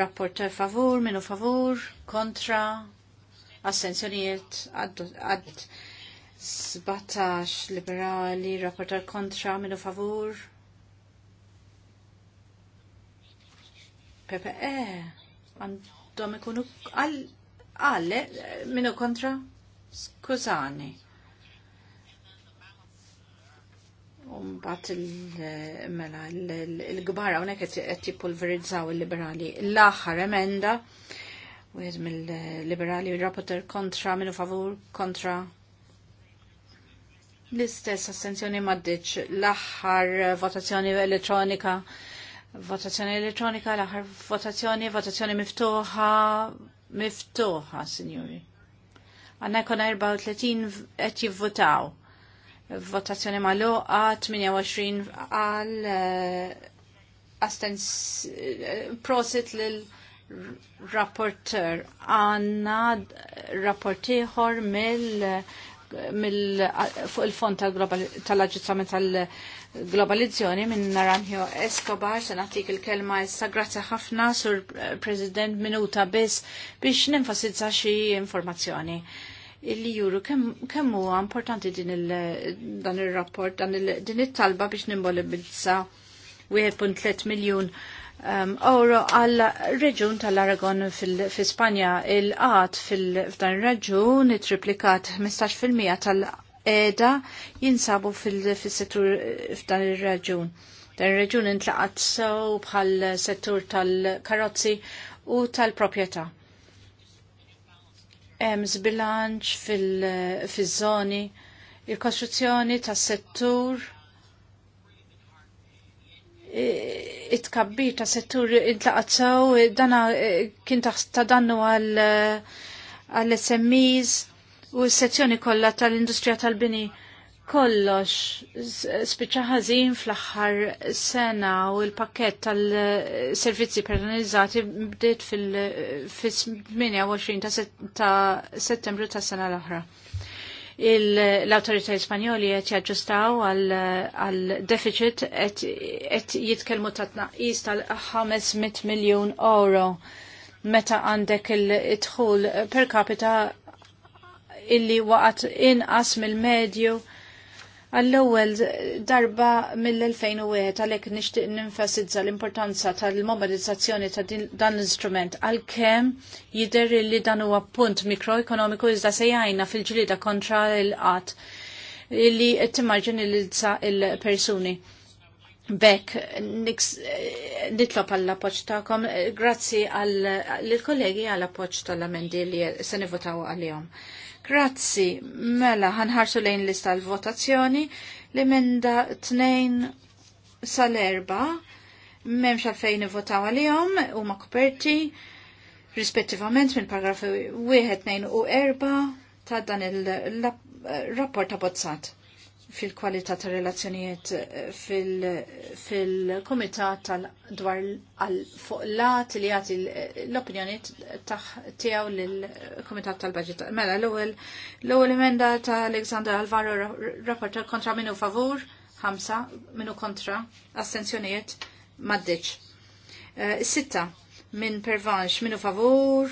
rapporter favur, minu favur, kontra, assenzjonijiet, għad 17 liberali, rapporter kontra, minu favur. Pepe e għandhom ikunu għalle, eh, minu kontra, skużani. Bat il-mela il-gbara unek qed jippulverizzaw il-liberali. L-aħħar emenda wieħed mill-liberali rapporter kontra minnu favur kontra l-istess astenzjoni maddiċ l-aħħar votazzjoni elettronika votazzjoni elettronika l-aħħar votazzjoni votazzjoni miftuħa miftuħa, sinjuri. Għanna jkun 34 qed jivvotaw. Votazzjoni loqa 28 għal eh, astens eh, prosit lil rapporter għanna rapportiħor mill mill fuq il-fond tal-aġġuzzament tal-globalizzjoni minn Naranjo Escobar se nagħtik il-kelma issa grazzi ħafna sur President minuta biss biex ninfasizza xi informazzjoni illi juru kemm huwa importanti din dan ir-rapport dan din it-talba biex nimbolibizza 1.3 miljun um, euro għal reġun tal-Aragon fil-Spanja il-qat fil-dan reġun it-triplikat 15% tal-eda jinsabu fil-settur f'dan il-reġun. Dan il-reġun intlaqat sew bħal settur tal-karozzi u tal-propieta hemm zbilanċ fiż-żoni, il-kostruzzjoni tas-settur it-kabbir ta' settur intlaqat dana e, kien ta' dannu għall-SMEs u s-sezzjoni kollha tal-industrija tal-bini kollox spiċċa ħażin fl-aħħar sena u l-pakket tal-servizzi personalizzati bdiet fil-28 ta' settembru ta' sena l-oħra. L-autorità Spanjoli qed jaġġustaw għal deficit qed jitkellmu ta' tnaqqis tal-500 miljun euro meta għandek il-dħul per capita illi waqgħet inqas mill-medju għall-ewwel darba mill-2001 għalhekk nixtieq ninfasizza l-importanza tal-mobilizzazzjoni ta' dan l-istrument għalkemm jidher li dan huwa punt mikroekonomiku iżda sejjajna fil ġlieda kontra l-qatt li timmarġini l-persuni. Bekk, nitlob għall appoġġ tagħkom, grazzi għall kollegi għall appoġġ tal-amendi li se nivotaw għalihom. Grazzi, mela ħanħarsu lejn lista l-votazzjoni li minn da tnejn sal-erba memx għalfejn votaw għalihom u ma koperti rispettivament minn paragrafi 1, 2 u 4 ta' dan il-rapport abbozzat fil-kwalità ta' relazzjonijiet eh, fil-komitat fil dwar fuq lat li jagħti l-opinjoni tiegħu lill-Kumitat tal-Baġit. Mela l-ewwel l-ewwel emenda ta' Alexander Alvaro rapporta kontra minu favur, ħamsa minu kontra, assenzjonijiet, maddeċ. Eh, sitta minn pervanx minu favur,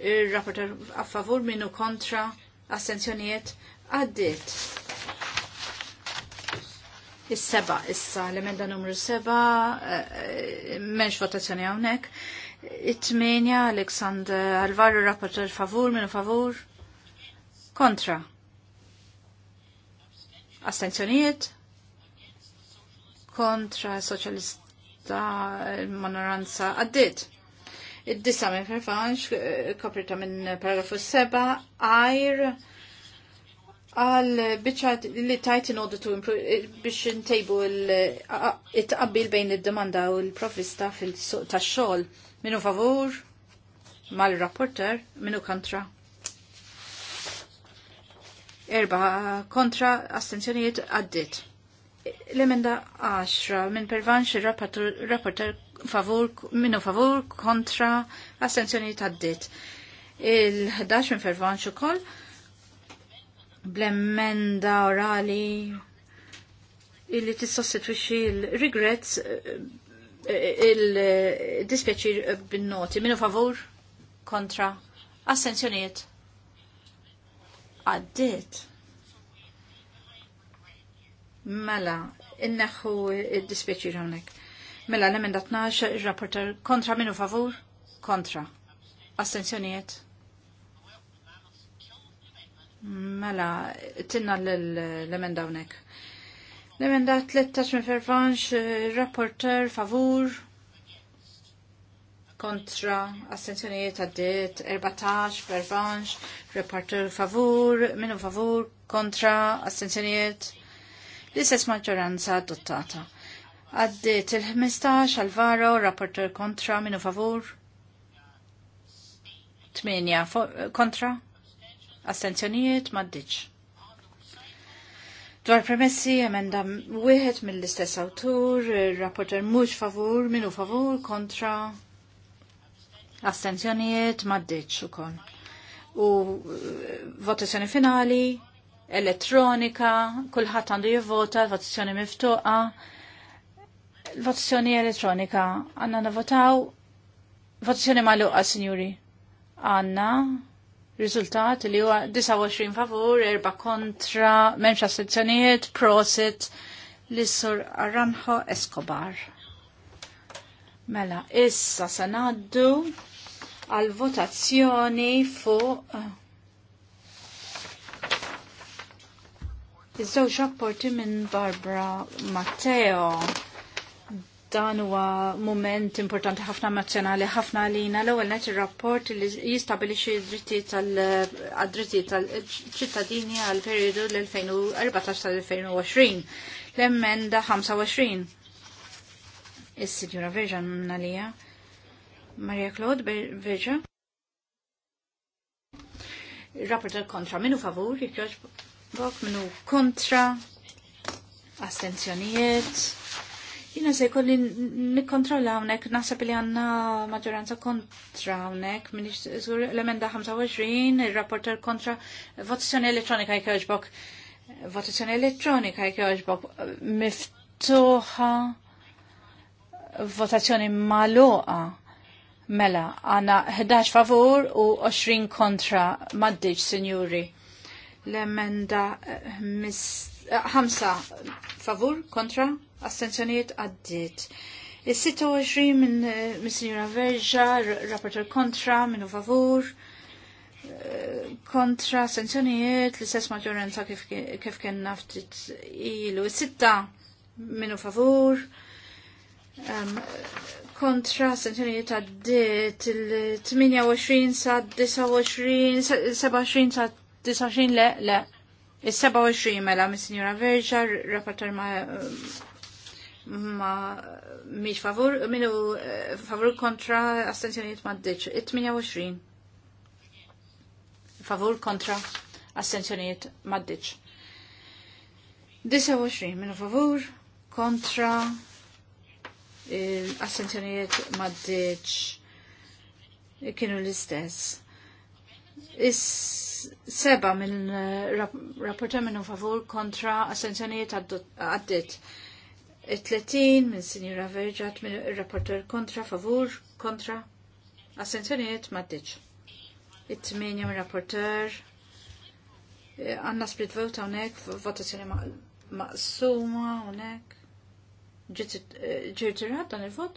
ir-rapporta a favur minu kontra, assenzjonijiet, għaddit Is-seba, issa, l-emenda numru seba, eh, eh, menx votazzjoni għawnek. It-tmenja, Aleksandr Alvaro, rapporter favur, minu favur. Kontra. Astenzjonijiet. Kontra soċalista minoranza għaddit. Id-disa minn ferfanx, eh, koprita minn paragrafu seba, għajr għal bieċa li tajt in order to eh, biex intejbu eh, it-taqbil bejn id-demanda u l profista fil-suq ta' xol. Minu favur, mal-rapporter, minu kontra. Erba kontra astenzjonijiet għaddit. L-emenda 10 minn pervanx il-rapporter favur, minu favur kontra astenzjoniet għaddit. Il-11 minn pervanx u koll blemmenda orali illi tissostitwixi il-regrets eh, eh, il-dispjaċir eh, bin-noti minu favur kontra assenzjoniet għaddit mela inneħu il-dispjaċir għonek mela l-emenda 12 il-rapporter kontra minu favur kontra assenzjoniet Mela, tinna l-emenda unek. L-emenda 13 minn eh, fervanx, rapporter, favur, kontra, assenzjonijiet għaddit, 14 fervanx, rapporter, favur, minnu favur, kontra, assenzjonijiet, l-istess maġġoranza adottata. Għaddit il-15 Alvaro, rapporter kontra, minu favur? 8 kontra? Astenzjonijiet maddiċ. Dwar premessi, emenda wieħed mill-istess awtur, rapporter mhux favur, minu favur, kontra astenzjonijiet maddiċ ukoll. U eh, votazzjoni finali, elettronika, kulħadd għandu jivvota, votazzjoni miftuqa, votazzjoni elettronika, għanna navotaw, votazzjoni maluqa, sinjuri. Għanna, Rizultat li huwa 29 favur, erba' kontra, m'hemmx astenzjonijiet, prosit li sur Aranjo Escobar. Mela, issa se ngħaddu għal votazzjoni fuq uh, iż-żewġ rapporti minn Barbara Matteo dan huwa moment importanti ħafna nazzjonali ħafna għalina l-ewwel net ir-rapport li jistabilixxi d-drittijiet tal-drittijiet tal-ċittadini għal periodu l-2014 tal-2020 l emenda 25. Is-Sinjura Verġa nalija. Maria Claude Verġa. Rapport tal-kontra minu favur, jikjoġ bok minu kontra, astenzjonijiet Jina se kolli nikkontrolla hawnhekk nasab li għanna maġġoranza kontra hawnhekk minix żgur l-emenda 25, il rapporter kontra votazzjoni elettronika jkjoġbok. Votazzjoni elettronika jkjoġbok miftuħa votazzjoni maluqa. Mela, għana 11 favur u 20 kontra maddiġ, sinjuri. L-emenda 5 eh, eh, favur kontra astenzjoniet għaddit. Is-26 minn eh, min Verġa, rapporter kontra, minnu favur, eh, kontra astenzjoniet, l-istess maġġoranza kif, kien naftit ilu. il sitta minnu favur, um, kontra astenzjoniet għaddit il-28 sa 29, 27 sa 29 le, le. il 27 mela mis Verġa, rapporter ma' eh, ma miex favur, minu eh, favur kontra astenzjoniet ma d-deċ. 28. Favur kontra astenzjoniet ma d-deċ. 29. Minu favur kontra eh, astenzjoniet ma d-deċ kienu l-istess. Is seba minn eh, rapporta minnu favur kontra assenzjonijiet għaddit. 30 minn Sinjura Verġat minn il-rapporter kontra, favur, kontra, assenzjoniet maddiċ. It-tminja minn rapporter, eh, għanna split vote għonek, votazzjoni maqsuma għonek, ġirtirat eh, dan il-vot?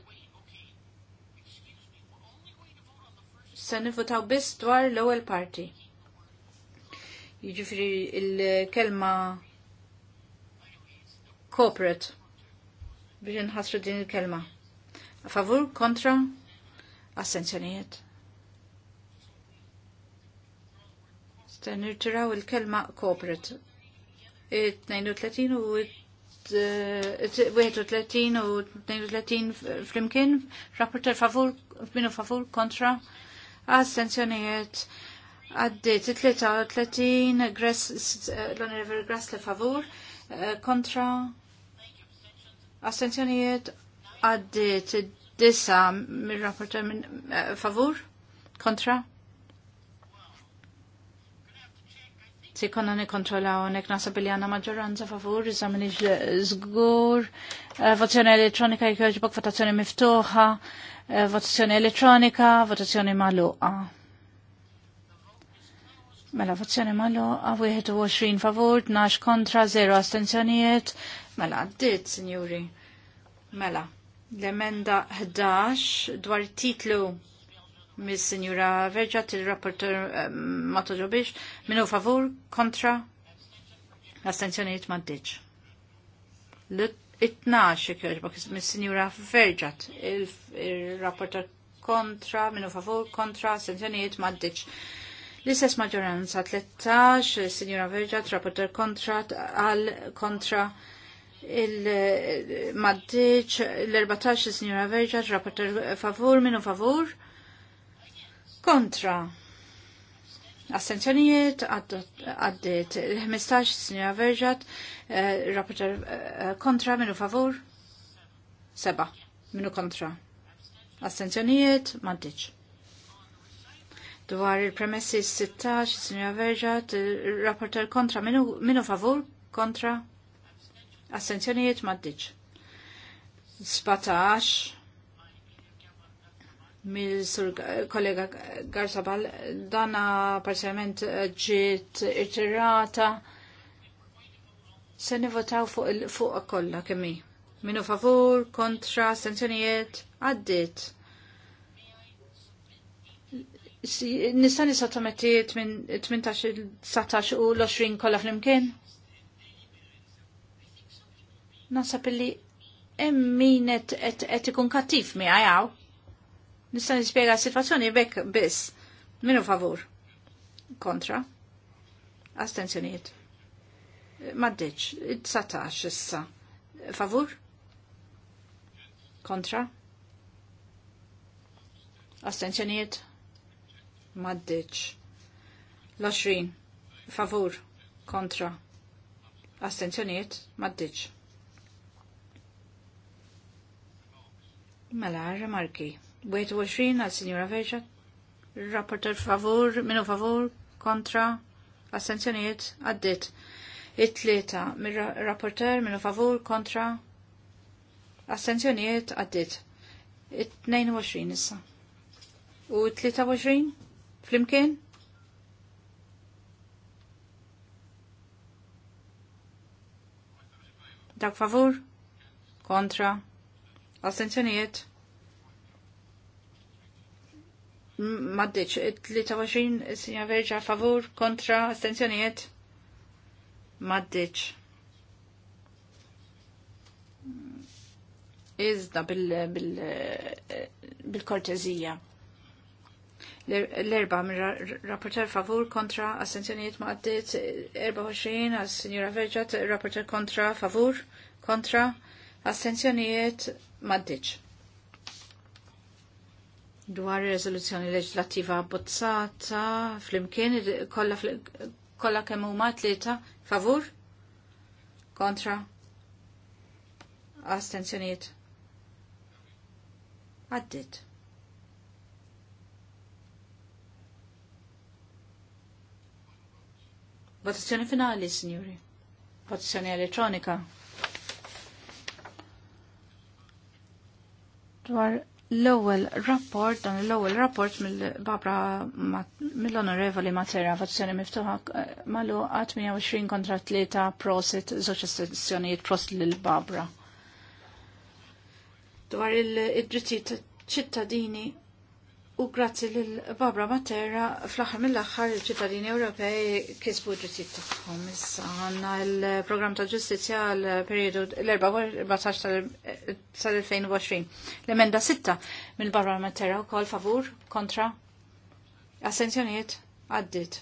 Se nivotaw biss dwar l-ewel parti. Jiġifiri il-kelma corporate biex nħasru din il-kelma. A favur, kontra, assenzjonijiet. Ta' nirtiraw il-kelma corporate. 32 u 31 u 32 flimkien, rapporter favur, minu favur, kontra, astenzjonijiet, għaddit 33, l-onorevoli Grass le favur, eh, kontra, Astenzjonijiet għaddit disa mir-rapporter minn eh, favur? Kontra? Si konna nikontrolla unek nasa li għanna maġoranza favur, iżda minn iġgur, eh, votazzjoni elettronika jkjoġbok, votazzjoni miftuħa, eh, votazzjoni elettronika, votazzjoni maluqa. Mela votazzjoni mallu għaw 21 favur, 12 kontra, 0 astenzjonijiet. Mela għaddit, sinjuri. Mela, l-emenda 11 dwar titlu mis sinjura Verġat, il-rapporter eh, Mato Ġobix, minu favur, kontra, astenzjonijiet maddiċ. L-12 kjoġbok mis sinjura Verġat, il-rapporter kontra, minu favur, kontra, astenzjonijiet maddiċ. L-istess maġġoranza 13, Signora Verġa, rapporter kontra għal kontra il-maddiċ, l-14, Signora Verġa, rapporter favur, minu favur, kontra. Assenzjonijiet għaddit il-15 signora verġat, eh, eh, kontra minu favur, seba minu kontra. Assenzjonijiet maddiċ. Dwar il-premessi 16, Sinja Verġat, rapporter kontra, minu, favur, kontra, assenzjonijiet maddiċ. 17, mill-sur kollega Garzabal, dana parzialment ġiet irtirata. Se nivotaw fuq il-fuq kollha kemmi. Minu favur, kontra, assenzjonijiet, għaddit nista' tometi 18-19 u l-20 kollha flimkien? Nasab illi hemm min qed ikun kattiv mi għajaw. Nista' nispjega s-sitwazzjoni bekk biss. Minu favur? Kontra? Astenzjonijiet. it 19 issa. Favur? Kontra? Astenzjonijiet? maddiċ. L-20 favur kontra astenzjoniet maddiċ. Mela, remarki. 21 għal Signora Verġa. Rapporter favur, minu favur, kontra, astenzjoniet, għaddit. It-tlieta, rapporter minu favur, kontra, astenzjoniet, għaddit. It-22 issa. U 23? Flimkien? Dak favur? Kontra? Astenzjonijiet? Maddiċ, 23, sinja verġa, favur, kontra, astenzjonijiet? Maddiċ. Iżda bil-kortezija. Bil, bil, eh, bil l-erba rapporter favur kontra assenzjoniet ma għaddit 24 għas signora Verġat rapporter kontra favur kontra assenzjoniet ma għaddit. Dwar rezoluzzjoni leġislattiva bozzata fl-imkien kolla, kemm huma tlieta favur kontra astenzjonijiet Għaddit. Votazzjoni finali, signori. Votazzjoni elettronika. Dwar l-ewwel rapport, dan l-ewwel rapport mill-Babra mill-Onorevoli Matera votazzjoni miftuħa eh, malu 28 kontra tlieta prosit żewġ istituzzjonijiet prost lil Babra. Dwar il-drittijiet ċittadini U grazzi l-Babra Matera, fl-axar mill-axar il-ċittadini Ewropej kisbu drittijiet tagħhom. Issa għandna l-programm ta' ġustizzja l periodu l-14 tal-2020. L-emenda 6 mill-Babra Matera wkoll favur, kontra, assenzjonijiet, għaddit.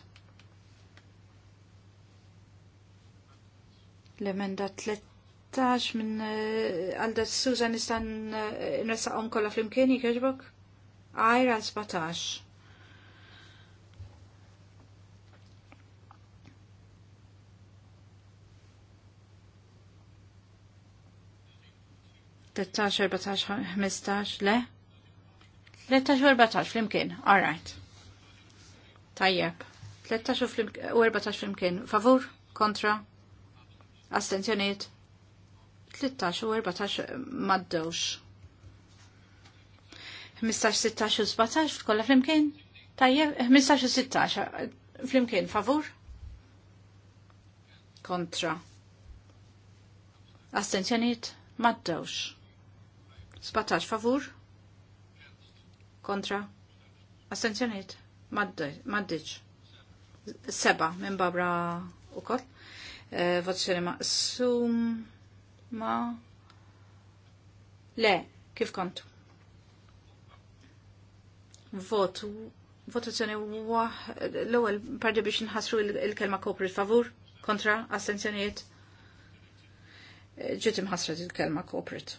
L-emenda 13 minn eh, għalda Susan nistan eh, nresaqom kollha fl-imkien jkeġbok? Ajra 17. Tettax, 14, 15, le? 13 u 14 flimkien, all right. Tajjeb. 13 u 14 flimkien, favur, kontra, astenzjoniet. 13 u 14 eh, maddewx. 15, 16 u 17 kollha flimkien? Tajjeb, 15 u 16 eh, flimkien favur? Kontra. Astenzjoniet maddewx. 17 favur? Kontra. Astenzjoniet maddiċ. Seba minn babra u koll. E, Votazzjoni maqsum ma. Le, kif kontu? vot, votazzjoni l-ewwel parti biex nħassru il-kelma corporate favur kontra astenzjonijiet ġiet imħassra il-kelma corporate.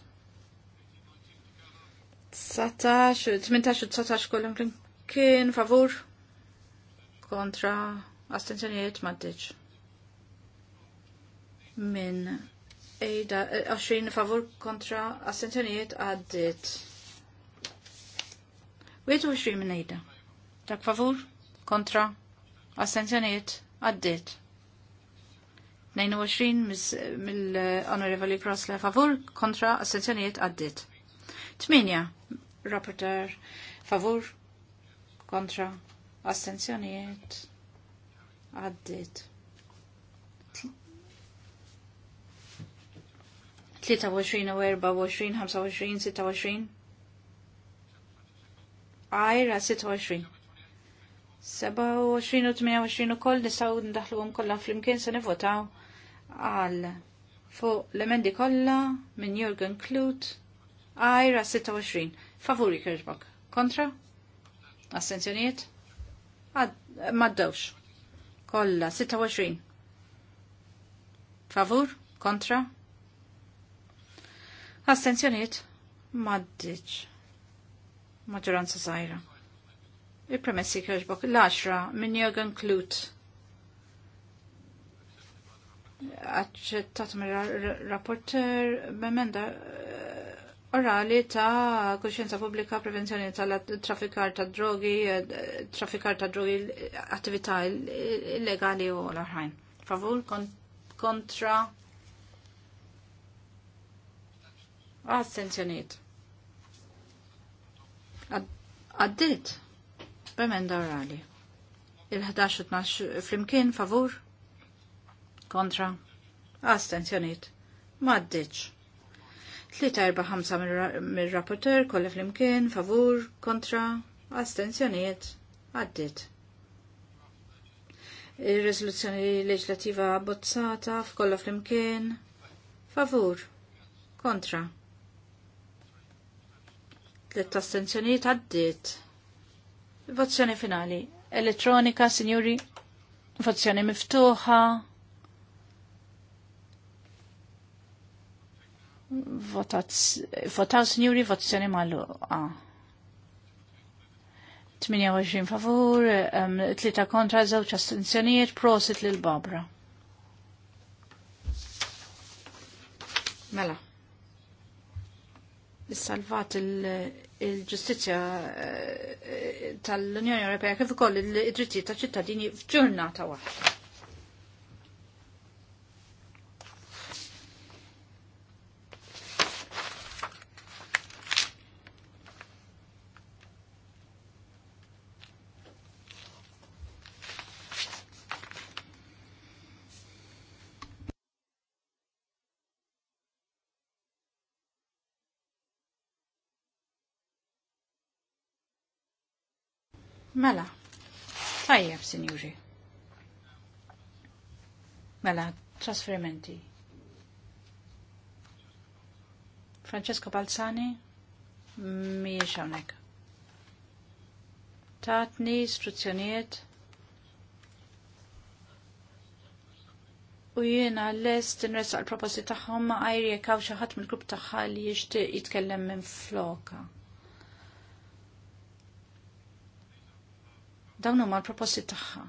19, 18 u 19 kollum kien favur kontra astenzjonijiet maddiċ. Min Ejda, 20 eh, favur kontra astenzjonijiet għaddit. 21 minejda. Tak favur, kontra, assenzjoniet, għaddit. 22 mill-Honorable Crossla favur, kontra, assenzjoniet, għaddit. 8. Rapporter favur, kontra, assenzjoniet, għaddit. 23, 24, 25, 26, għajra 26. 27 u 28 u koll nistaw ndaħluhom kollha flimkien se nivotaw għal fuq l-emendi kollha minn Jürgen Klut għajra 26. Favuri kirġbok. Kontra? Assenzjoniet? Maddawx. Kolla 26. Favur? Kontra? Assenzjoniet? Maddawx maġoranza zaħira. Il-premessi kħoġbok l-10 minn Jürgen Klut. Aċċettat mir-rapporter b'emenda eh, orali ta' kuxjenza pubblika prevenzjoni tal-traffikar ta' drogi, eh, traffikar ta' drogi, attività illegali u l arħajn Favur kontra astenzjoniet. Għaddit. Bemenda orali. Il-11-12 flimkien favur. Kontra. Astenzjoniet. Maddiċ. 3-4-5 mir-rapporter kolli flimkien favur. Kontra. Astenzjoniet. Għaddit. Il-resoluzzjoni leġlativa bozzata f'kollha flimkien. Favur. Kontra tlet astenzjonijiet għaddit. Votazzjoni finali. Elettronika, signori. Votazzjoni miftuħa. Votaw signori, votazzjoni mal-luqa. 28 favur, 3 kontra, 2 astenzjonijiet, prosit lil Babra. Mela salvat il-ġustizja eh, eh, tal-Unjoni Ewropea kif ukoll id-drittijiet tal-ċittadini f'ġurnata waħda. Mela, tajjeb, sinjuri. Mela, trasferimenti. Francesco Balzani, mi hawnhekk. Tatni, istruzzjoniet. U jiena lest nresaq il-proposti tagħhom ma għajri jekk hawn xi ħadd mill-grupp tagħha li jixtieq jitkellem minn floka. Dawn huma l-proposti tagħha.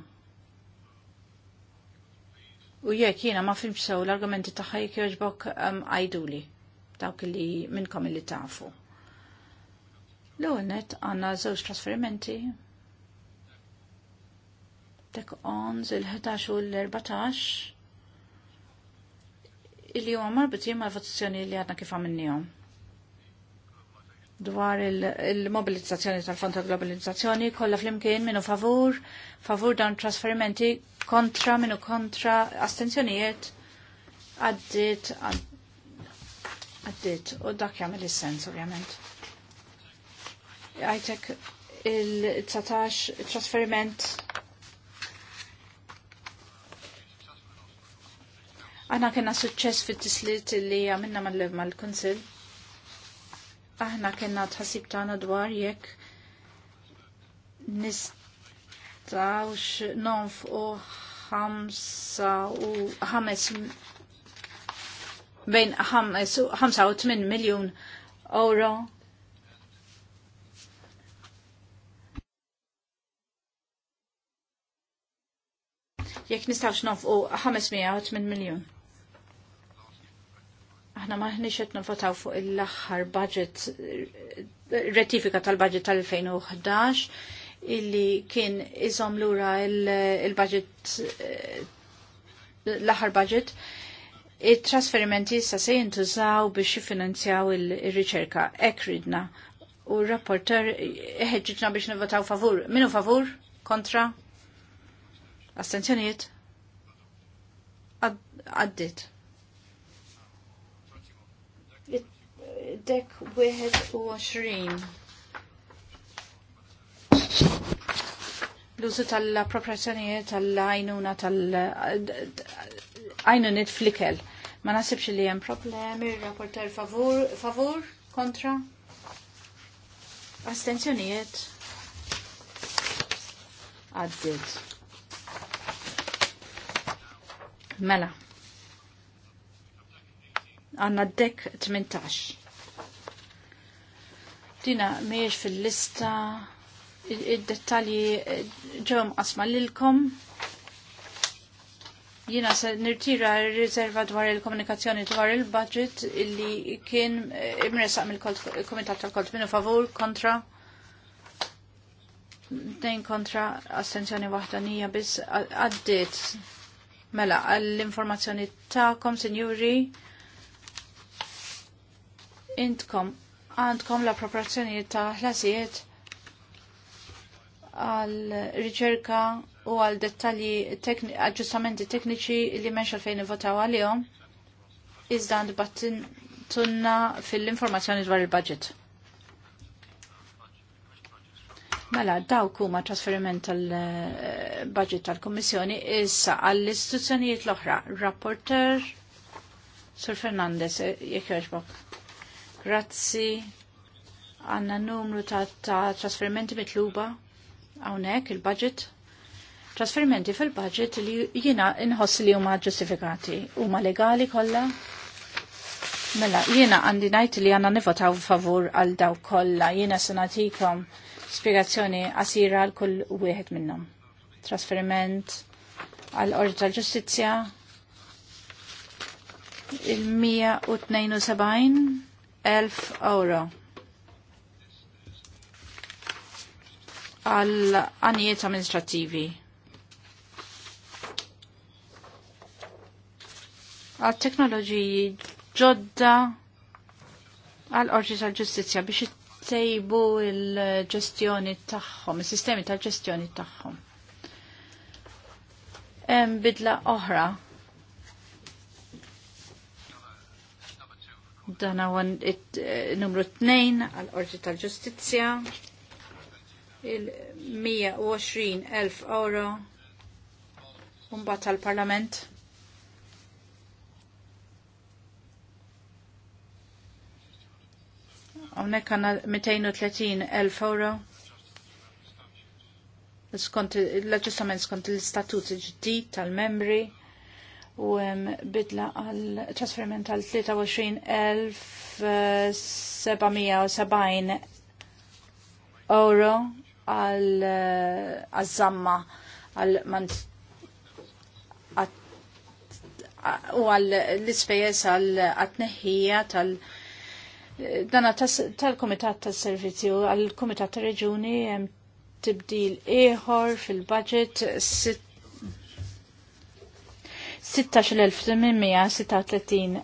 U jekk jiena ma fimx sew l-argumenti tagħha jekk jogħġbok um, għajduli dawk li minnkom li tafu. L-ewwel net għandna żewġ trasferimenti tek ons il-11 u l-14 il-li huwa marbutin mal votazzjoni li għadna kif għamilnihom dwar il-mobilizzazzjoni tal-Fond ta' Globalizzazzjoni kollha flimkien minnu favur, favur dawn trasferimenti kontra minnu kontra astenzjonijiet għaddit għaddit u dak jagħmel is-sens ovvjament. Għajtek il-19 trasferiment Għana kena suċċess fit-tislit li għamilna mal-Kunsil aħna kena tħasib tagħna dwar jek nistawx nonf u ħamsa u ħames bejn ħames u ħamsa u tmin miljon euro Jek nistawx nonf u 508 miljon aħna maħniex qed nifotaw fuq il aħħar budget rettifika tal-budget tal-2011 illi kien iżom lura il-budget eh, l-aħħar budget it-trasferimenti sa se jintużaw biex jiffinanzjaw il-riċerka. Ek ridna. U r-rapporter ħeġġitna biex nivotaw favur. Minu favur? Kontra? Astenzjoniet? Għaddit. dek 21. L-użu tal-appropriazzjonijiet tal-għajnuna tal-għajnunit flikel. Ma nasibx li hemm problemi, rapporter favur, favur, kontra. Astenzjonijiet. Għaddit. Mela. Għanna d-dek 18. Dina miex fil-lista id-dettalji eh, ġewem qasma lilkom. Jina se nirtira riserva dwar il-komunikazzjoni dwar il-budget illi kien eh, imresaq mill-komitat tal-kolt minu favur kontra dejn kontra astenzjoni nija biss għaddit mela għall-informazzjoni kom, sinjuri, intkom għandkom la proporzjoni ta' ħlasijiet għal riċerka u għal dettalji aġġustamenti tekniċi li menx għalfejn votaw għalihom iżda għand tunna fil-informazzjoni dwar il-budget. Mela, dawk huma trasferiment tal-budget tal-Kommissjoni issa għall-istituzzjonijiet l-oħra. Rapporter Sur Fernandez, jekk jogħġbok. Grazzi għanna numru ta', ta trasferimenti mitluba għawnek il-budget. Trasferimenti fil-budget li jina inħoss li huma ġustifikati. Huma legali kollha? Mela, jiena għandi najt li għanna nivotaw favur għal daw kollha. Jiena se nagħtikom spjegazzjoni qasira għal kull wieħed minnhom. Trasferiment għal ordi tal-ġustizzja il-172 1000 euro. għal għanijiet amministrativi. Għal teknoloġiji ġodda għal orġi tal-ġustizja biex tejbu il-ġestjoni tagħhom, il-sistemi tal-ġestjoni tagħhom. Hemm bidla oħra Dan huwa eh, numru 2 għal qorti tal-Ġustizzja il-120.000 euro mbagħad tal-Parlament. Hawnhekk għandna 230.000 euro l-aġġustament skont l-istatut ġdid tal-membri u bidla għal trasferiment għal 23,770 eh, euro għal zamma eh, għal u għal l-ispejjeż għal għatneħija tal- eh, dana tal-Komitat tal-Servizju għal-Komitat tal-Reġuni tibdil ieħor fil-budget 16.836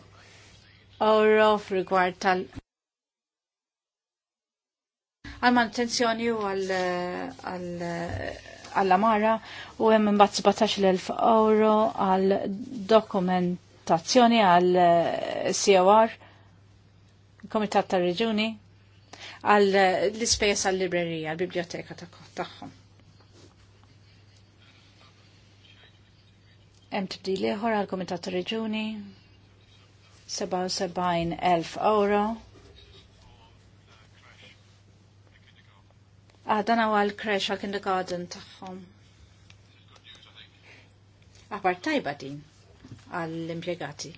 euro f'rigward tal- għal manutenzjoni u għall-amara u għem imbagħad 17,000 euro għal dokumentazzjoni għal eh, COR, Komitat tar-Reġuni, għal eh, l ispejja għall-librerija, l-biblioteka tagħhom. Hemm liħor ieħor għal Kumitat Reġuni 77,000 euro. Għadan ah, għu għal-kresh għal-kindergarten tagħhom. Aħbar tajba din għall-impjegati.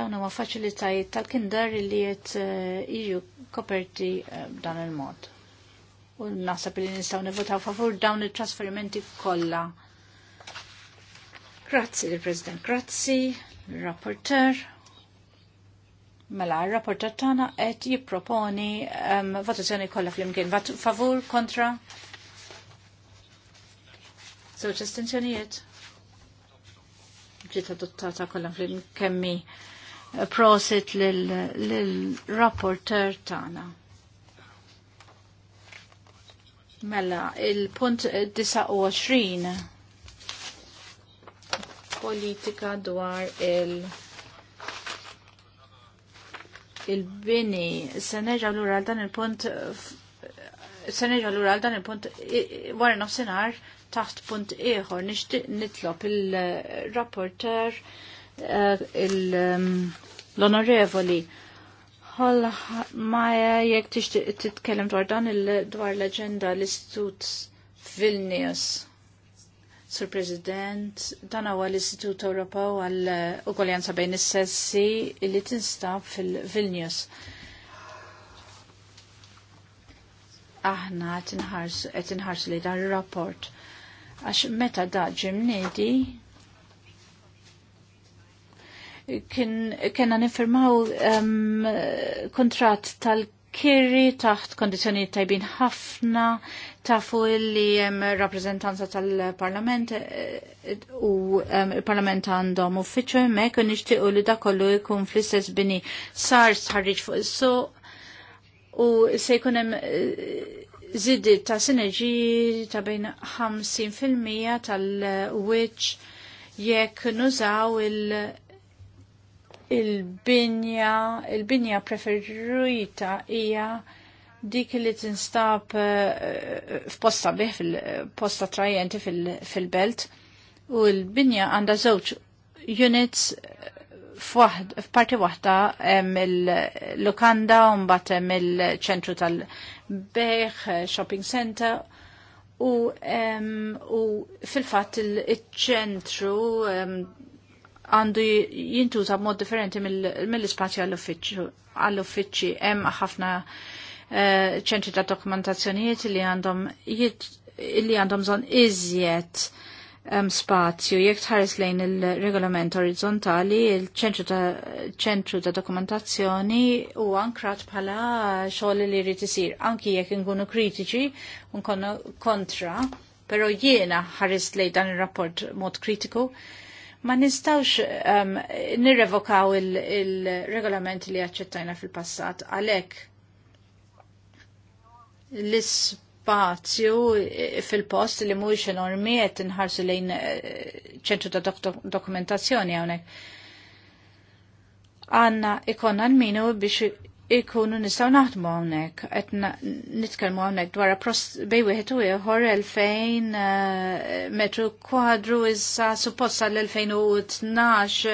Dawn huma faċilitajiet tal-kinder li qed eh, jiġu koperti eh, b'dan il-mod u nasab li nistaw nivotaw favur dawn il-trasferimenti kollha. Grazzi l-President, grazzi l-Rapporter. Mela, il-Rapporter tana qed jipproponi um, votazzjoni kollha fl-imkien. Favur, kontra? Zewġ estensjonijiet? Ġiet adottata kollha fl-imkemmi eh, prosit lil rapporter tana. Mela, il-punt 29 politika dwar il- il-bini seneġa l-ura dan il-punt seneġa l-ura dan il-punt wara nofsenar taħt punt ieħor nixtieq nitlob il-rapporter il-onorevoli eh, il rapporter mm, il l onorevoli Hol Maja, jek tixtieq titkellem dwar dan dwar l-aġenda l-Istut Vilnius. Sur President, dan huwa l-Istitut Ewropew għal ugwaljanza bejn is-sessi li tinstab fil-Vilnius. Aħna qed inħarsu li dan ir-rapport. Għax meta da ġimnedi kena nifirmaw um, kontrat tal kiri taħt kondizjoni tajbin ħafna tafu li jem um, rappresentanza tal-parlament eh, u um, il-parlament għandhom uffiċu mek u nishtiqu li dakollu jkun fl-istess bini sar sarriċ fuq il-so u se jkunem zidi eh, ta' sinerġi ta' bejn 50% tal-wiċ jekk nużaw il- il-binja, il-binja preferita hija dik li tinstab eh, f'posta bih fil-posta trajenti fil-belt u l-binja għanda żewġ units eh, f'parti waħda hemm il-lukanda u mbagħad hemm il-ċentru tal-beħ, shopping center u, fil-fatt il-ċentru għandu jintuża b'mod differenti mill-ispazju għall-uffiċċji. Hemm ħafna eh, ċentri ta' dokumentazzjonijiet li għandhom li għandhom bżonn iżjed ehm, spazju. Jekk tħares lejn il-regolament orizzontali, il-ċentru ta' ta' dokumentazzjoni u ankrat bħala xogħol li jrid isir. Anki jekk inkunu kritiċi, nkunu kontra, pero jiena ħares lejn dan ir rapport mod kritiku ma nistawx um, nirrevokaw il-regolament il li accettajna fil-passat għalek l-spazju eh, fil-post li mhuwiex enormi għet inħarsu lejn eh, ċentru ta' dokumentazzjoni hawnhekk. Għanna ikonna l-minu biex ikunu nistaw naħdmu għonek, għet nitkelmu għonek dwar bejwi wieħed u ieħor 2000 eh, metru kwadru issa supposta l-2012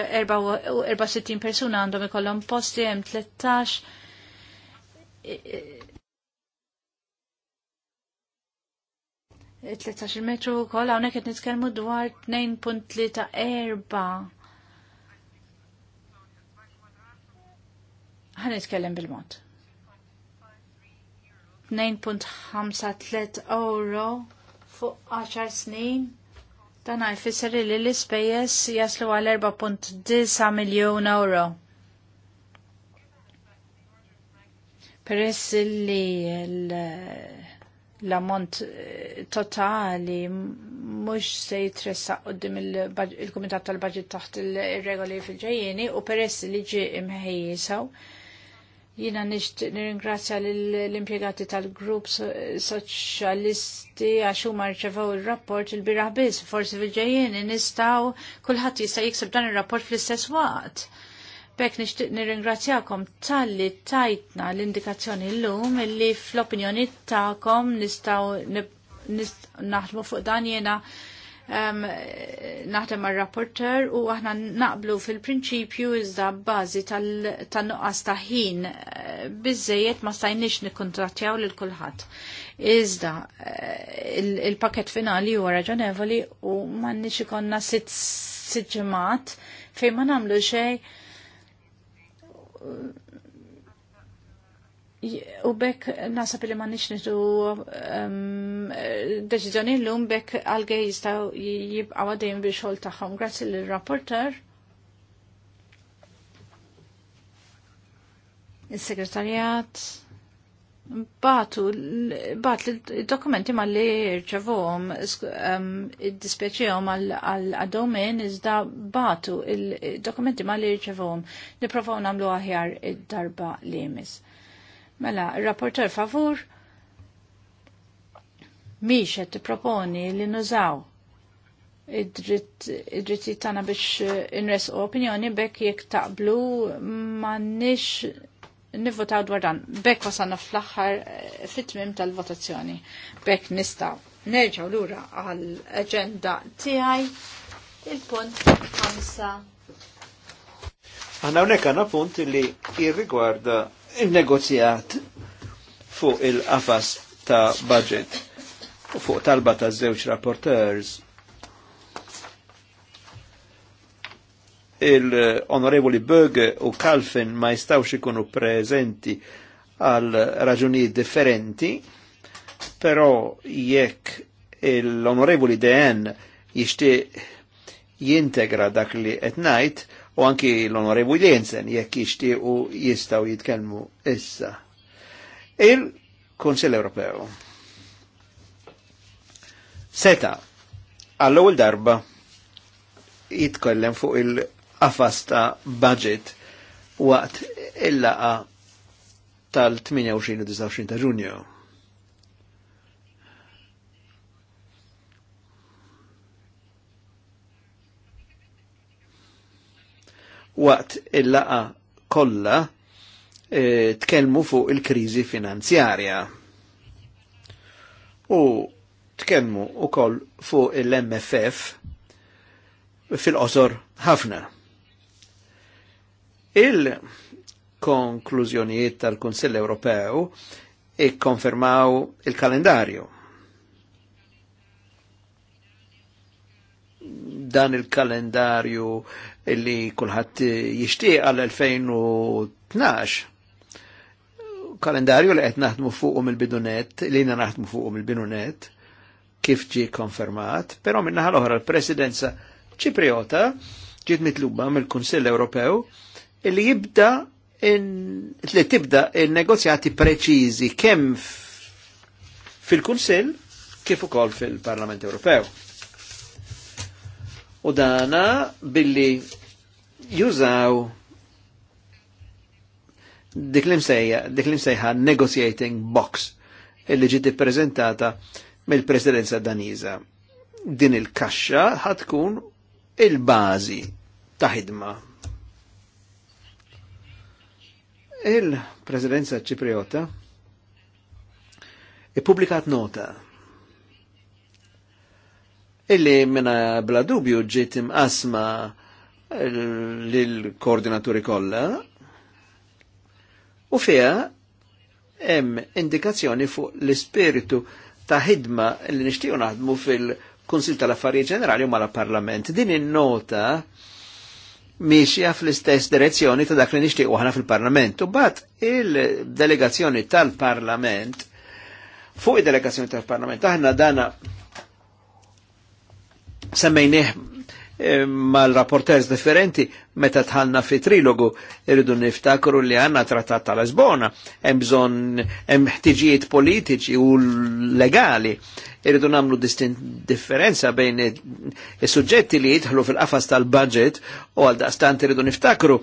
64 persuna għandhom ikollhom posti hemm 13 13 metru kol hawnhekk qed nitkellmu dwar erba'. ħan nitkellem bil-mod. 2.53 euro fuq 10 snin dan jfisser li l-ispejjeż jaslu għal 4.9 miljun euro. Peress li l-ammont eh, totali mhux se jitressa għoddim il-Kumitat tal-Baġit taħt il-regoli fil ġajjeni u peress li ġie imħejjisaw. Jina nishtiq nirringrazzja l-impiegati tal-grupp soċjalisti għax huma rċevaw ir-rapport il-biraħ biss, forsi fil-ġejjien nistgħu kulħadd jista' jikseb dan ir-rapport fl-istess waqt. Bek nixtieq nirringrazzjakom tal-li tajtna l-indikazzjoni llum illi fl-opinjoni tagħkom nistgħu naħdmu fuq dan jiena naħdem mar rapporter u aħna naqblu fil-prinċipju iżda bażi tan-nuqqas ta' ħin eh, bizzejiet ma stajniex nikkuntrattjaw lil kulħadd. Iżda eh, il-pakket finali huwa raġonevoli u m'għandniex ikonna sitt ġimgħat fejn ma nagħmlu xejn U bekk nasab li ma nix nidu um, deċizjoni l-lum bekk għal jistaw jibqa għadin biex xol taħħom. Grazzi l-rapporter. Il-segretarjat. Batu, bat il-dokumenti ma li rċavuhom um, id-dispieċijom għal-domen iżda batu il-dokumenti ma li rċavuhom. Niprofaw namlu aħjar id-darba li jemis. Mela, il-rapporter favur miex qed tipproponi li nużaw id-dritti tagħna biex inres opinjoni bekk jekk taqblu m'għandniex nivvotaw dwar dan. Bekk wasanna fl-aħħar eh, fit-tmim tal-votazzjoni. Bekk nista'. nerġgħu lura għall agenda tiegħi il-punt 5. Għanna hawnhekk għandna punt li jirrigwarda il-negozjat fuq il-qafas ta' budget u fuq talba ta' żewġ rapporteurs il-onorevoli Böge u Kalfin ma jistawx ikunu prezenti għal raġunijiet differenti, però jekk l-onorevoli DN jixti jintegra dak li etnajt, u anki l-onorevu Jensen jekk jixtiequ jistgħu jitkellmu issa. il konsil Ewropew seta għall-ewwel darba jitkellem fuq il afasta budget waqt il-laqa tal-28 29 ta' Ġunju. waqt il-laqa kollha e, tkellmu fuq il-kriżi finanzjarja. U tkellmu koll fuq il-MFF fil-qosor ħafna. Il-konklużjonijiet tal-Kunsill Ewropew ikkonfermaw il-kalendarju. Dan il-kalendarju Illi kulħadd eh, jixtieq għal 2012 kalendarju li qed naħdmu fuqu mill-bidunet, li jina naħdmu fuqu mill-bidunet, kif ġi konfermat, però minnaħal oħra l-presidenza ċipriota ġiet mitluba mill-Kunsill Ewropew illi jibda in, li tibda il-negozjati preċiżi kemm fil-Kunsill kif ukoll fil-Parlament Ewropew U dana billi jużaw dik li msejja, dik li msejħa negotiating box illi ġiet ippreżentata mill-presidenza Daniża. Din il-kaxxa ħatkun il-bażi ta' ħidma. Il-presidenza Ċipriota ippubblikat nota illi minna bla dubju ġiet imqasma lill-koordinaturi kollha u fija hemm indikazzjoni fuq l-ispiritu ta' ħidma li nixtiju naħdmu fil-Kunsil tal-Affarijiet Ġenerali u mal-Parlament. Din in-nota miexja fl-istess direzzjoni ta' dak li nixtiequ aħna fil-Parlament. U bat il-delegazzjoni tal-Parlament fuq id-delegazzjoni tal-Parlament aħna dana semmejnieh eh, mal-rapporters differenti meta tħanna fi trilogu irridu niftakru li għanna trattat ta' Lisbona, hemm bżonn hemm ħtiġijiet politiċi u legali irridu namlu differenza bejn il suġġetti li jidħlu fil-qafas tal-budget u għal daqstant irridu niftakru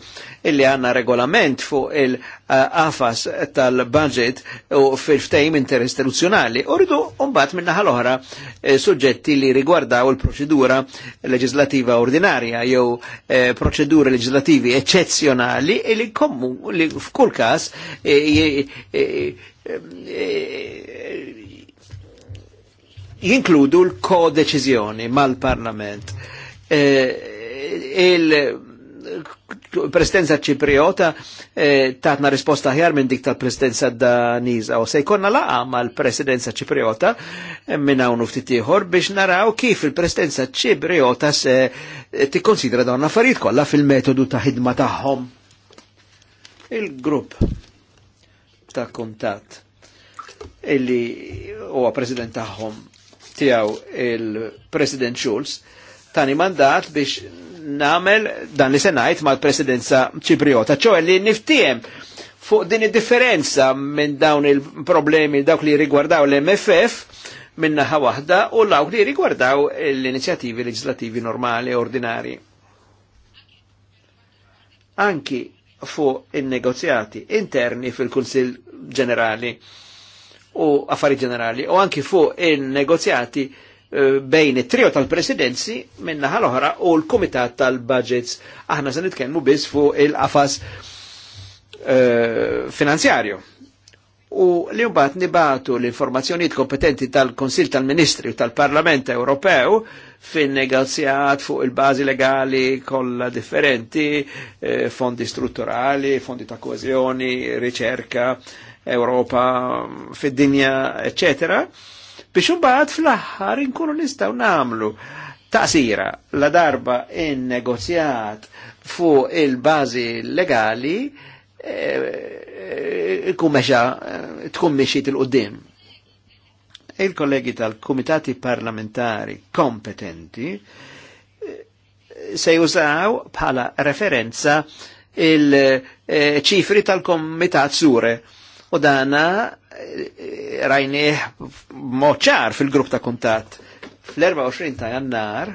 illi għanna regolament fuq il-qafas tal-budget u fil-ftejm interistituzjonali u rridu mbagħad minna l ohra eh, suġġetti li rigwardaw il-proċedura leġislativa ordinarja jew eh, proċeduri leġislativi eccezzjonali illi kommu li f'kull kas eh, jinkludu l-kodeċizjoni mal-Parlament. Eh, Il-Presidenza ċipriota eh, tatna risposta ħjar minn dik tal-Presidenza Daniza u se jkonna laqa mal-Presidenza ċipriota eh, minn hawn ftit ieħor biex naraw kif il-Presidenza ċipriota se tikkonsidra dawn affarijiet kollha fil-metodu ta' ħidma tagħhom. Il-grupp ta' kontat illi huwa president tagħhom tijaw il-President Schulz tani mandat biex namel dan li senajt mal-presidenza ċipriota, ċoħe li niftijem fuq din id-differenza minn dawn il-problemi dawk li rigwardaw l-MFF ħa waħda u dawk li rigwardaw l-inizjativi leġislativi normali ordinari. Anki fuq il-negozjati interni fil-Kunsil ġenerali u affarijiet ġenerali u anki fuq il-negozjati eh, bejn it-trio tal-presidenzi minnaħa l-oħra u l-komitat tal-budgets. Aħna se nitkellmu biss fuq il-qafas eh, finanzjarju. U li mbagħad nibatu l-informazzjonijiet kompetenti tal-Konsil tal-Ministri u tal-Parlament Ewropew fin-negozjat fuq il-bażi legali kollha differenti, eh, fondi strutturali, fondi ta' koeżjoni, riċerka, Europa, fid-dinja, etc. biex imbagħad fl-aħħar inkunu nistgħu nagħmlu taqsira la darba in-negozjat fuq il-bażi legali e, e, ikun mexa e, tkun mixit il-qudiem. Il-kollegi tal-kumitati parlamentari kompetenti se jużaw bħala referenza il-ċifri tal-komitat sure u dana eh, rajnieh moċar fil-grupp ta' kuntat. Fl-24 ta' jannar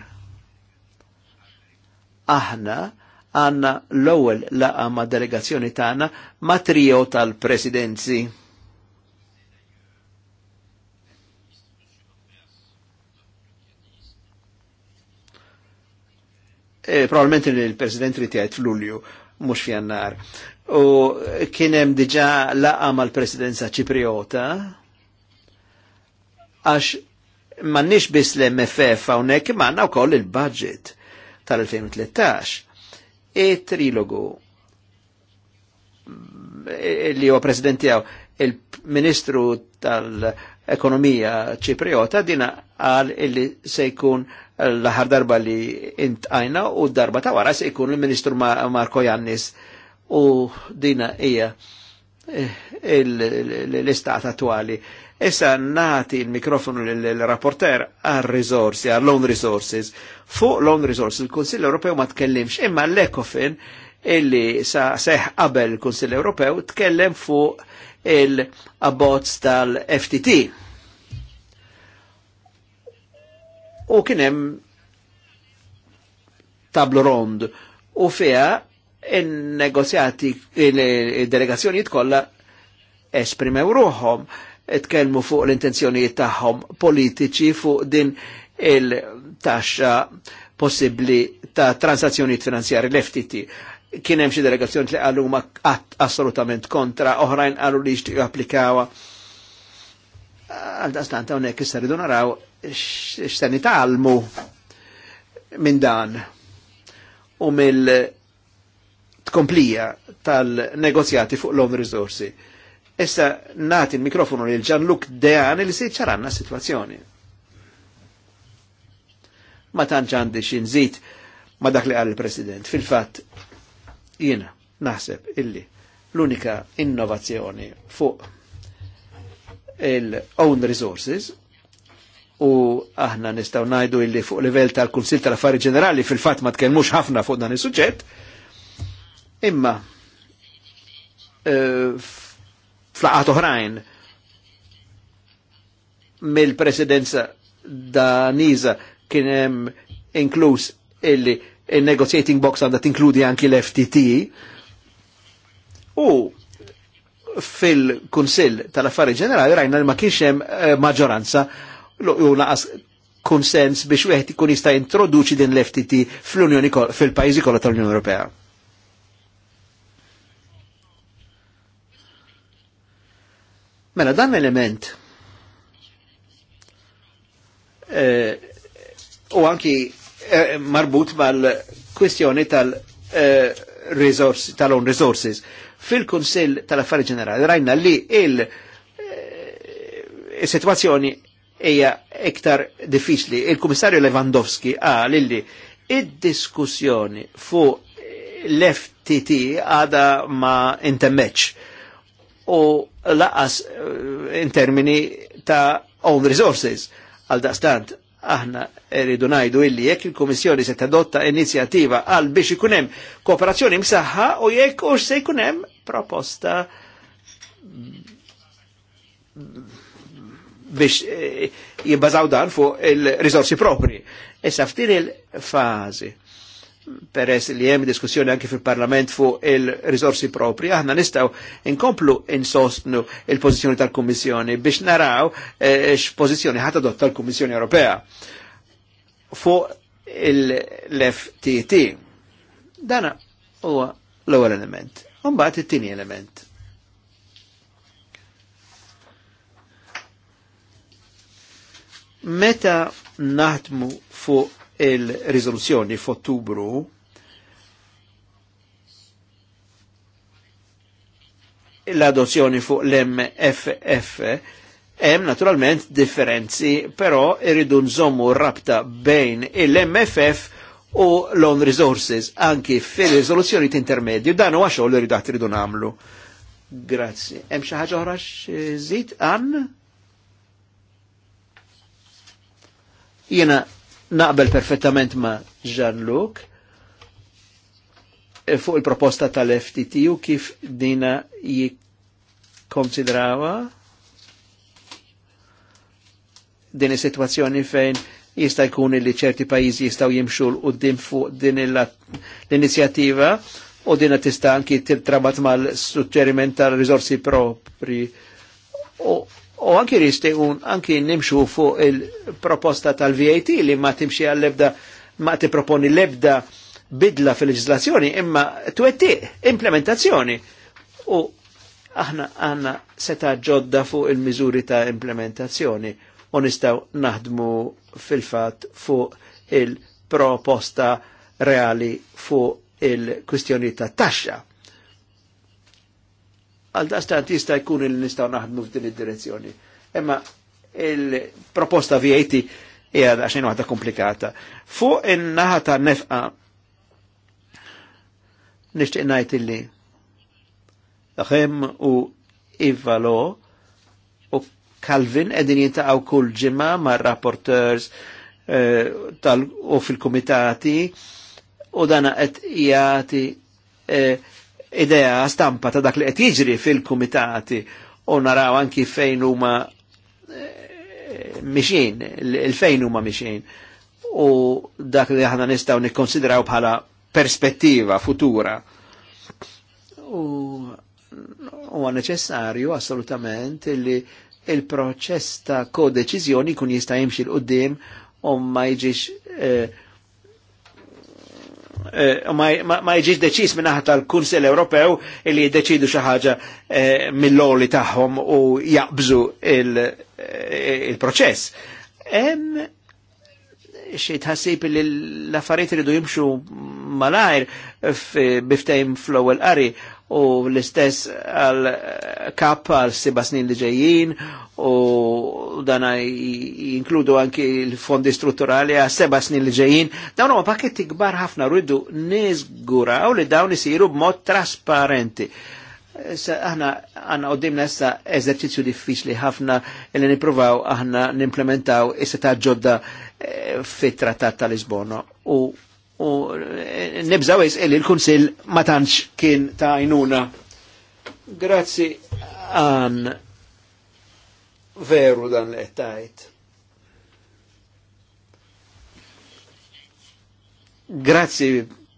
aħna għanna l-ewwel laqa ma' delegazzjoni tagħna ma' trio tal-presidenzi. E, eh, Probabilment il-president li tiegħed f'Lulju mhux f'Jannar u kienem diġa laqa mal-presidenza ċipriota għax mannix bis l-MFF għawnek manna u koll il-budget tal-2013. E trilogu li huwa presidenti għaw il-ministru tal-ekonomija ċipriota dina għal illi se jkun l-ħar darba li intqajna u darba ta' wara se jkun il-ministru Marko Jannis u dina ija eh, l-istat attuali. Issa nati il-mikrofonu l-rapporter għal risorsi, għal loan resources. Fuq loan resources, il konsil Ewropew ma tkellimx, imma l-Ekofin illi sa seħ qabel il konsil Ewropew tkellem fuq il abots tal-FTT. U kienem tablu rond u fija il-negozjati, il delegazzjoni kollha esprimew ruħom, tkellmu fuq l-intenzjonijiet tagħhom politiċi fuq din il-taxxa possibbli ta' transazzjonijiet finanzjari l-FTT. Kien hemm xi delegazzjoni li qalu ma assolutament kontra, oħrajn qalu li jixtiequ applikawa. Għal daqstant hawnhekk issa ridu naraw x'se nitgħalmu minn dan u mill tkomplija tal-negozjati fuq l-om risorsi. Issa nati il-mikrofonu lil Gianluc Dean li se ċaranna situazzjoni. Ma tantx għandi xi nżid ma dak li qal president Fil-fatt jiena naħseb illi l-unika innovazzjoni fuq il-own resources u aħna nistgħu ngħidu illi fuq livell tal-Kunsil tal-Affari Ġenerali fil-fatt ma tkellmux ħafna fuq dan is-suġġett, Imma e, flaqat oħrajn mill-presidenza Danisa kien hemm inkluż illi il-negotiating box għandha tinkludi anki l-FTT u fil-Kunsill tal-Affari Ġenerali rajna li ma kienx hemm e, maġġoranza u naqas konsens biex wieħed ikun jista' introduċi din l-FTT unjoni fil-pajjiżi kollha tal-Unjoni Ewropea. Mela dan element eh, u anki eh, marbut mal-kwistjoni kwestjoni eh, tal-own resources. tal on resources fil tal-Affari Ġenerali rajna li il-situazzjoni hija iktar diffiċli. Il-Kummissarju Lewandowski għal illi id-diskussjoni fuq l-FTT għada ma intemmeċ u laqas eh, in termini ta' own resources għal daqstant aħna rridu najdu illi jekk il-Komissjoni se tadotta inizjattiva għal biex ikunem kooperazzjoni msaħħa u jekk u se jkun hemm proposta biex eh, jibbazaw dan fuq il-risorsi propri. Issa f'din il fazi peress li jem diskussjoni anki fil-Parlament fu il-risorsi propri, aħna nistaw inkomplu insostnu il pozizjoni tal kommissjoni biex naraw eh, pozizjoni ħadd adotta tal-Kommissjoni Ewropea fu l-FTT. Dana huwa l-ewwel element. Mbagħad it-tieni element. Meta naħdmu fuq il-rizoluzzjoni f'Ottubru l-adozzjoni fuq l-MFF hemm naturalment differenzi, però irridu nżommu rabta bejn il-MFF u l on resources anki fil-rizoluzzjoni t intermedju dan huwa xogħol irridu rridu rridu nagħmlu. Grazzi. Hemm xi ħaġa oħra żid Ann? Jiena naqbel perfettament ma Jean-Luc eh, fuq il-proposta tal-FTT u kif dina jikonsidrawa din is-sitwazzjoni fejn jista' jkun li ċerti pajjiżi jistgħu jimxu l qudiem fuq din l-inizjattiva u dinha tista' anki titrabat mal-suġġeriment tal-riżorsi propri U anki risti un anki nimxu fuq il-proposta tal-VAT li ma timxi għall-ebda, ma ti proponi l-ebda bidla fil-leġislazzjoni, imma twetti implementazzjoni. U aħna għanna seta ġodda fuq il-mizuri ta' implementazzjoni u nistaw naħdmu fil-fat fuq il-proposta reali fuq il-kwistjoni ta' taxxa għal dastan jista' jkun il nistgħu naħdmu f'din id-direzzjoni. Imma il-proposta VAT hija għaxin waħda komplikata. Fuq in-naħa ta' nefqa nixtieq ngħid illi Ħem u Ivalo u Calvin qegħdin jintaqgħu kull ġimgħa mar-rapporteurs eh, tal u fil-kumitati u dana qed jagħti eh, idea stampa ta' dak li qed jiġri fil-kumitati u naraw anki fejn huma eh, mixin, il-fejn huma mixin. U dak li aħna nistgħu nikkonsidraw bħala perspettiva futura. U huwa neċessarju assolutament li il-proċess ta' kodeċiżjoni kun jista' jimxi l-qudiem u ma jiġix eh, Eh, ma jġiġ deċis minn aħta l-Kunsel Ewropew li jiddeċidu xi ħaġa eh, mill-loli tagħhom u jaqbżu eh, il-proċess. Em, xi tħassib li l-affarijiet iridu jimxu malajr biftajm fl-ewwel qari u l-istess għal kap għal Sebasnin snin li ġejjin u dana jinkludu anki l-fondi strutturali għal seba snin li ġejjin. Dawn huma pakketti kbar ħafna rridu niżguraw li dawn isiru b'mod trasparenti. Aħna għanna għoddimna issa eżerċizzju diffiċli ħafna li niprovaw, aħna nimplementaw is-seta ġodda eh, fit-trattat tal-Lisbona u u nibżaw li l-Kunsil ma tantx kien ta' għajnuna. Grazzi għan veru dan li għettajt. Grazzi,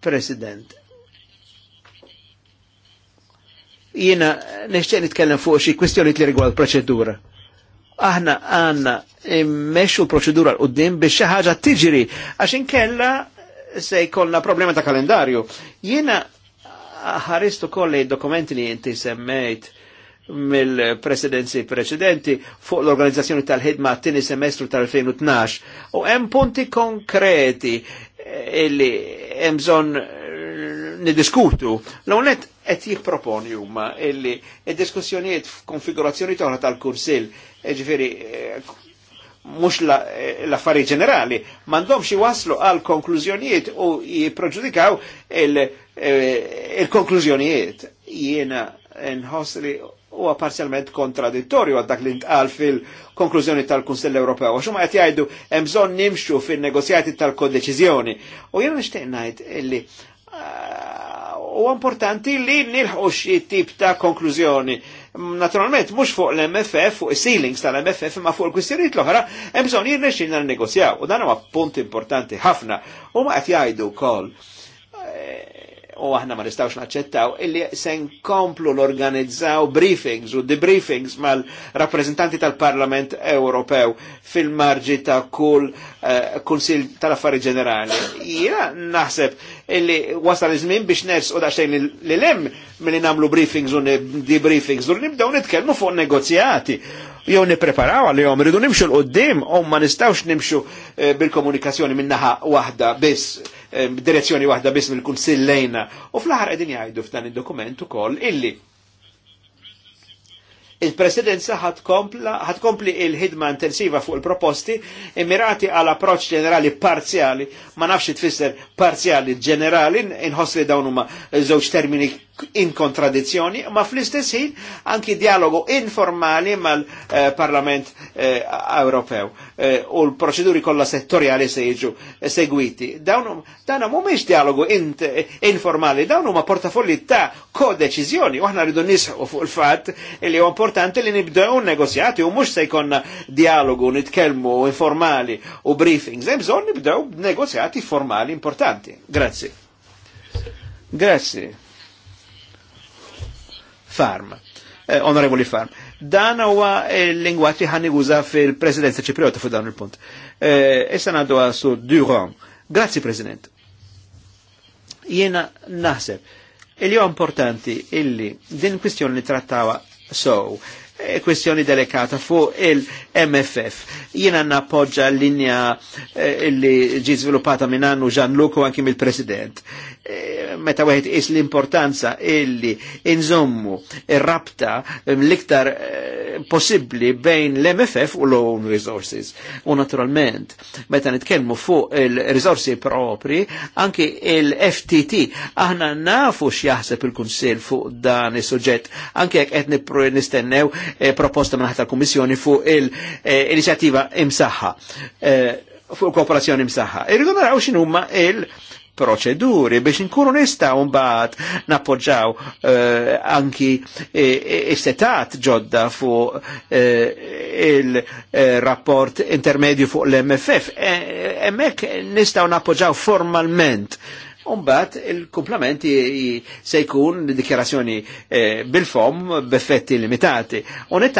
President. Jiena nixtieq nitkellem fuq xi kwestjoni li rigward proċedura. Aħna għandna immexxu l-proċedura l-qudiem biex xi ħaġa tiġri għax inkella se jkollna problema ta' kalendarju. Jiena ħaristu kolli dokumenti li jinti semmejt mill-presidenzi preċedenti fuq l-organizzazzjoni tal-ħidma t-tini semestru tal-2012 u hemm punti konkreti eh, illi hemm bżonn eh, nidiskutu. L-għonet qed jipproponi huma illi id-diskussjonijiet f'konfigurazzjoni toħra tal-kursil, eh, ġifieri mux eh, l-affari Ġenerali ġenerali, mandomx waslu għal konklużjonijiet u jiproġudikaw eh, il-konklużjonijiet. Jiena nħoss li huwa parzjalment kontradittorju għad dak li ntqal fil-konklużjoni tal kunsell Ewropew. Għax huma qed jgħidu nimxu fin-negozjati tal-kodeċiżjoni. U jena nixtieq illi eh, u importanti li nilħu xie tip ta' konklużjoni Naturalment, mux fuq l-MFF, fuq ceilings tal-MFF, ma fuq il-kwistjoniet l-oħra, hemm bżonn jirnexxin negozjaw U dan huwa punt importanti ħafna. U ma qed jgħidu wkoll u aħna ma nistawx naċċettaw illi se nkomplu l-organizzaw briefings u debriefings mal-rappresentanti tal-Parlament Ewropew fil-marġi ta' kull eh, kunsil tal-affari ġenerali. Jena naħseb illi wasal iż-żmien biex ners u daċċejn li lem mill namlu briefings u debriefings u nibdew nitkellmu fuq negozjati jew nippreparaw għalihom ridu nimxu l qoddim u ma nistawx nimxu eh, bil-komunikazzjoni minnaħa waħda biss eh, direzzjoni waħda biss mill-kunsill lejna. U fl-aħħar qegħdin jgħidu f'dan id-dokument ukoll illi Il-presidenza kompli il-ħidma intensiva fuq il-proposti immirati għal approċ ġenerali parzjali, ma nafx tfisser parzjali ġenerali, inħosli dawn huma żewġ termini in kontradizzjoni, ma fl-istess ħin anki dialogu informali mal-Parlament eh, Ewropew eh, u l-proċeduri kollha settorjali se jiġu segwiti. Dawn dan mhumiex dialogu in informali, dawn huma portafolli ta' kodeċiżjoni u aħna rridu nisħu fuq il-fatt li huwa importanti li nibdew negozjati u mhux se jkollna dialogu nitkellmu informali u briefings, hemm bżonn nibdew negozjati formali importanti. Grazzi. Grazie. Grazie. Farm. Eh, Onorevoli Farm. Dan huwa l-lingwaġġ li ħan fil-Presidenza Ċipriota fuq dan il-punt. Eh, issa eh, ngħaddu għasu Durand. Grazzi President. Jiena naħseb il huwa importanti illi din kwistjoni li trattawa sow eh, kwistjoni delikata fuq il-MFF. Jiena nappoġġa l-linja eh, illi ġi sviluppata minn annu Gianluco anki mill-President. Eh, meta wieħed is l-importanza illi inżommu ir-rabta eh, l-iktar eh, possibbli bejn l-MFF u l-own resources. U naturalment, meta nitkellmu fuq il resorsi propri, anki il-FTT, aħna nafu x'jaħseb il-Kunsill fuq dan is-suġġett, anke jekk qed nistennew proposta minn tal-Kummissjoni fuq il-inizjattiva imsaħħa fuq kooperazzjoni msaħħa. Irridu naraw il- proċeduri biex nkunu nistaw mbagħad nappoġġaw uh, anki eh, istetat ġodda fuq uh, il-rapport intermedju fuq l-MFF. Hemmhekk nistgħu nappoġġaw formalment Umbat il-komplement se jkun dikjarazzjoni eh, bil-fom b'effetti limitati. U li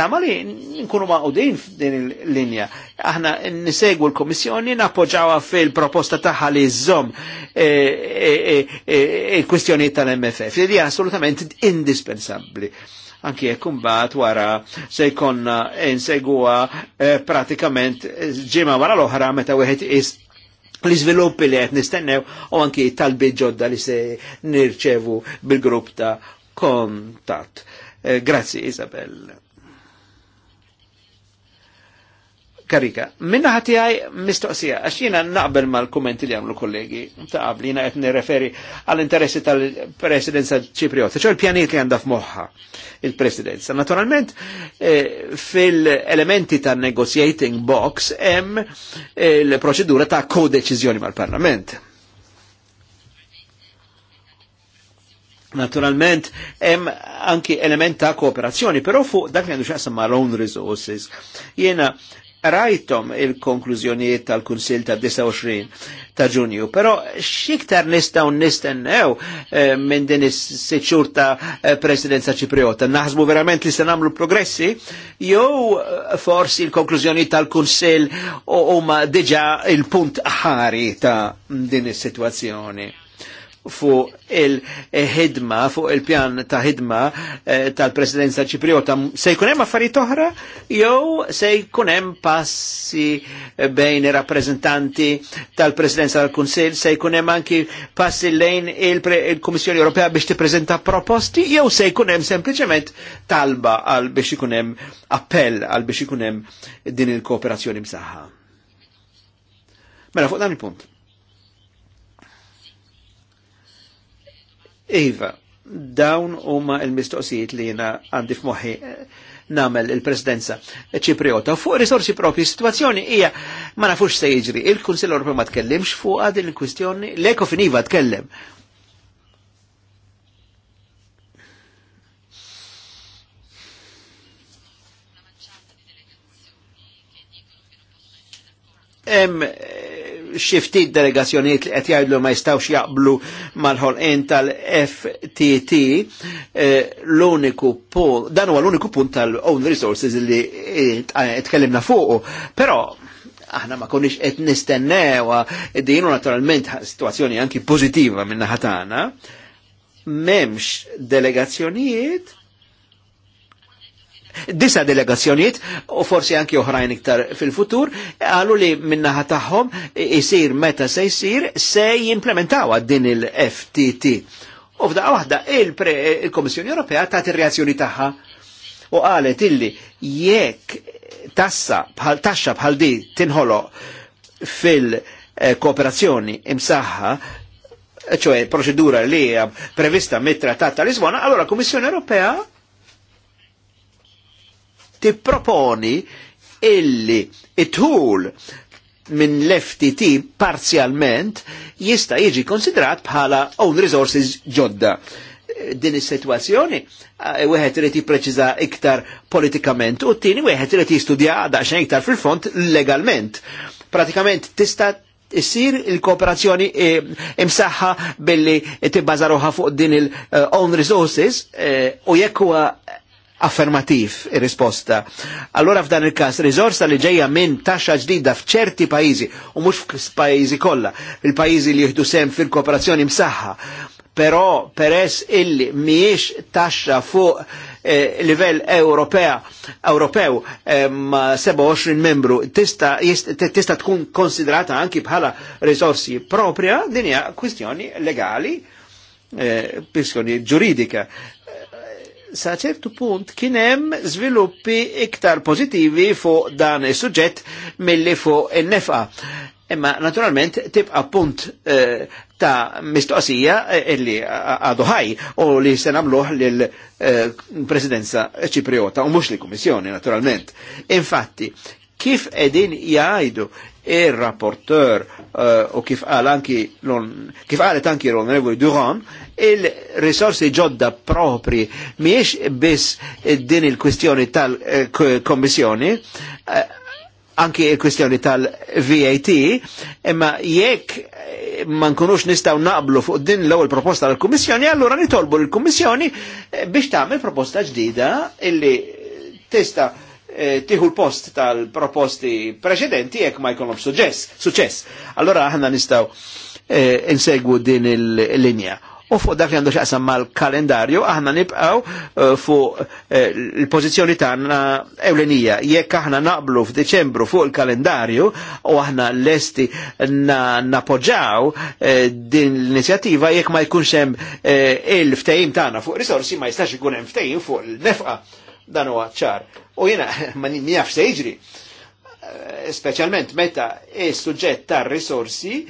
nkunu maqudin din il-linja. Aħna nisegwu l-Komissjoni nappoġġawha fil-proposta taħħa li zom eh, eh, il-kwistjoni e, tal-MFF. Li assolutament indispensabli. anki jek imbagħad wara se jkun insegwa pratikament ġima wara l-oħra meta wieħed is l-iżviluppi li għet nistennew u anki talbi ġodda li se nirċevu bil-grupp ta' kontat. Eh, Grazie Isabel. karika. Minna ħati għaj mistoqsija, għax jina naqbel ma' l-kommenti li għamlu kollegi, ta' għabli jina għetni referi għall-interessi tal-presidenza ċipriota, ċo l-pjaniet li għanda f'moħħa il-presidenza. Naturalment, eh, fil-elementi ta' negotiating box em eh, il-proċedura ta' kodeċizjoni mal-parlament. Naturalment, hemm anki element ta' kooperazzjoni, pero fuq dak li għandu xaqsam ma' own resources. Jena rajtom il-konklużjonijiet tal-Kunsil ta' 29 ta' ġunju, pero xiktar nistaw nistennew eh, minn din is-siċur ta' eh, presidenza ċipriota, naħsbu verament li se namlu progressi, jew eh, forsi il konklużjonijiet tal-Kunsil huma diġa il-punt ħari ta' din is-sitwazzjoni fuq il-ħidma, fuq il-pjan ta' ħidma eh, tal-presidenza ċipriota, se jkunem hemm toħra, jew se jkun hemm passi bejn rappresentanti tal-presidenza tal kunsil se jkun hemm anki passi lejn il komissjoni Ewropea biex tippreżenta proposti jew se jkun hemm talba għal biex jkunem appell għal biex jkunem din il-kooperazzjoni msaħħa. Mela fuq dan il-punt. Iva, dawn huma il-mistoqsijiet li jina għandi f'moħħi eh, namel il-presidenza ċipriota. Fuq risorsi propri, situazzjoni hija ma nafux se jiġri. Il-Kunsill Ewropew ma tkellimx fuq din il-kwistjoni, l-Ekofin iva tkellem. Em, xifti delegazzjoniet li qed jgħidlu ma jistawx jaqblu mal-ħolqien tal-FTT eh, l-uniku punt, dan huwa l-uniku punt tal-own resources li eh, tkellimna fuqu, però aħna ma konniex qed nistennewa dinu naturalment situazzjoni anki pożittiva minn naħa m'hemmx delegazzjonijiet disa delegazzjoniet u forsi anki oħrajn iktar fil-futur għalu li minnaħa tagħhom jisir meta se jsir se jimplementaw din il-FTT. U f'daqqa waħda il-Komissjoni Ewropea tat ir-reazzjoni tagħha u qalet illi jekk tassa bħal taxxa bħal di tinħolo fil-kooperazzjoni imsaħħa ċoħe proċedura li prevista mit-trattat ta' lisbona allora Komissjoni Ewropea tipproponi illi it-tul minn l-FTT parzjalment jista' jiġi konsidrat bħala own resources ġodda. Din is-sitwazzjoni eh, wieħed irid jippreċiża iktar politikament u t-tieni wieħed irid jistudja daqsxejn iktar fil-font legalment. Pratikament tista' issir il-kooperazzjoni eh, imsaħħa billi tibbażaruha fuq din il-own eh, resources u jekk huwa affermativ il e risposta Allora f'dan il kas riżorsa li ġejja minn taxxa ġdida f'ċerti pajjiżi u mhux f'pajjiżi kollha, il-pajjiżi li jieħdu sem fil-kooperazzjoni msaħħa, però peress illi miex taxxa fuq eh, livell europea, Ewropew eh, ma 27 membru tista, jist, tista tkun konsiderata anki bħala risorsi propria din hija kwistjoni legali eh, kwistjoni ġuridika sa ċertu punt kien hemm żviluppi iktar pozitivi fuq dan is-suġġett milli fuq il nefqa Imma naturalment tibqa punt eh, ta' mistoqsija eh, illi għadu ħaj u li se namluħ lill-presidenza eh, ċipriota u mux li kummissjoni naturalment. Infatti, kif edin jgħajdu il rapporteur eh, u kif qal anki kif qalet anki l-Onorevoli Duran, il-risorsi ġodda propri miex biss din il-kwistjoni tal-Kommissjoni, eh, anki il-kwistjoni tal-VAT, imma jekk ma nkunux nistaw naqblu fuq din l-ewwel proposta tal-Kummissjoni, allura nitolbu l-Kummissjoni biex tagħmel proposta ġdida illi tista' Eh, tiħu l-post tal-proposti preċedenti jekk ma jkollhom suċess. Allora aħna nistgħu eh, insegwu din il-linja. U fuq dak li għandu xaqsam mal-kalendarju, aħna nibqaw eh, fuq il-pozizjoni tagħna ewlenija. Jekk aħna naqblu f'Diċembru fuq il-kalendarju u aħna lesti napoġġaw din l-inizjattiva jekk ma jkunx hemm il-ftehim tagħna fuq risorsi ma jistax ikun hemm ftehim fuq il-nefqa' dan huwa ċar. U jena ma nafx se jiġri specialment meta il suġġett ta' risorsi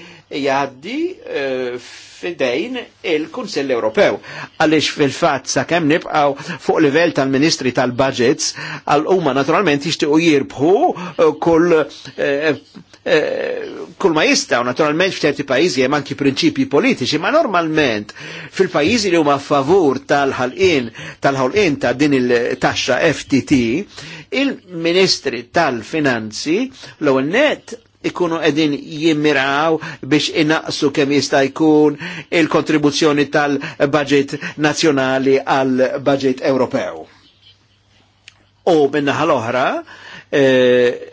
jaddi eh, fidejn il-Kunsell Ewropew. Għalix fil-fat sa' kem nibqaw fuq livell tal-Ministri tal-Budgets, għal-umma naturalment jishtiqu jirbħu eh, kull eh, kull ma jistaw, naturalment f'ċerti pajizi hemm anki prinċipji politiċi, ma normalment fil-pajizi li huma favur tal-ħalqin tal ħolqien ta' din il-taxxa FTT, il-Ministri tal-Finanzi l net ikunu edin jimmiraw biex inaqsu kem jista' jkun il-kontribuzzjoni tal-budget nazjonali għal-budget Ewropew. U ħal oħra, eh,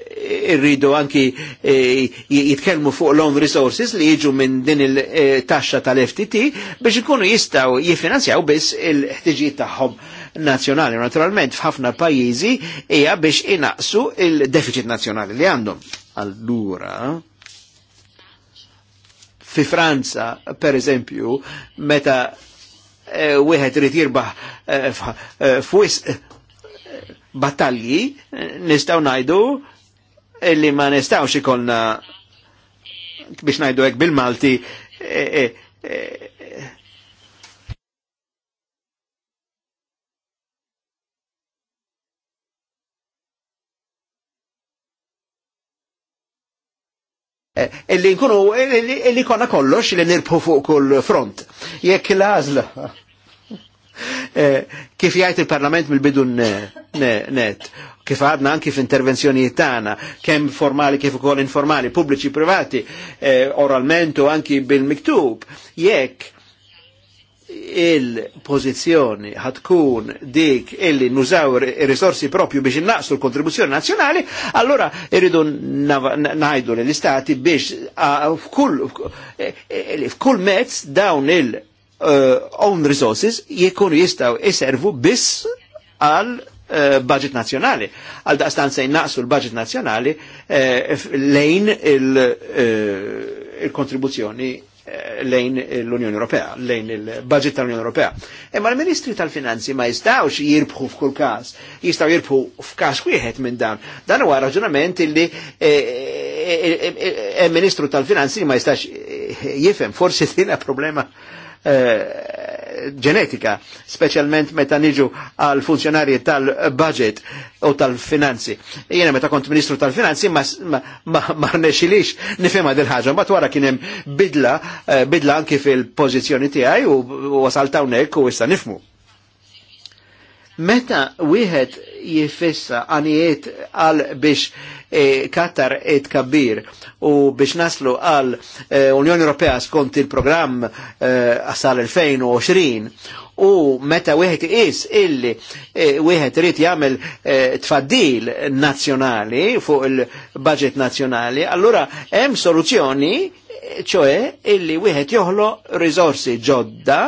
irridu anki eh, jitkelmu fuq l-own resources li jiġu minn din il-taxxa eh, tal-FTT biex ikunu jistaw jifinanzjaw biss il-ħtiġijiet tagħhom nazjonali Naturalment f'ħafna pajjiżi hija biex inaqsu il-deficit nazjonali li għandhom. Allura, fi Franza, per eżempju, meta eh, wieħed irid jirbaħ eh, eh, f'wis battalji, nistgħu ngħidu li ma nistgħux ikollna biex ngħidu hekk bil-Malti Eh, illi nkunu illi konna kollox li nirbħu fuq kull front. Jekk l-għażla eh, kif jgħid il-Parlament mill-bidu net, kif għadna anki f'intervenzjonijiet tagħna, kemm formali kif ukoll informali, pubbliċi privati, eh, oralment u anki bil-miktub, jekk il-pozizjoni ħatkun dik illi nużaw il-risorsi propju biex innaqsu l kontribuzjoni nazjonali, allora irridu najdu l-istati biex eh, eh, f'kull mezz dawn il-own eh, resources jekunu jistaw jiservu biss għal budget nazjonali. Għal daqstan se jnaqsu l-budget nazjonali lejn il-kontribuzzjoni lejn l-Unjoni Ewropea, lejn il-budget tal-Unjoni Ewropea. Imma l-Ministri tal-Finanzi ma jistawx jirbħu f'kull każ, jistgħu jirbħu f'każ wieħed minn dan. Dan huwa raġunament illi hemm eh, eh, eh, Ministru tal-Finanzi ma jistax jifhem, forsi tina problema ġenetika, specialment meta niġu għal funzjonarji tal-budget u tal-finanzi. Jena meta kont ministru tal-finanzi ma, ma, ma, ma nexilix nifema dil-ħagġa, ma twara kienem bidla, eh, bidla anki fil-pozizjoni tiegħi u, wasaltaw nek u issa nifmu. Meta wieħed jifissa għanijiet għal biex Katar e, et Kabir u biex naslu għal e, Unjoni Ewropea skont il-programm e, għasal 2020 u meta wieħed is illi wieħed irid jagħmel tfaddil nazzjonali fuq il-budget nazzjonali, allura hemm soluzzjoni ċoe illi wieħed joħlo risorsi ġodda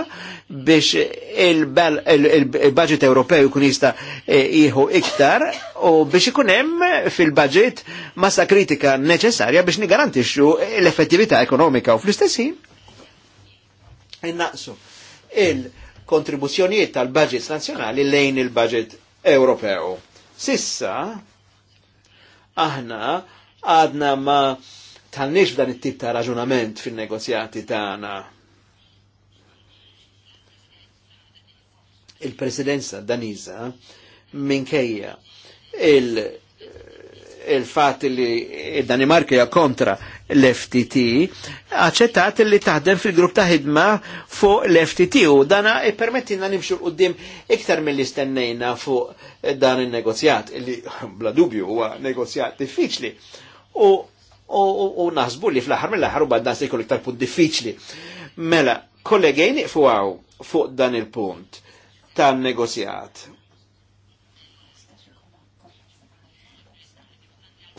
biex il-budget Ewropew jkun jista e, jieħu iktar u biex ikun hemm fil-budget massa kritika neċessarja biex nigarantixxu l-effettività ekonomika u fl-istess ħin innaqsu il-kontribuzzjonijiet tal-budgets nazzjonali lejn il-budget Ewropew. Sissa aħna għadna ma tal-nix f'dan it-tip ta' raġunament fin-negozjati tagħna il-presidenza daniza minkejja il- il-fat li il-Danimarka hija kontra l-FTT, aċċettat li taħdem fil-grupp ta' ħidma fuq l-FTT u dana permettina nimxu l-qoddim iktar mill-li stennejna fuq dan il-negozjat, li bla dubju huwa negozjat diffiċli. U, u, u naħsbu li fl-aħħar mill-aħħar u bad se jkun iktar punt diffiċli. Mela, kollegejn fuq fuq dan il-punt tan-negozjat.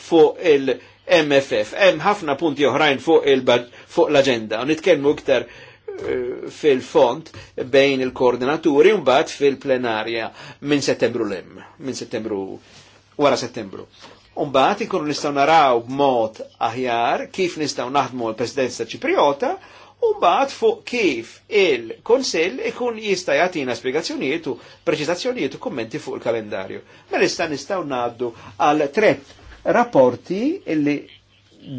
Fuq il-MFF, hemm ħafna punti oħrajn fuq l-aġenda, nitkellmu iktar eh, fil-font bejn il-koordinaturi mbagħad fil-plenarja minn settembru l minn settembru wara settembru. mbagħad ikunu nistgħu naraw b'mod aħjar kif nistgħu naħdmu l-presidenza ċipriota Umbaħt fuq kif il-Konsil ikun jista' jagħtina spjegazzjonijiet u preċizazzjoniet u kommenti fuq il-kalendarju. Mela istan nistgħu ngħaddu għal tre rapporti illi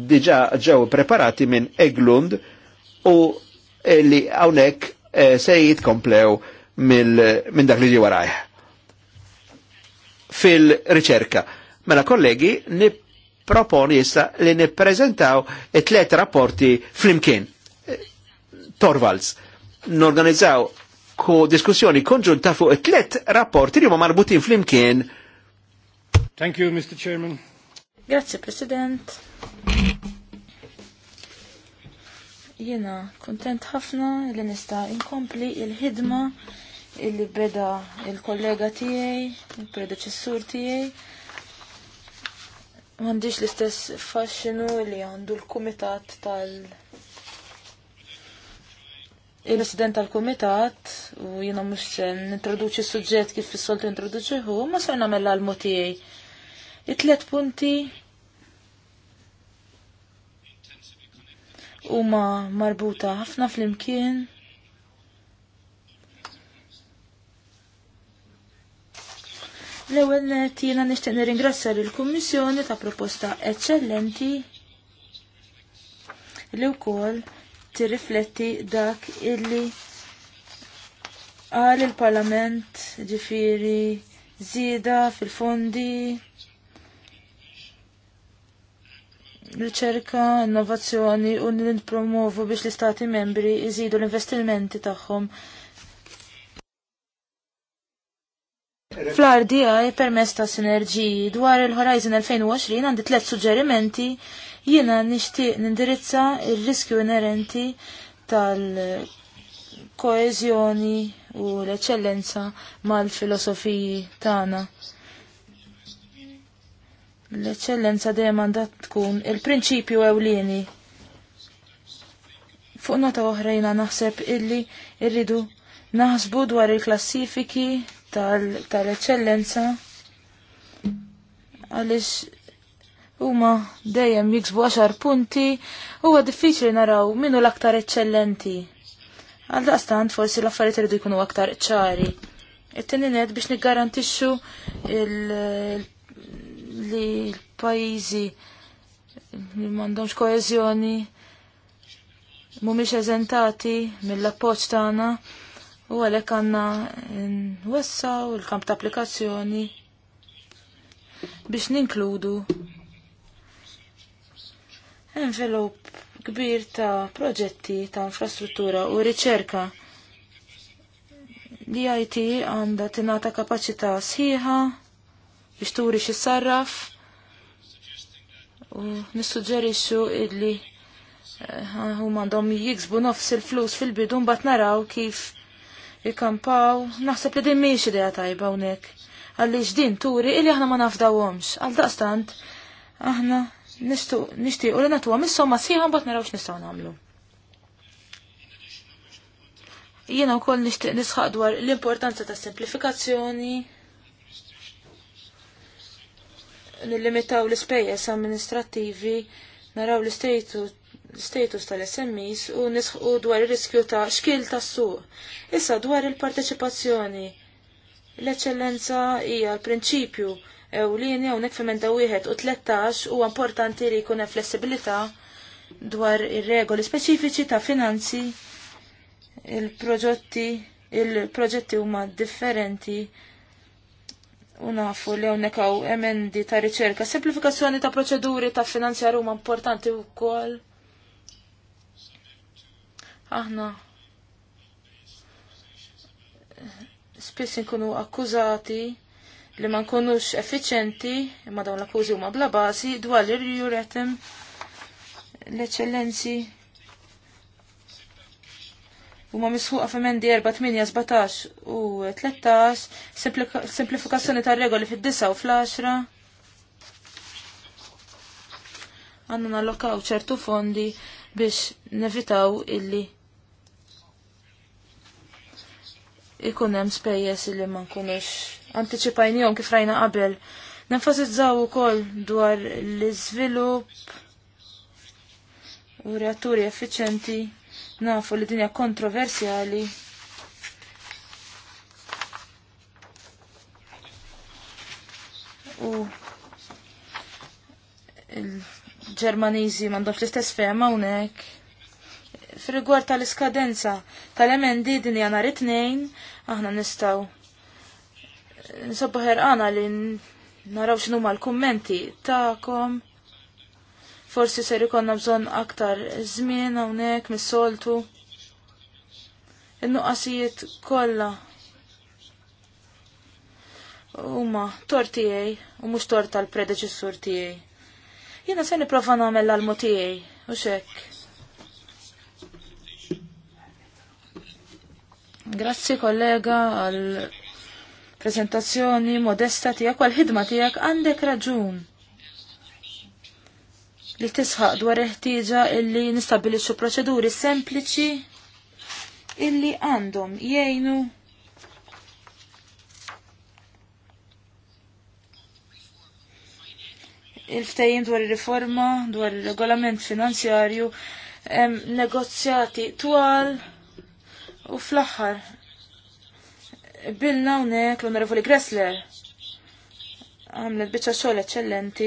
diġa ġew preparati minn Eglund u li hawnhekk eh, se jitkomplew minn dak li ġi warajh fil-riċerka. Mela kollegi, niproponi jissa li nippreżentaw it-tlet rapporti flimkien Torvalds. Norganizzaw ku diskussjoni konġunta fuq it-tlet rapporti li huma marbutin flimkien. Thank you, Mr. Chairman. Grazie, President. Jena kontent ħafna li nista' inkompli il-ħidma illi beda il-kollega tiegħi, il-predeċessur tiegħi. M'għandix l-istess faxxinu li għandu l-kumitat tal- il-resident tal-komitat u jina mux introduċi suġġett kif fissoltu introduċi hu, ma sajna mella l motijaj It-tliet punti huma marbuta ħafna fl-imkien. L-ewwel net jiena nixtieq nirringrazzja lill-Kummissjoni ta' proposta eċċellenti li wkoll tirrifletti dak illi għal il-parlament ġifiri zida fil-fondi riċerka, innovazzjoni u n-promovu biex l-istati membri jżidu l-investimenti tagħhom fl għaj permess ta' sinerġiji dwar il-Horizon 2020 għandi tlet suġġerimenti jiena nixtieq nindirizza il-riskju inerenti tal-koeżjoni u l-eċellenza mal-filosofiji tagħna. L-eċellenza dejjem għandha tkun il-prinċipju ewlieni. Fuq nota oħrajna naħseb illi rridu naħsbu dwar il-klassifiki tal eccellenza għaliex huma dejjem jiksbu għaxar punti huwa diffiċli naraw minu l-aktar eċċellenti. Għal daqstant forsi l-affarijiet irridu jkunu aktar ċari. It-tieni biex niggarantixxu li l-pajjiżi li m'għandhomx koeżjoni mhumiex eżentati mill-appoġġ tagħna U għalek għanna n u il-kamp ta' applikazzjoni biex ninkludu envelop kbir ta' proġetti ta' infrastruttura u riċerka li IT għanda tinata kapacità sħiħa biex turi xissarraf u nissuġġerixxu illi eh, huma għandhom jiksbu nofs il-flus fil-bidu mbagħad naraw kif jikampaw, naħseb li din miex idea tajba unek. Għalix din turi illi aħna ma nafdawomx, għal daqstant, aħna u li natuwa mis-somma siħan bat narawx nistaw namlu. Jiena wkoll nixtieq nisħaq dwar l-importanza ta' simplifikazzjoni, nillimitaw l-ispejjeż amministrattivi, naraw l-istejtu status tal-SMEs u nisħu dwar il-riskju ta' xkil ta' suq. Issa dwar il-parteċipazzjoni. L-eċellenza hija l-prinċipju ewlieni hawnhekk fil-menta wieħed u tlettax u importanti li jkun hemm flessibilità dwar ir-regoli speċifiċi ta' finanzi il-proġetti il-proġetti huma differenti u nafu li hawnhekk hawn emendi ta' riċerka, semplifikazzjoni ta' proċeduri ta' finanzjar huma importanti wkoll Aħna spiss nkunu akkużati li ma nkunux effiċenti imma dawn l-akkużi huma bla bażi dwar ir-juretem l-eċellenzi huma misħuqa f'emendi 4, 8, 17 u 13, simplifikazzjoni tar regoli fid-9 u fl-10. Għanna nallokaw ċertu fondi biex nevitaw illi ikun hemm spejjeż li ma nkunux antiċipajnihom kif rajna qabel. Nenfasizzaw ukoll dwar l-iżvilupp u reatturi effiċenti nafu li dinja kontroversjali. U il-Ġermaniżi m'għandhomx l-istess fehma hawnhekk. Fir-rigward tal-iskadenza tal-emendi din hija nhar it-tnejn, aħna nistgħu nsobbu ħerqana li naraw x'inhu l-kummenti tagħkom. Forsi ser ikonna bżonn aktar żmien hawnhekk mis-soltu. In-nuqqasijiet kollha Uma, tor tiegħi u mhux torta tal-predeċessur tiegħi. Jiena se nipprova nagħmel l moti tiegħi u xekk. Grazzi kollega għal prezentazzjoni modesta tijak għal ħidma tijak għandek raġun li tisħaq dwar eħtieġa illi nistabilixxu proċeduri sempliċi illi għandhom jgħinu il-ftejjim dwar ir-riforma, dwar ir-regolament finanzjarju, negozjati twal U fl-axħar, bilna unek l-onorevoli Gressler għamlet bieċa xogħol eccellenti,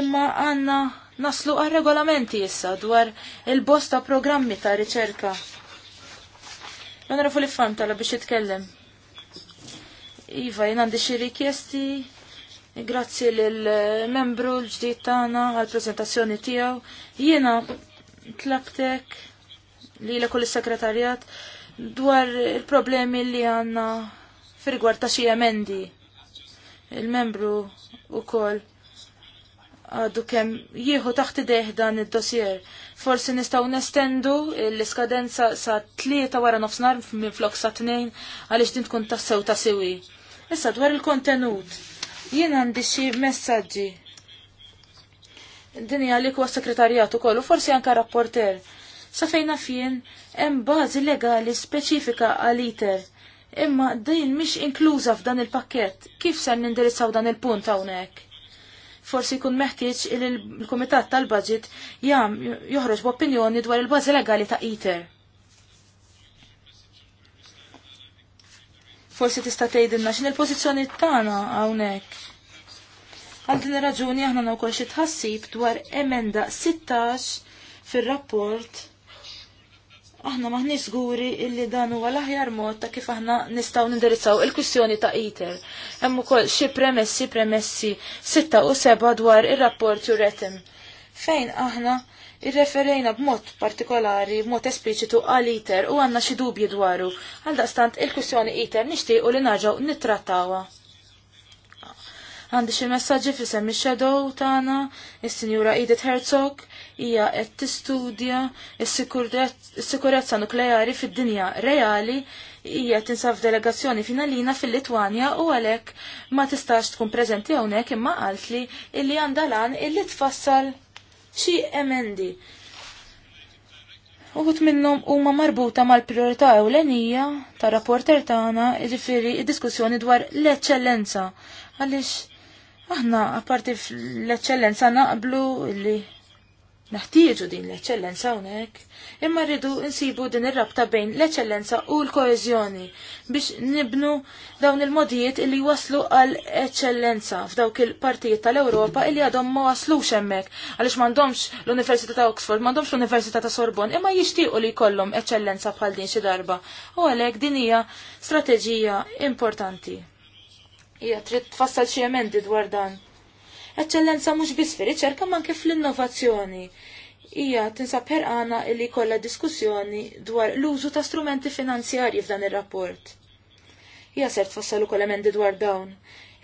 imma għanna naslu għal regolamenti issa dwar il-bosta programmi ta' riċerka. L-onorevoli Fan biex jitkellem. Iva, jien għandi xi rikjesti, grazzi lill-membru l-ġdid tagħna għall-preżentazzjoni tiegħu. Jiena tlabtek li l-ekol is-sekretarjat dwar il-problemi li għanna fil-gwar ta' xie emendi. Il-membru u kol għadu kem jieħu taħt deħ dan il-dossier. Forsi nistaw nestendu l-iskadenza sa' tlieta wara nofsnar minn flok sa' tnejn għalix din tkun sew ta' siwi. Issa dwar il-kontenut. Jien għandi xi messaġġi. Din hija li kwa sekretarjat ukoll u forsi għanka rapporter. Sa fejna fien hemm bażi legali speċifika għal iter, imma din mhix inkluża f'dan il-pakkett. Kif se nindirizzaw dan il-punt hawnhekk? Forsi jkun meħtieġ il-Kumitat tal-Budget jam joħroġ b'opinjoni dwar il-bażi legali ta' iter. Forsi tista' tgħidilna x'in il-pożizzjoni tagħna hawnhekk. Għal din raġuni aħna nawkol xi tħassib dwar emenda 16 fir-rapport aħna maħni sguri illi dan huwa l-aħjar mod ta' kif aħna nistgħu nindirizzaw il-kwistjoni ta' ITER. Hemm ukoll xi premessi premessi sitta u seba' dwar ir-rapport Juretim. Fejn aħna irreferejna b'mod partikolari, b'mod espliċitu għal ITER u għanna xi dubji dwaru. Għal daqstant il-kwistjoni ITER nixtiequ li naġaw nittrattawha għandi xi messaġġi fi semmi shadow tagħna, is-Sinjura Edith Herzog, hija qed tistudja s-sikurezza nukleari fid-dinja reali hija tinsab delegazzjoni finalina fil-Litwanja u għalhekk ma tistax tkun preżenti hawnhekk imma qalt li illi għandha lan illi tfassal xi emendi. Uħut minnhom huma marbuta mal-priorità ewlenija ta' rapporter tagħna, jiġifieri id-diskussjoni dwar l-eċċellenza għaliex Aħna, apparti l eċċellenza naqblu li Naħtieġu din l-eċċellenza hawnhekk, imma rridu nsibu din ir-rabta bejn l-eċċellenza u l-koeżjoni biex nibnu dawn il-modijiet illi waslu għal eċċellenza f'dawk il-partijiet tal-Ewropa li għadhom ma waslux hemmhekk għaliex m'għandhomx l-Università ta' Oxford, m'għandhomx l-Università ta' Sorbonne, imma jixtiequ li jkollhom eċċellenza bħal din xi darba. U għalhekk din hija strateġija importanti. Hija trid tfassal xi emendi dwar dan eċċellenza mhux biss fir-riċerka ma anke fl-innovazzjoni. Ija tinsab ħerqana illi kollha diskussjoni dwar l-użu ta' strumenti finanzjarji f'dan ir-rapport. Ija ser tfassal ukoll emendi dwar dawn.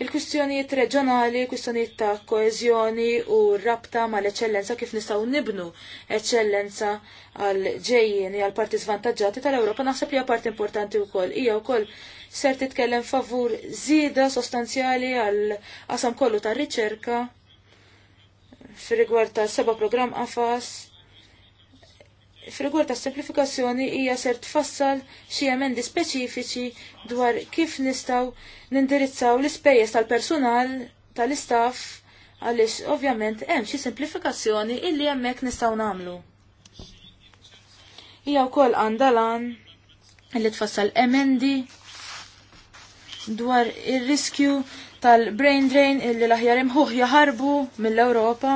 Il-kwistjonijiet reġjonali, kwistjonijiet ta' koeżjoni u rabta mal-eċċellenza kif nistgħu nibnu eċċellenza għal ġejjin għal parti zvantaġġati tal-Ewropa naħseb li hija parti importanti wkoll. Hija wkoll ser titkellem favur zida sostanzjali għal qasam kollu tar-riċerka fir-rigward ta' seba' programm qafas fil rigward ta' simplifikazzjoni hija ser tfassal xi emendi speċifiċi dwar kif nistaw nindirizzaw l-ispejjeż tal-personal tal-istaff għaliex ovvjament hemm xi simplifikazzjoni illi hemmhekk nistgħu nagħmlu. Hija wkoll għandha lan li tfassal emendi dwar il-riskju tal-brain drain illi l-aħjar imħuħ jaħarbu mill-Ewropa.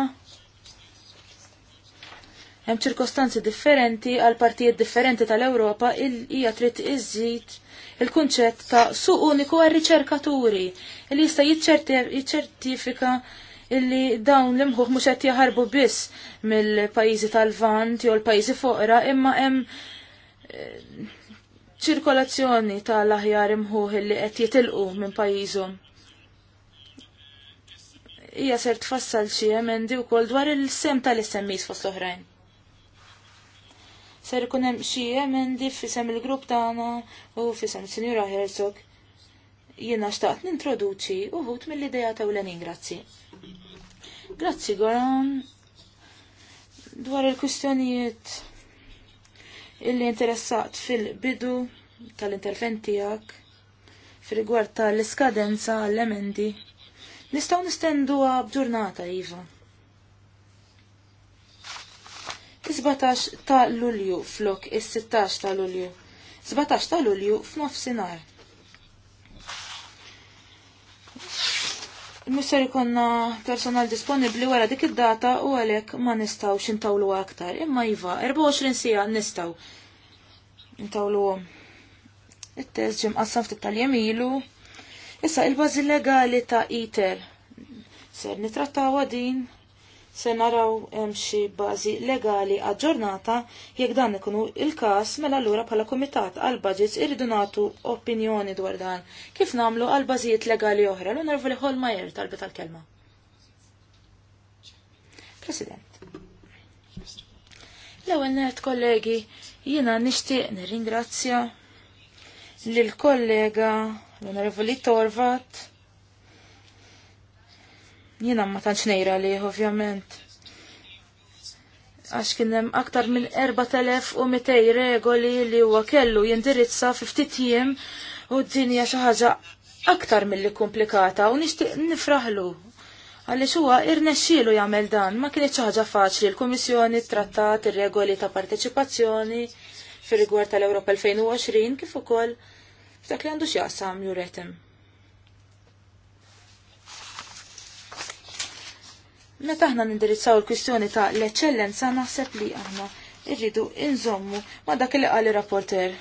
Hemm ċirkostanzi differenti għal partijiet differenti tal-Ewropa il hija trid iżżid il-kunċett ta' suq uniku għal riċerkaturi illi jista' jiċċertifika illi dawn l-imħuħ mhux qed jaħarbu biss mill-pajjiżi tal-Vant jew l-pajjiżi foqra imma hemm eh, ċirkolazzjoni tal-aħjar imħuħ li qed jitilqu minn pajjiżhom. Hija ser tfassal xi emendi wkoll dwar il-sem tal-SMEs fost oħrajn. Ser ikun hemm xi emendi f'isem il-grupp tagħna u f'isem Sinjura Herzog. Jiena xtaqt nintroduċi uħut mill-idea ta' Lenin, grazzi. Grazzi Goran dwar il-kustjonijiet illi interessat fil-bidu tal interventi tiegħek fil-rigward tal-iskadenza għall-emendi. Nistgħu nistenduha b'ġurnata iva. 17 ta' Lulju flok is-16 ta' Lulju. 17 ta' Lulju f'nofsinhar. Misser ikonna personal disponibli wara dik id-data u għalek ma nistaw xintawlu aktar. Imma jiva, 24 sija nistaw nintawlu għom. Il-test ġim qassam ftit tal-jemilu. Issa il-bazi legali ta' ITER. Ser nitrattawa din se naraw hemm xi bażi legali aġġornata jekk dan ikunu il-każ mela allura bħala kumitat għal budgets irridu nagħtu opinjoni dwar dan kif nagħmlu għal bażijiet legali oħra l narfu li ħolma jer talbi tal-kelma. President. L-ewwel nett kollegi jiena nixtieq nirringrazzja lil kollega l-Onorevoli Torvat Jiena ma tantx nejra li, ovvjament. Għax kien hemm aktar minn 4200 regoli li huwa kellu jindirizza fi ftit jiem u din hija xi ħaġa aktar milli komplikata u nixtieq nifraħlu għalix huwa irnexxielu jagħmel dan ma kienet ħaġa faċli l-Kummissjoni trattat ir-regoli ta' parteċipazzjoni fir-rigward tal-Ewropa 2020 kif ukoll f'dak li għandu x'jaqsam juretem. Meta aħna nindirizzaw il-kwistjoni ta' l-eċċellenza naħseb li aħna irridu inżommu ma' dak li qal rapporter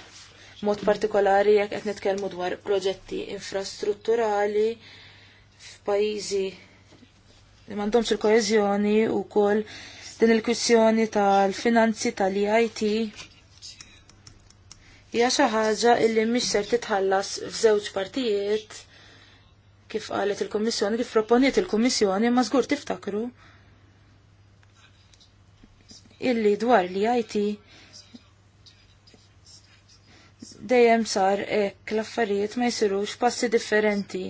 mod partikolari jekk qed nitkellmu dwar proġetti infrastrutturali f'pajjiżi li m'għandhomx il-koeżjoni wkoll din il kwistjoni tal-finanzi tal-IT hija xi ħaġa illi mhix ser titħallas f'żewġ partijiet kif qalet il-Kommissjoni, kif proponiet il-Kommissjoni, ma żgur tiftakru illi dwar li IT dejjem sar hekk l-affarijiet ma jsirux passi differenti.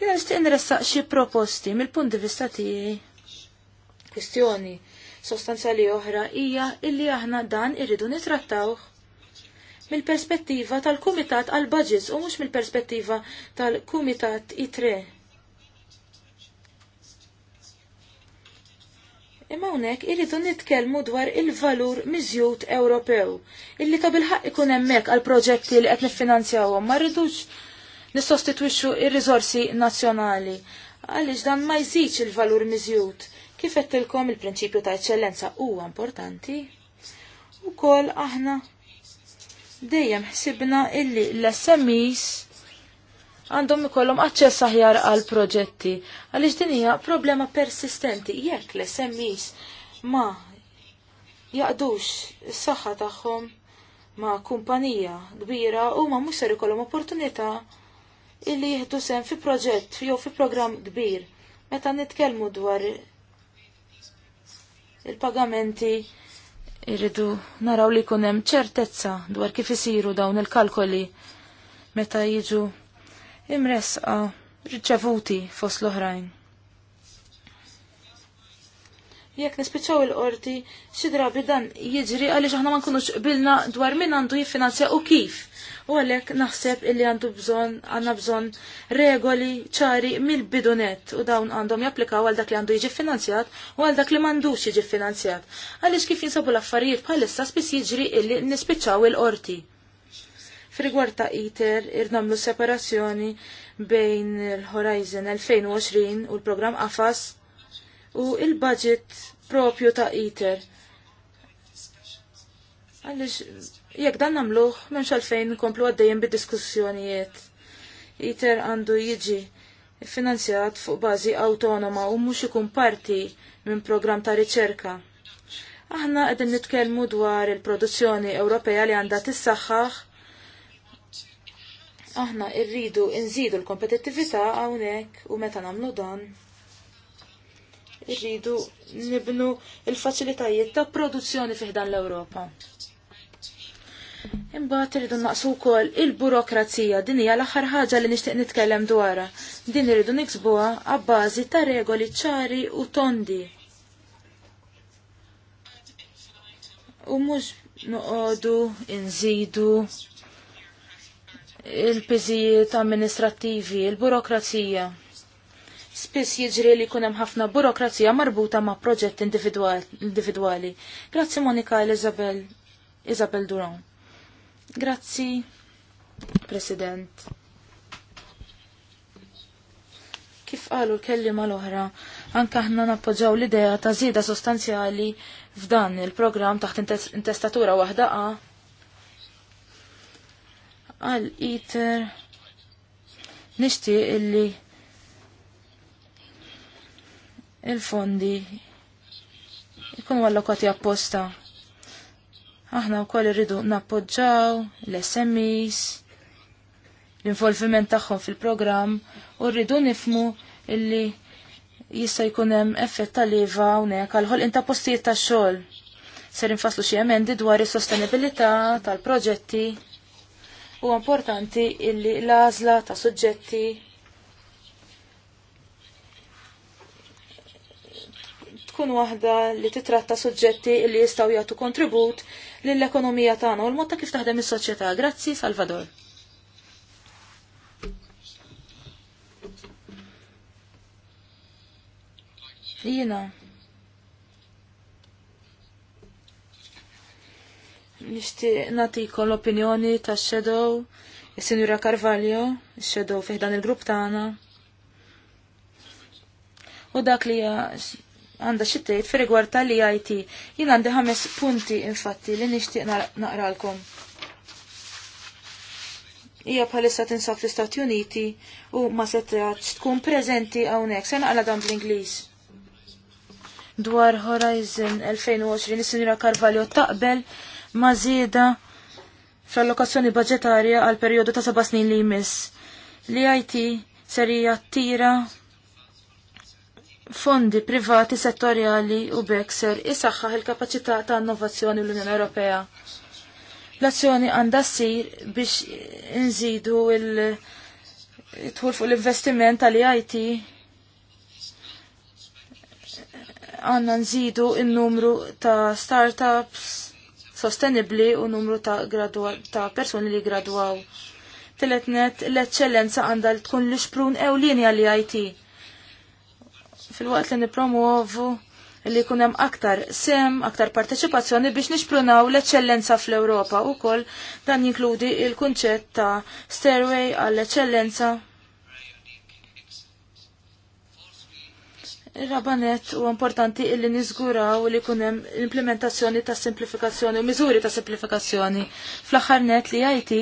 Jena nixtieq nressaq xi proposti mill-punt di vista tiegħi. kwestjoni sostanzjali oħra hija illi aħna dan irridu nitrattawh mill-perspettiva tal-Kumitat għal budgets u mhux mill-perspettiva tal-Kumitat I3. E. Imma hawnhekk irridu nitkellmu dwar il-valur miżjud Ewropew, illi ta' ħaq ikun hemmhekk għal proġetti li qed niffinanzjawhom, ma rridux nissostitwixxu ir-riżorsi nazzjonali għaliex dan ma jżidx il-valur miżjud. Kif qedtilkom il-prinċipju ta' eċċellenza huwa importanti, u kol aħna dejjem ħsibna illi l-SMEs għandhom ikollhom aċċess aħjar għal proġetti għaliex din hija problema persistenti jekk l-SMEs ma jaqdux is-saħħa tagħhom ma' kumpanija kbira huma mhux ser ikollhom opportunità illi jieħdu sem fi proġett jew fi programm kbir meta nitkellmu dwar il-pagamenti Irridu naraw li kunem ċertezza dwar kif isiru dawn il-kalkoli meta jiġu imresqa riċevuti fost l-oħrajn jekk nispiċċaw il-qorti xi drabi dan jiġri għaliex aħna ma nkunux qbilna dwar min għandu jiffinanzja u kif. U għalhekk naħseb illi għandu bżonn għandna bżonn regoli ċari mill-bidunet u dawn għandhom japplikaw għal dak li għandu jiġi finanzjat u għal dak li m'għandux jiġi finanzjat. Għaliex kif jinsabu l-affarijiet bħalissa spiss jiġri illi nispiċċaw il-qorti. Frigwar ta' ITER irnamlu separazzjoni bejn il-Horizon 2020 u l-programm AFAS u il-budget propju ta' ITER. Għallix, jekk dan namluħ, menx għalfejn komplu għaddejjem bid-diskussjonijiet. ITER għandu jiġi finanzjat fuq bażi autonoma u mhux ikun parti minn programm ta' riċerka. Aħna qegħdin nitkellmu dwar il-produzzjoni Ewropea li għandha tissaħħaħ. Aħna rridu nżidu l-kompetittività hawnhekk u meta nagħmlu dan irridu nibnu il-faċilitajiet ta' produzzjoni fiħdan l-Ewropa. Imbagħad irridu naqsu wkoll il-burokrazija din hija l-aħħar ħaġa li nixtieq nitkellem dwarha. Din irridu niksbuha għabbażi ta' regoli ċari u tondi. U mhux noqogħdu inżidu il-piżijiet amministrattivi, il-burokrazija. Spiss jiġri li kunem ħafna burokrazija marbuta ma' proġett individuali. Grazzi Monika l Isabel, Isabel Duron. Grazzi, President. Kif qalu l-kellima l-oħra, anka ħna nappoġġaw l-idea ta' zida sostanzjali f'dan il-programm taħt intestatura waħda Għal iter nixtieq illi il-fondi jkunu allokati apposta. Aħna wkoll irridu nappoġġaw l-SMEs, l-involviment tagħhom fil-programm u rridu nifmu illi jista' jkun hemm effett tal-iva hawnhekk għall ħolqien ta' postijiet tax-xogħol. Ser infaslu xi emendi dwar is-sostenibilità tal-proġetti u importanti illi l-għażla ta' suġġetti tkun waħda li titratta suġġetti li jistgħu jagħtu kontribut lill-ekonomija tagħna u l-mod ta' kif taħdem is-soċjetà. Grazzi, Salvador. Jina. Nixtieq nati l-opinjoni tax Shadow, is-Sinjura Carvalho, is-Shadow fih dan il-grupp tagħna. U dak li hija għanda xittajt fi rigward tal-EIT. Jien għandi ħames punti infatti li nixtieq naqralkom. Hija bħalissa tinsab fl-Istati Uniti u ma setgħatx tkun preżenti hawnhekk. Se għala dan bl-Ingliż. Dwar Horizon 2020 is-Sinjura Carvalho taqbel ma żieda fl-allokazzjoni budgetarja għal perjodu ta' seba' snin li jmiss. l it serija tira fondi privati settorjali u bekser isaħħaħ il-kapacità ta' innovazzjoni l-Unjoni Ewropea. L-azzjoni għandha ssir biex inżidu il-tħul fuq l-investiment tal-IT għanna nżidu il-numru ta' startups sostenibli u numru ta', ta personi li gradwaw. Teletnet l-eccellenza għandha tkun l-xprun ewlini għal-IT fil-waqt li nipromuovu li kunem aktar sem, aktar parteċipazzjoni biex nixprunaw l-eccellenza fl-Europa u koll dan jinkludi il-kunċett ta' stairway għall-eccellenza. Il-rabanet u importanti illi nizguraw li kunem implementazzjoni ta' simplifikazzjoni u miżuri ta' simplifikazzjoni fl-axar li IT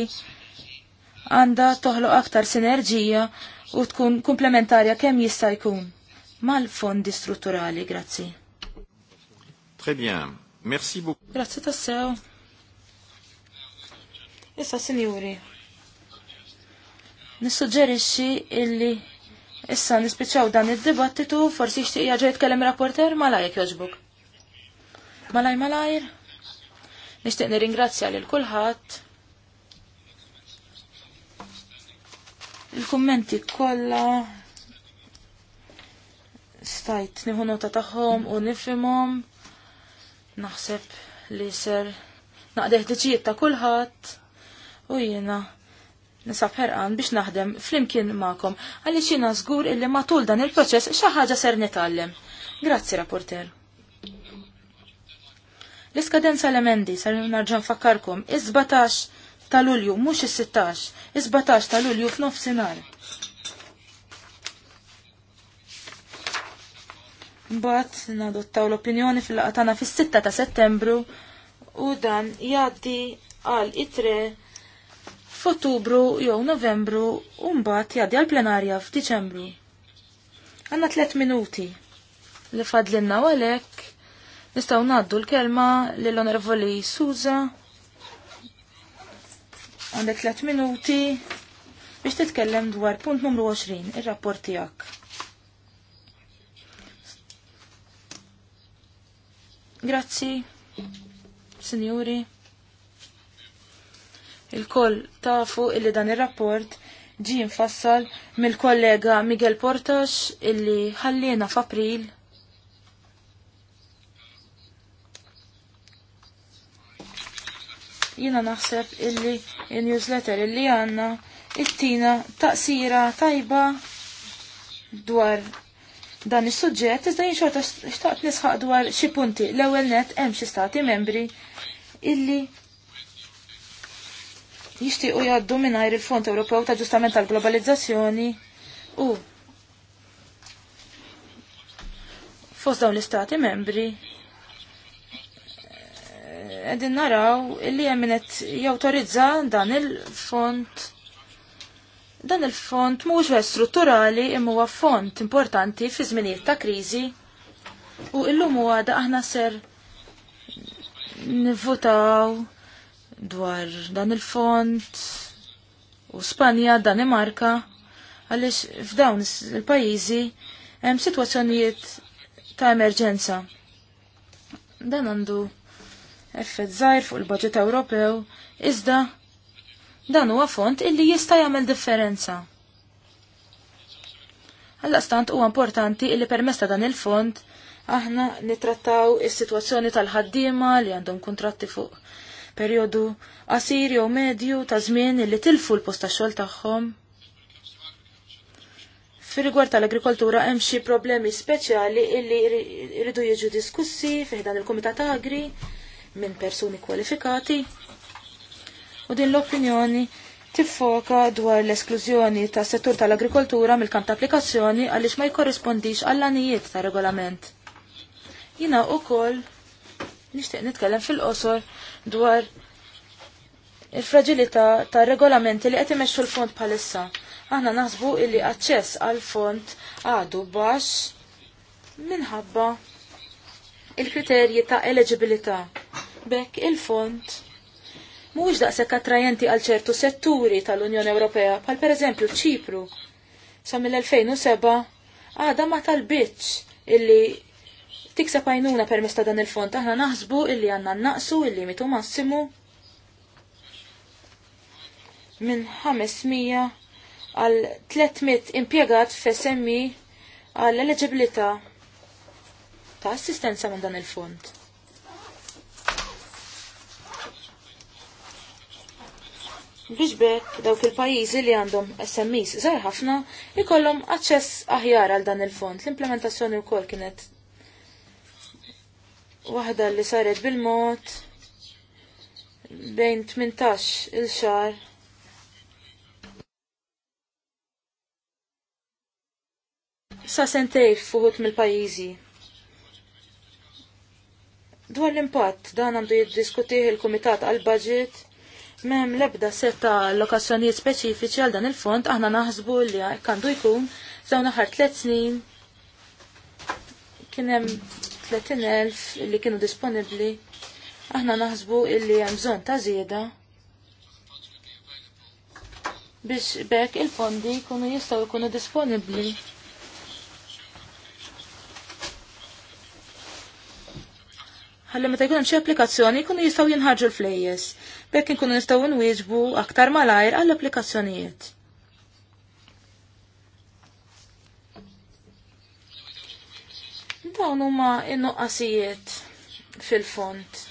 għanda toħloq aktar sinerġija u tkun komplementarja kemm jista' jkun mal-fondi strutturali. Grazzi. Très bien. Merci beaucoup. Grazzi tassew. Issa, sinjuri. Nissuġġerixxi illi issa nispiċċaw dan id-dibattitu forsi xtieq jaġa tkellem rapporter jekk jogħġbuk. Malaj malajr. Nixtieq nirringrazzja lil kulħadd. il-kummenti kollha stajt nieħu nota tagħhom u nifimom Naħseb li ser naqdeħ diġijiet ta' kulħadd u jiena nisab ħerqan biex naħdem flimkien ma'kom għaliex jiena żgur illi matul dan il-proċess xi ħaġa ser nitgħallem. Grazzi, rapporter. L-iskadenza l-emendi ser narġan fakkarkom iż 17 tal-Ulju mhux is-16, is-17 tal-Ulju f'nofsinhar. Mbagħad nadottaw l-opinjoni fil-laqgħa tagħna fis-6 ta' Settembru u dan jgħaddi għal itre f'Ottubru jew Novembru u mbagħad jgħaddi għal plenarja f'Diċembru. Għandna tliet minuti li fadlinna għalhekk Nistaw naddu l-kelma l onervoli Suza. Għandek 3 minuti biex titkellem dwar punt numru 20, il-rapport tiegħek. Grazzi, signori. Il-koll tafu illi dan ir-rapport ġi infassal mill-kollega Miguel Portax illi ħallina f'April jina naħseb illi il-newsletter illi għanna it-tina taqsira tajba dwar dan is-suġġett iżda jien xorta xtaqt nisħaq dwar xi punti. L-ewwel net hemm xi stati membri illi jixtiequ jgħaddu mingħajr il-Fond Ewropew ta' ġustament tal-globalizzazzjoni u fost dawn l-istati membri eh, qegħdin naraw illi hemm qed jawtorizza dan il-fond Dan il-font mhux wieħed strutturali imma huwa font importanti fi żminijiet ta' kriżi u illum huwa da aħna ser nivvutaw dwar dan il-font u Spanja, Danimarka, għaliex f'dawn il-pajjiżi hemm sitwazzjonijiet ta' emerġenza. Dan għandu effett żgħir fuq il-budget Ewropew iżda dan huwa font illi jista' jagħmel differenza. Alla stant huwa importanti illi permess ta' dan il-font aħna nitrattaw is-sitwazzjoni tal-ħaddiema li għandhom kuntratti fuq perjodu qasir jew medju ta' żmien illi tilfu l-post tax-xogħol tagħhom. Fir-rigward tal-agrikoltura hemm xi problemi speċjali illi jridu jiġu diskussi fih dan il-Kumitat Agri minn persuni kwalifikati u din l-opinjoni tiffoka dwar l-esklużjoni tas settur tal-agrikoltura mill-kamp ta' applikazzjoni għaliex ma jkorrispondix għall-anijiet ta' regolament. Jina u koll nishtiq nitkellem fil-qosor dwar il-fragilità ta' regolamenti li qed imexxu l-fond bħalissa. Aħna naħsbu illi aċċess għal fond għadu bax minħabba il-kriterji ta' eligibilità. Bekk il-fond mhuwiex daqshekk attrajenti għal ċertu setturi tal-Unjoni Ewropea, bħal pereżempju ċipru. Sa mill-2007 għada ma talbitx illi tikseb għajnuna permess ta' dan il-fond, aħna naħsbu illi għanna naqsu il-limitu massimu minn 500 għal 300 impiegat f'SMI għall eleġibilità ta' assistenza minn dan il-fond. biex bekk dawk il-pajjiżi li għandhom SMEs żgħar ħafna ikollhom aċċess aħjar għal dan il-fond. L-implementazzjoni wkoll kienet waħda li saret bil-mod bejn 18 il-xar sa sentej fuħut mill-pajjiżi. Dwar l-impatt dan għandu jiddiskutih il-Kumitat għal-Budget Mem lebda setta lokazzjonijiet speċifiċi għal dan il-fond, aħna naħsbu li għandu jkun zawna ħar tliet snin kien hemm 30,000 li kienu disponibbli. Aħna naħsbu illi hemm bżonn ta' żieda biex bekk il-fondi jkunu jistgħu jkunu disponibbli ħalli meta jkun hemm xi applikazzjoni jkunu jistgħu jinħarġu l-flejjes. Bekk inkunu nistgħu nwieġbu aktar malajr għall-applikazzjonijiet. Dawn huma n-nuqqasijiet fil-font.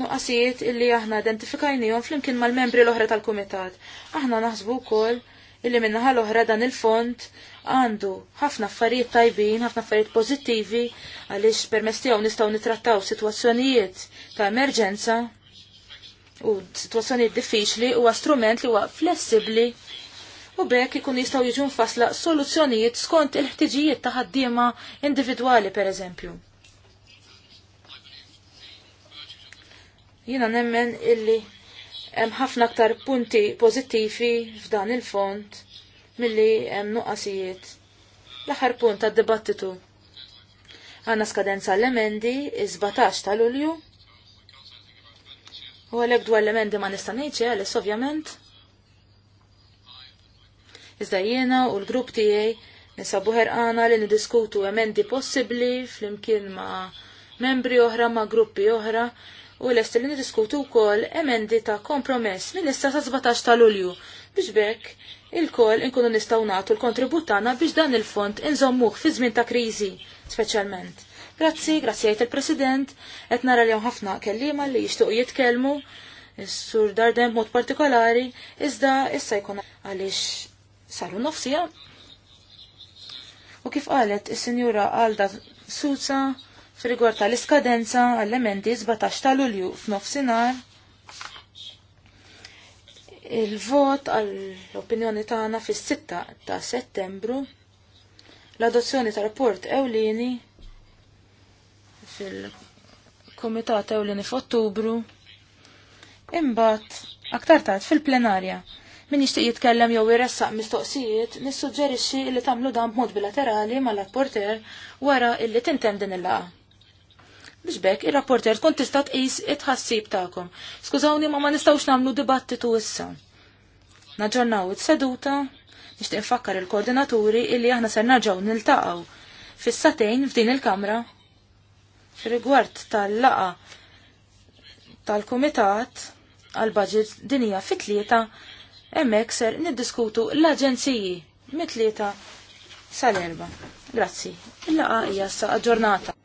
Nuqqasijiet illi aħna identifikajnijom flimkien mal-membri l-oħra tal-Kumitat. Aħna naħsbu wkoll illi minnaħa l-oħra dan il-font għandu ħafna affarijiet tajbin, ħafna affarijiet pozittivi, għaliex permess tiegħu nistgħu nitrattaw sitwazzjonijiet ta' emerġenza u sitwazzjonijiet diffiċli huwa strument li huwa flessibbli u bekk ikun jistgħu jiġu nfasla soluzzjonijiet skont il-ħtiġijiet ta' ħaddiema individwali pereżempju. Jiena nemmen illi hemm ħafna aktar punti pożittivi f'dan il-fond milli hemm nuqqasijiet. L-aħħar punt tad-dibattitu. Għanna skadenza l-emendi iż-17 ta' Lulju. U għalhekk dwar l-emendi ma nista' ngħidx eh, għalis ovvjament. Iżda jiena u l-grupp tiegħi nisabu ħerqana li nidiskutu emendi possibbli flimkien ma' membri oħra ma' gruppi oħra u l-est li nidiskutu wkoll emendi ta' kompromess minn issa sa' 17 ta' Lulju biex bekk il koll inkunu nistaw natu l-kontribut tagħna biex dan il-fond inżommuh fi żmien ta' kriżi speċjalment. Grazzi, grazzi għajt il-President, qed nara li ħafna kellima li jixtiequ jitkellmu, s sur Darden mod partikolari, iżda issa jkun għaliex saru nofsija. U kif qalet is-Sinjura Alda Suza fir-rigward tal-iskadenza għall-emendi 17 ta' Lulju f'nofsinhar Il-vot għall-opinjoni tagħna fis-6 ta' Settembru l-adozzjoni ta' rapport ewlieni fil-Komitat ewlieni f'Ottubru imbagħad aktar tard fil-plenarja min jixtieq jitkellem jew iressaq mistoqsijiet nissuġġerixxi li tagħmlu dan b'mod bilaterali mal rapporter wara illi tintem din il-laqgħa biex il ir-rapporter tkun tista' tqis it-ħassib tagħkom. Skużawni ma ma nistgħux nagħmlu dibattitu issa. Naġġornaw it-seduta nixtieq nfakkar il-koordinaturi illi aħna ser naġgħu niltaqgħu fis-satejn f'din il-kamra rigward tal-laqa tal-Kumitat għal-Budget dinija fit-tlieta hemmhekk ser niddiskutu l-aġenziji mit-tlieta sal-erba. Grazzi. Il-laqa hija sa ġurnata.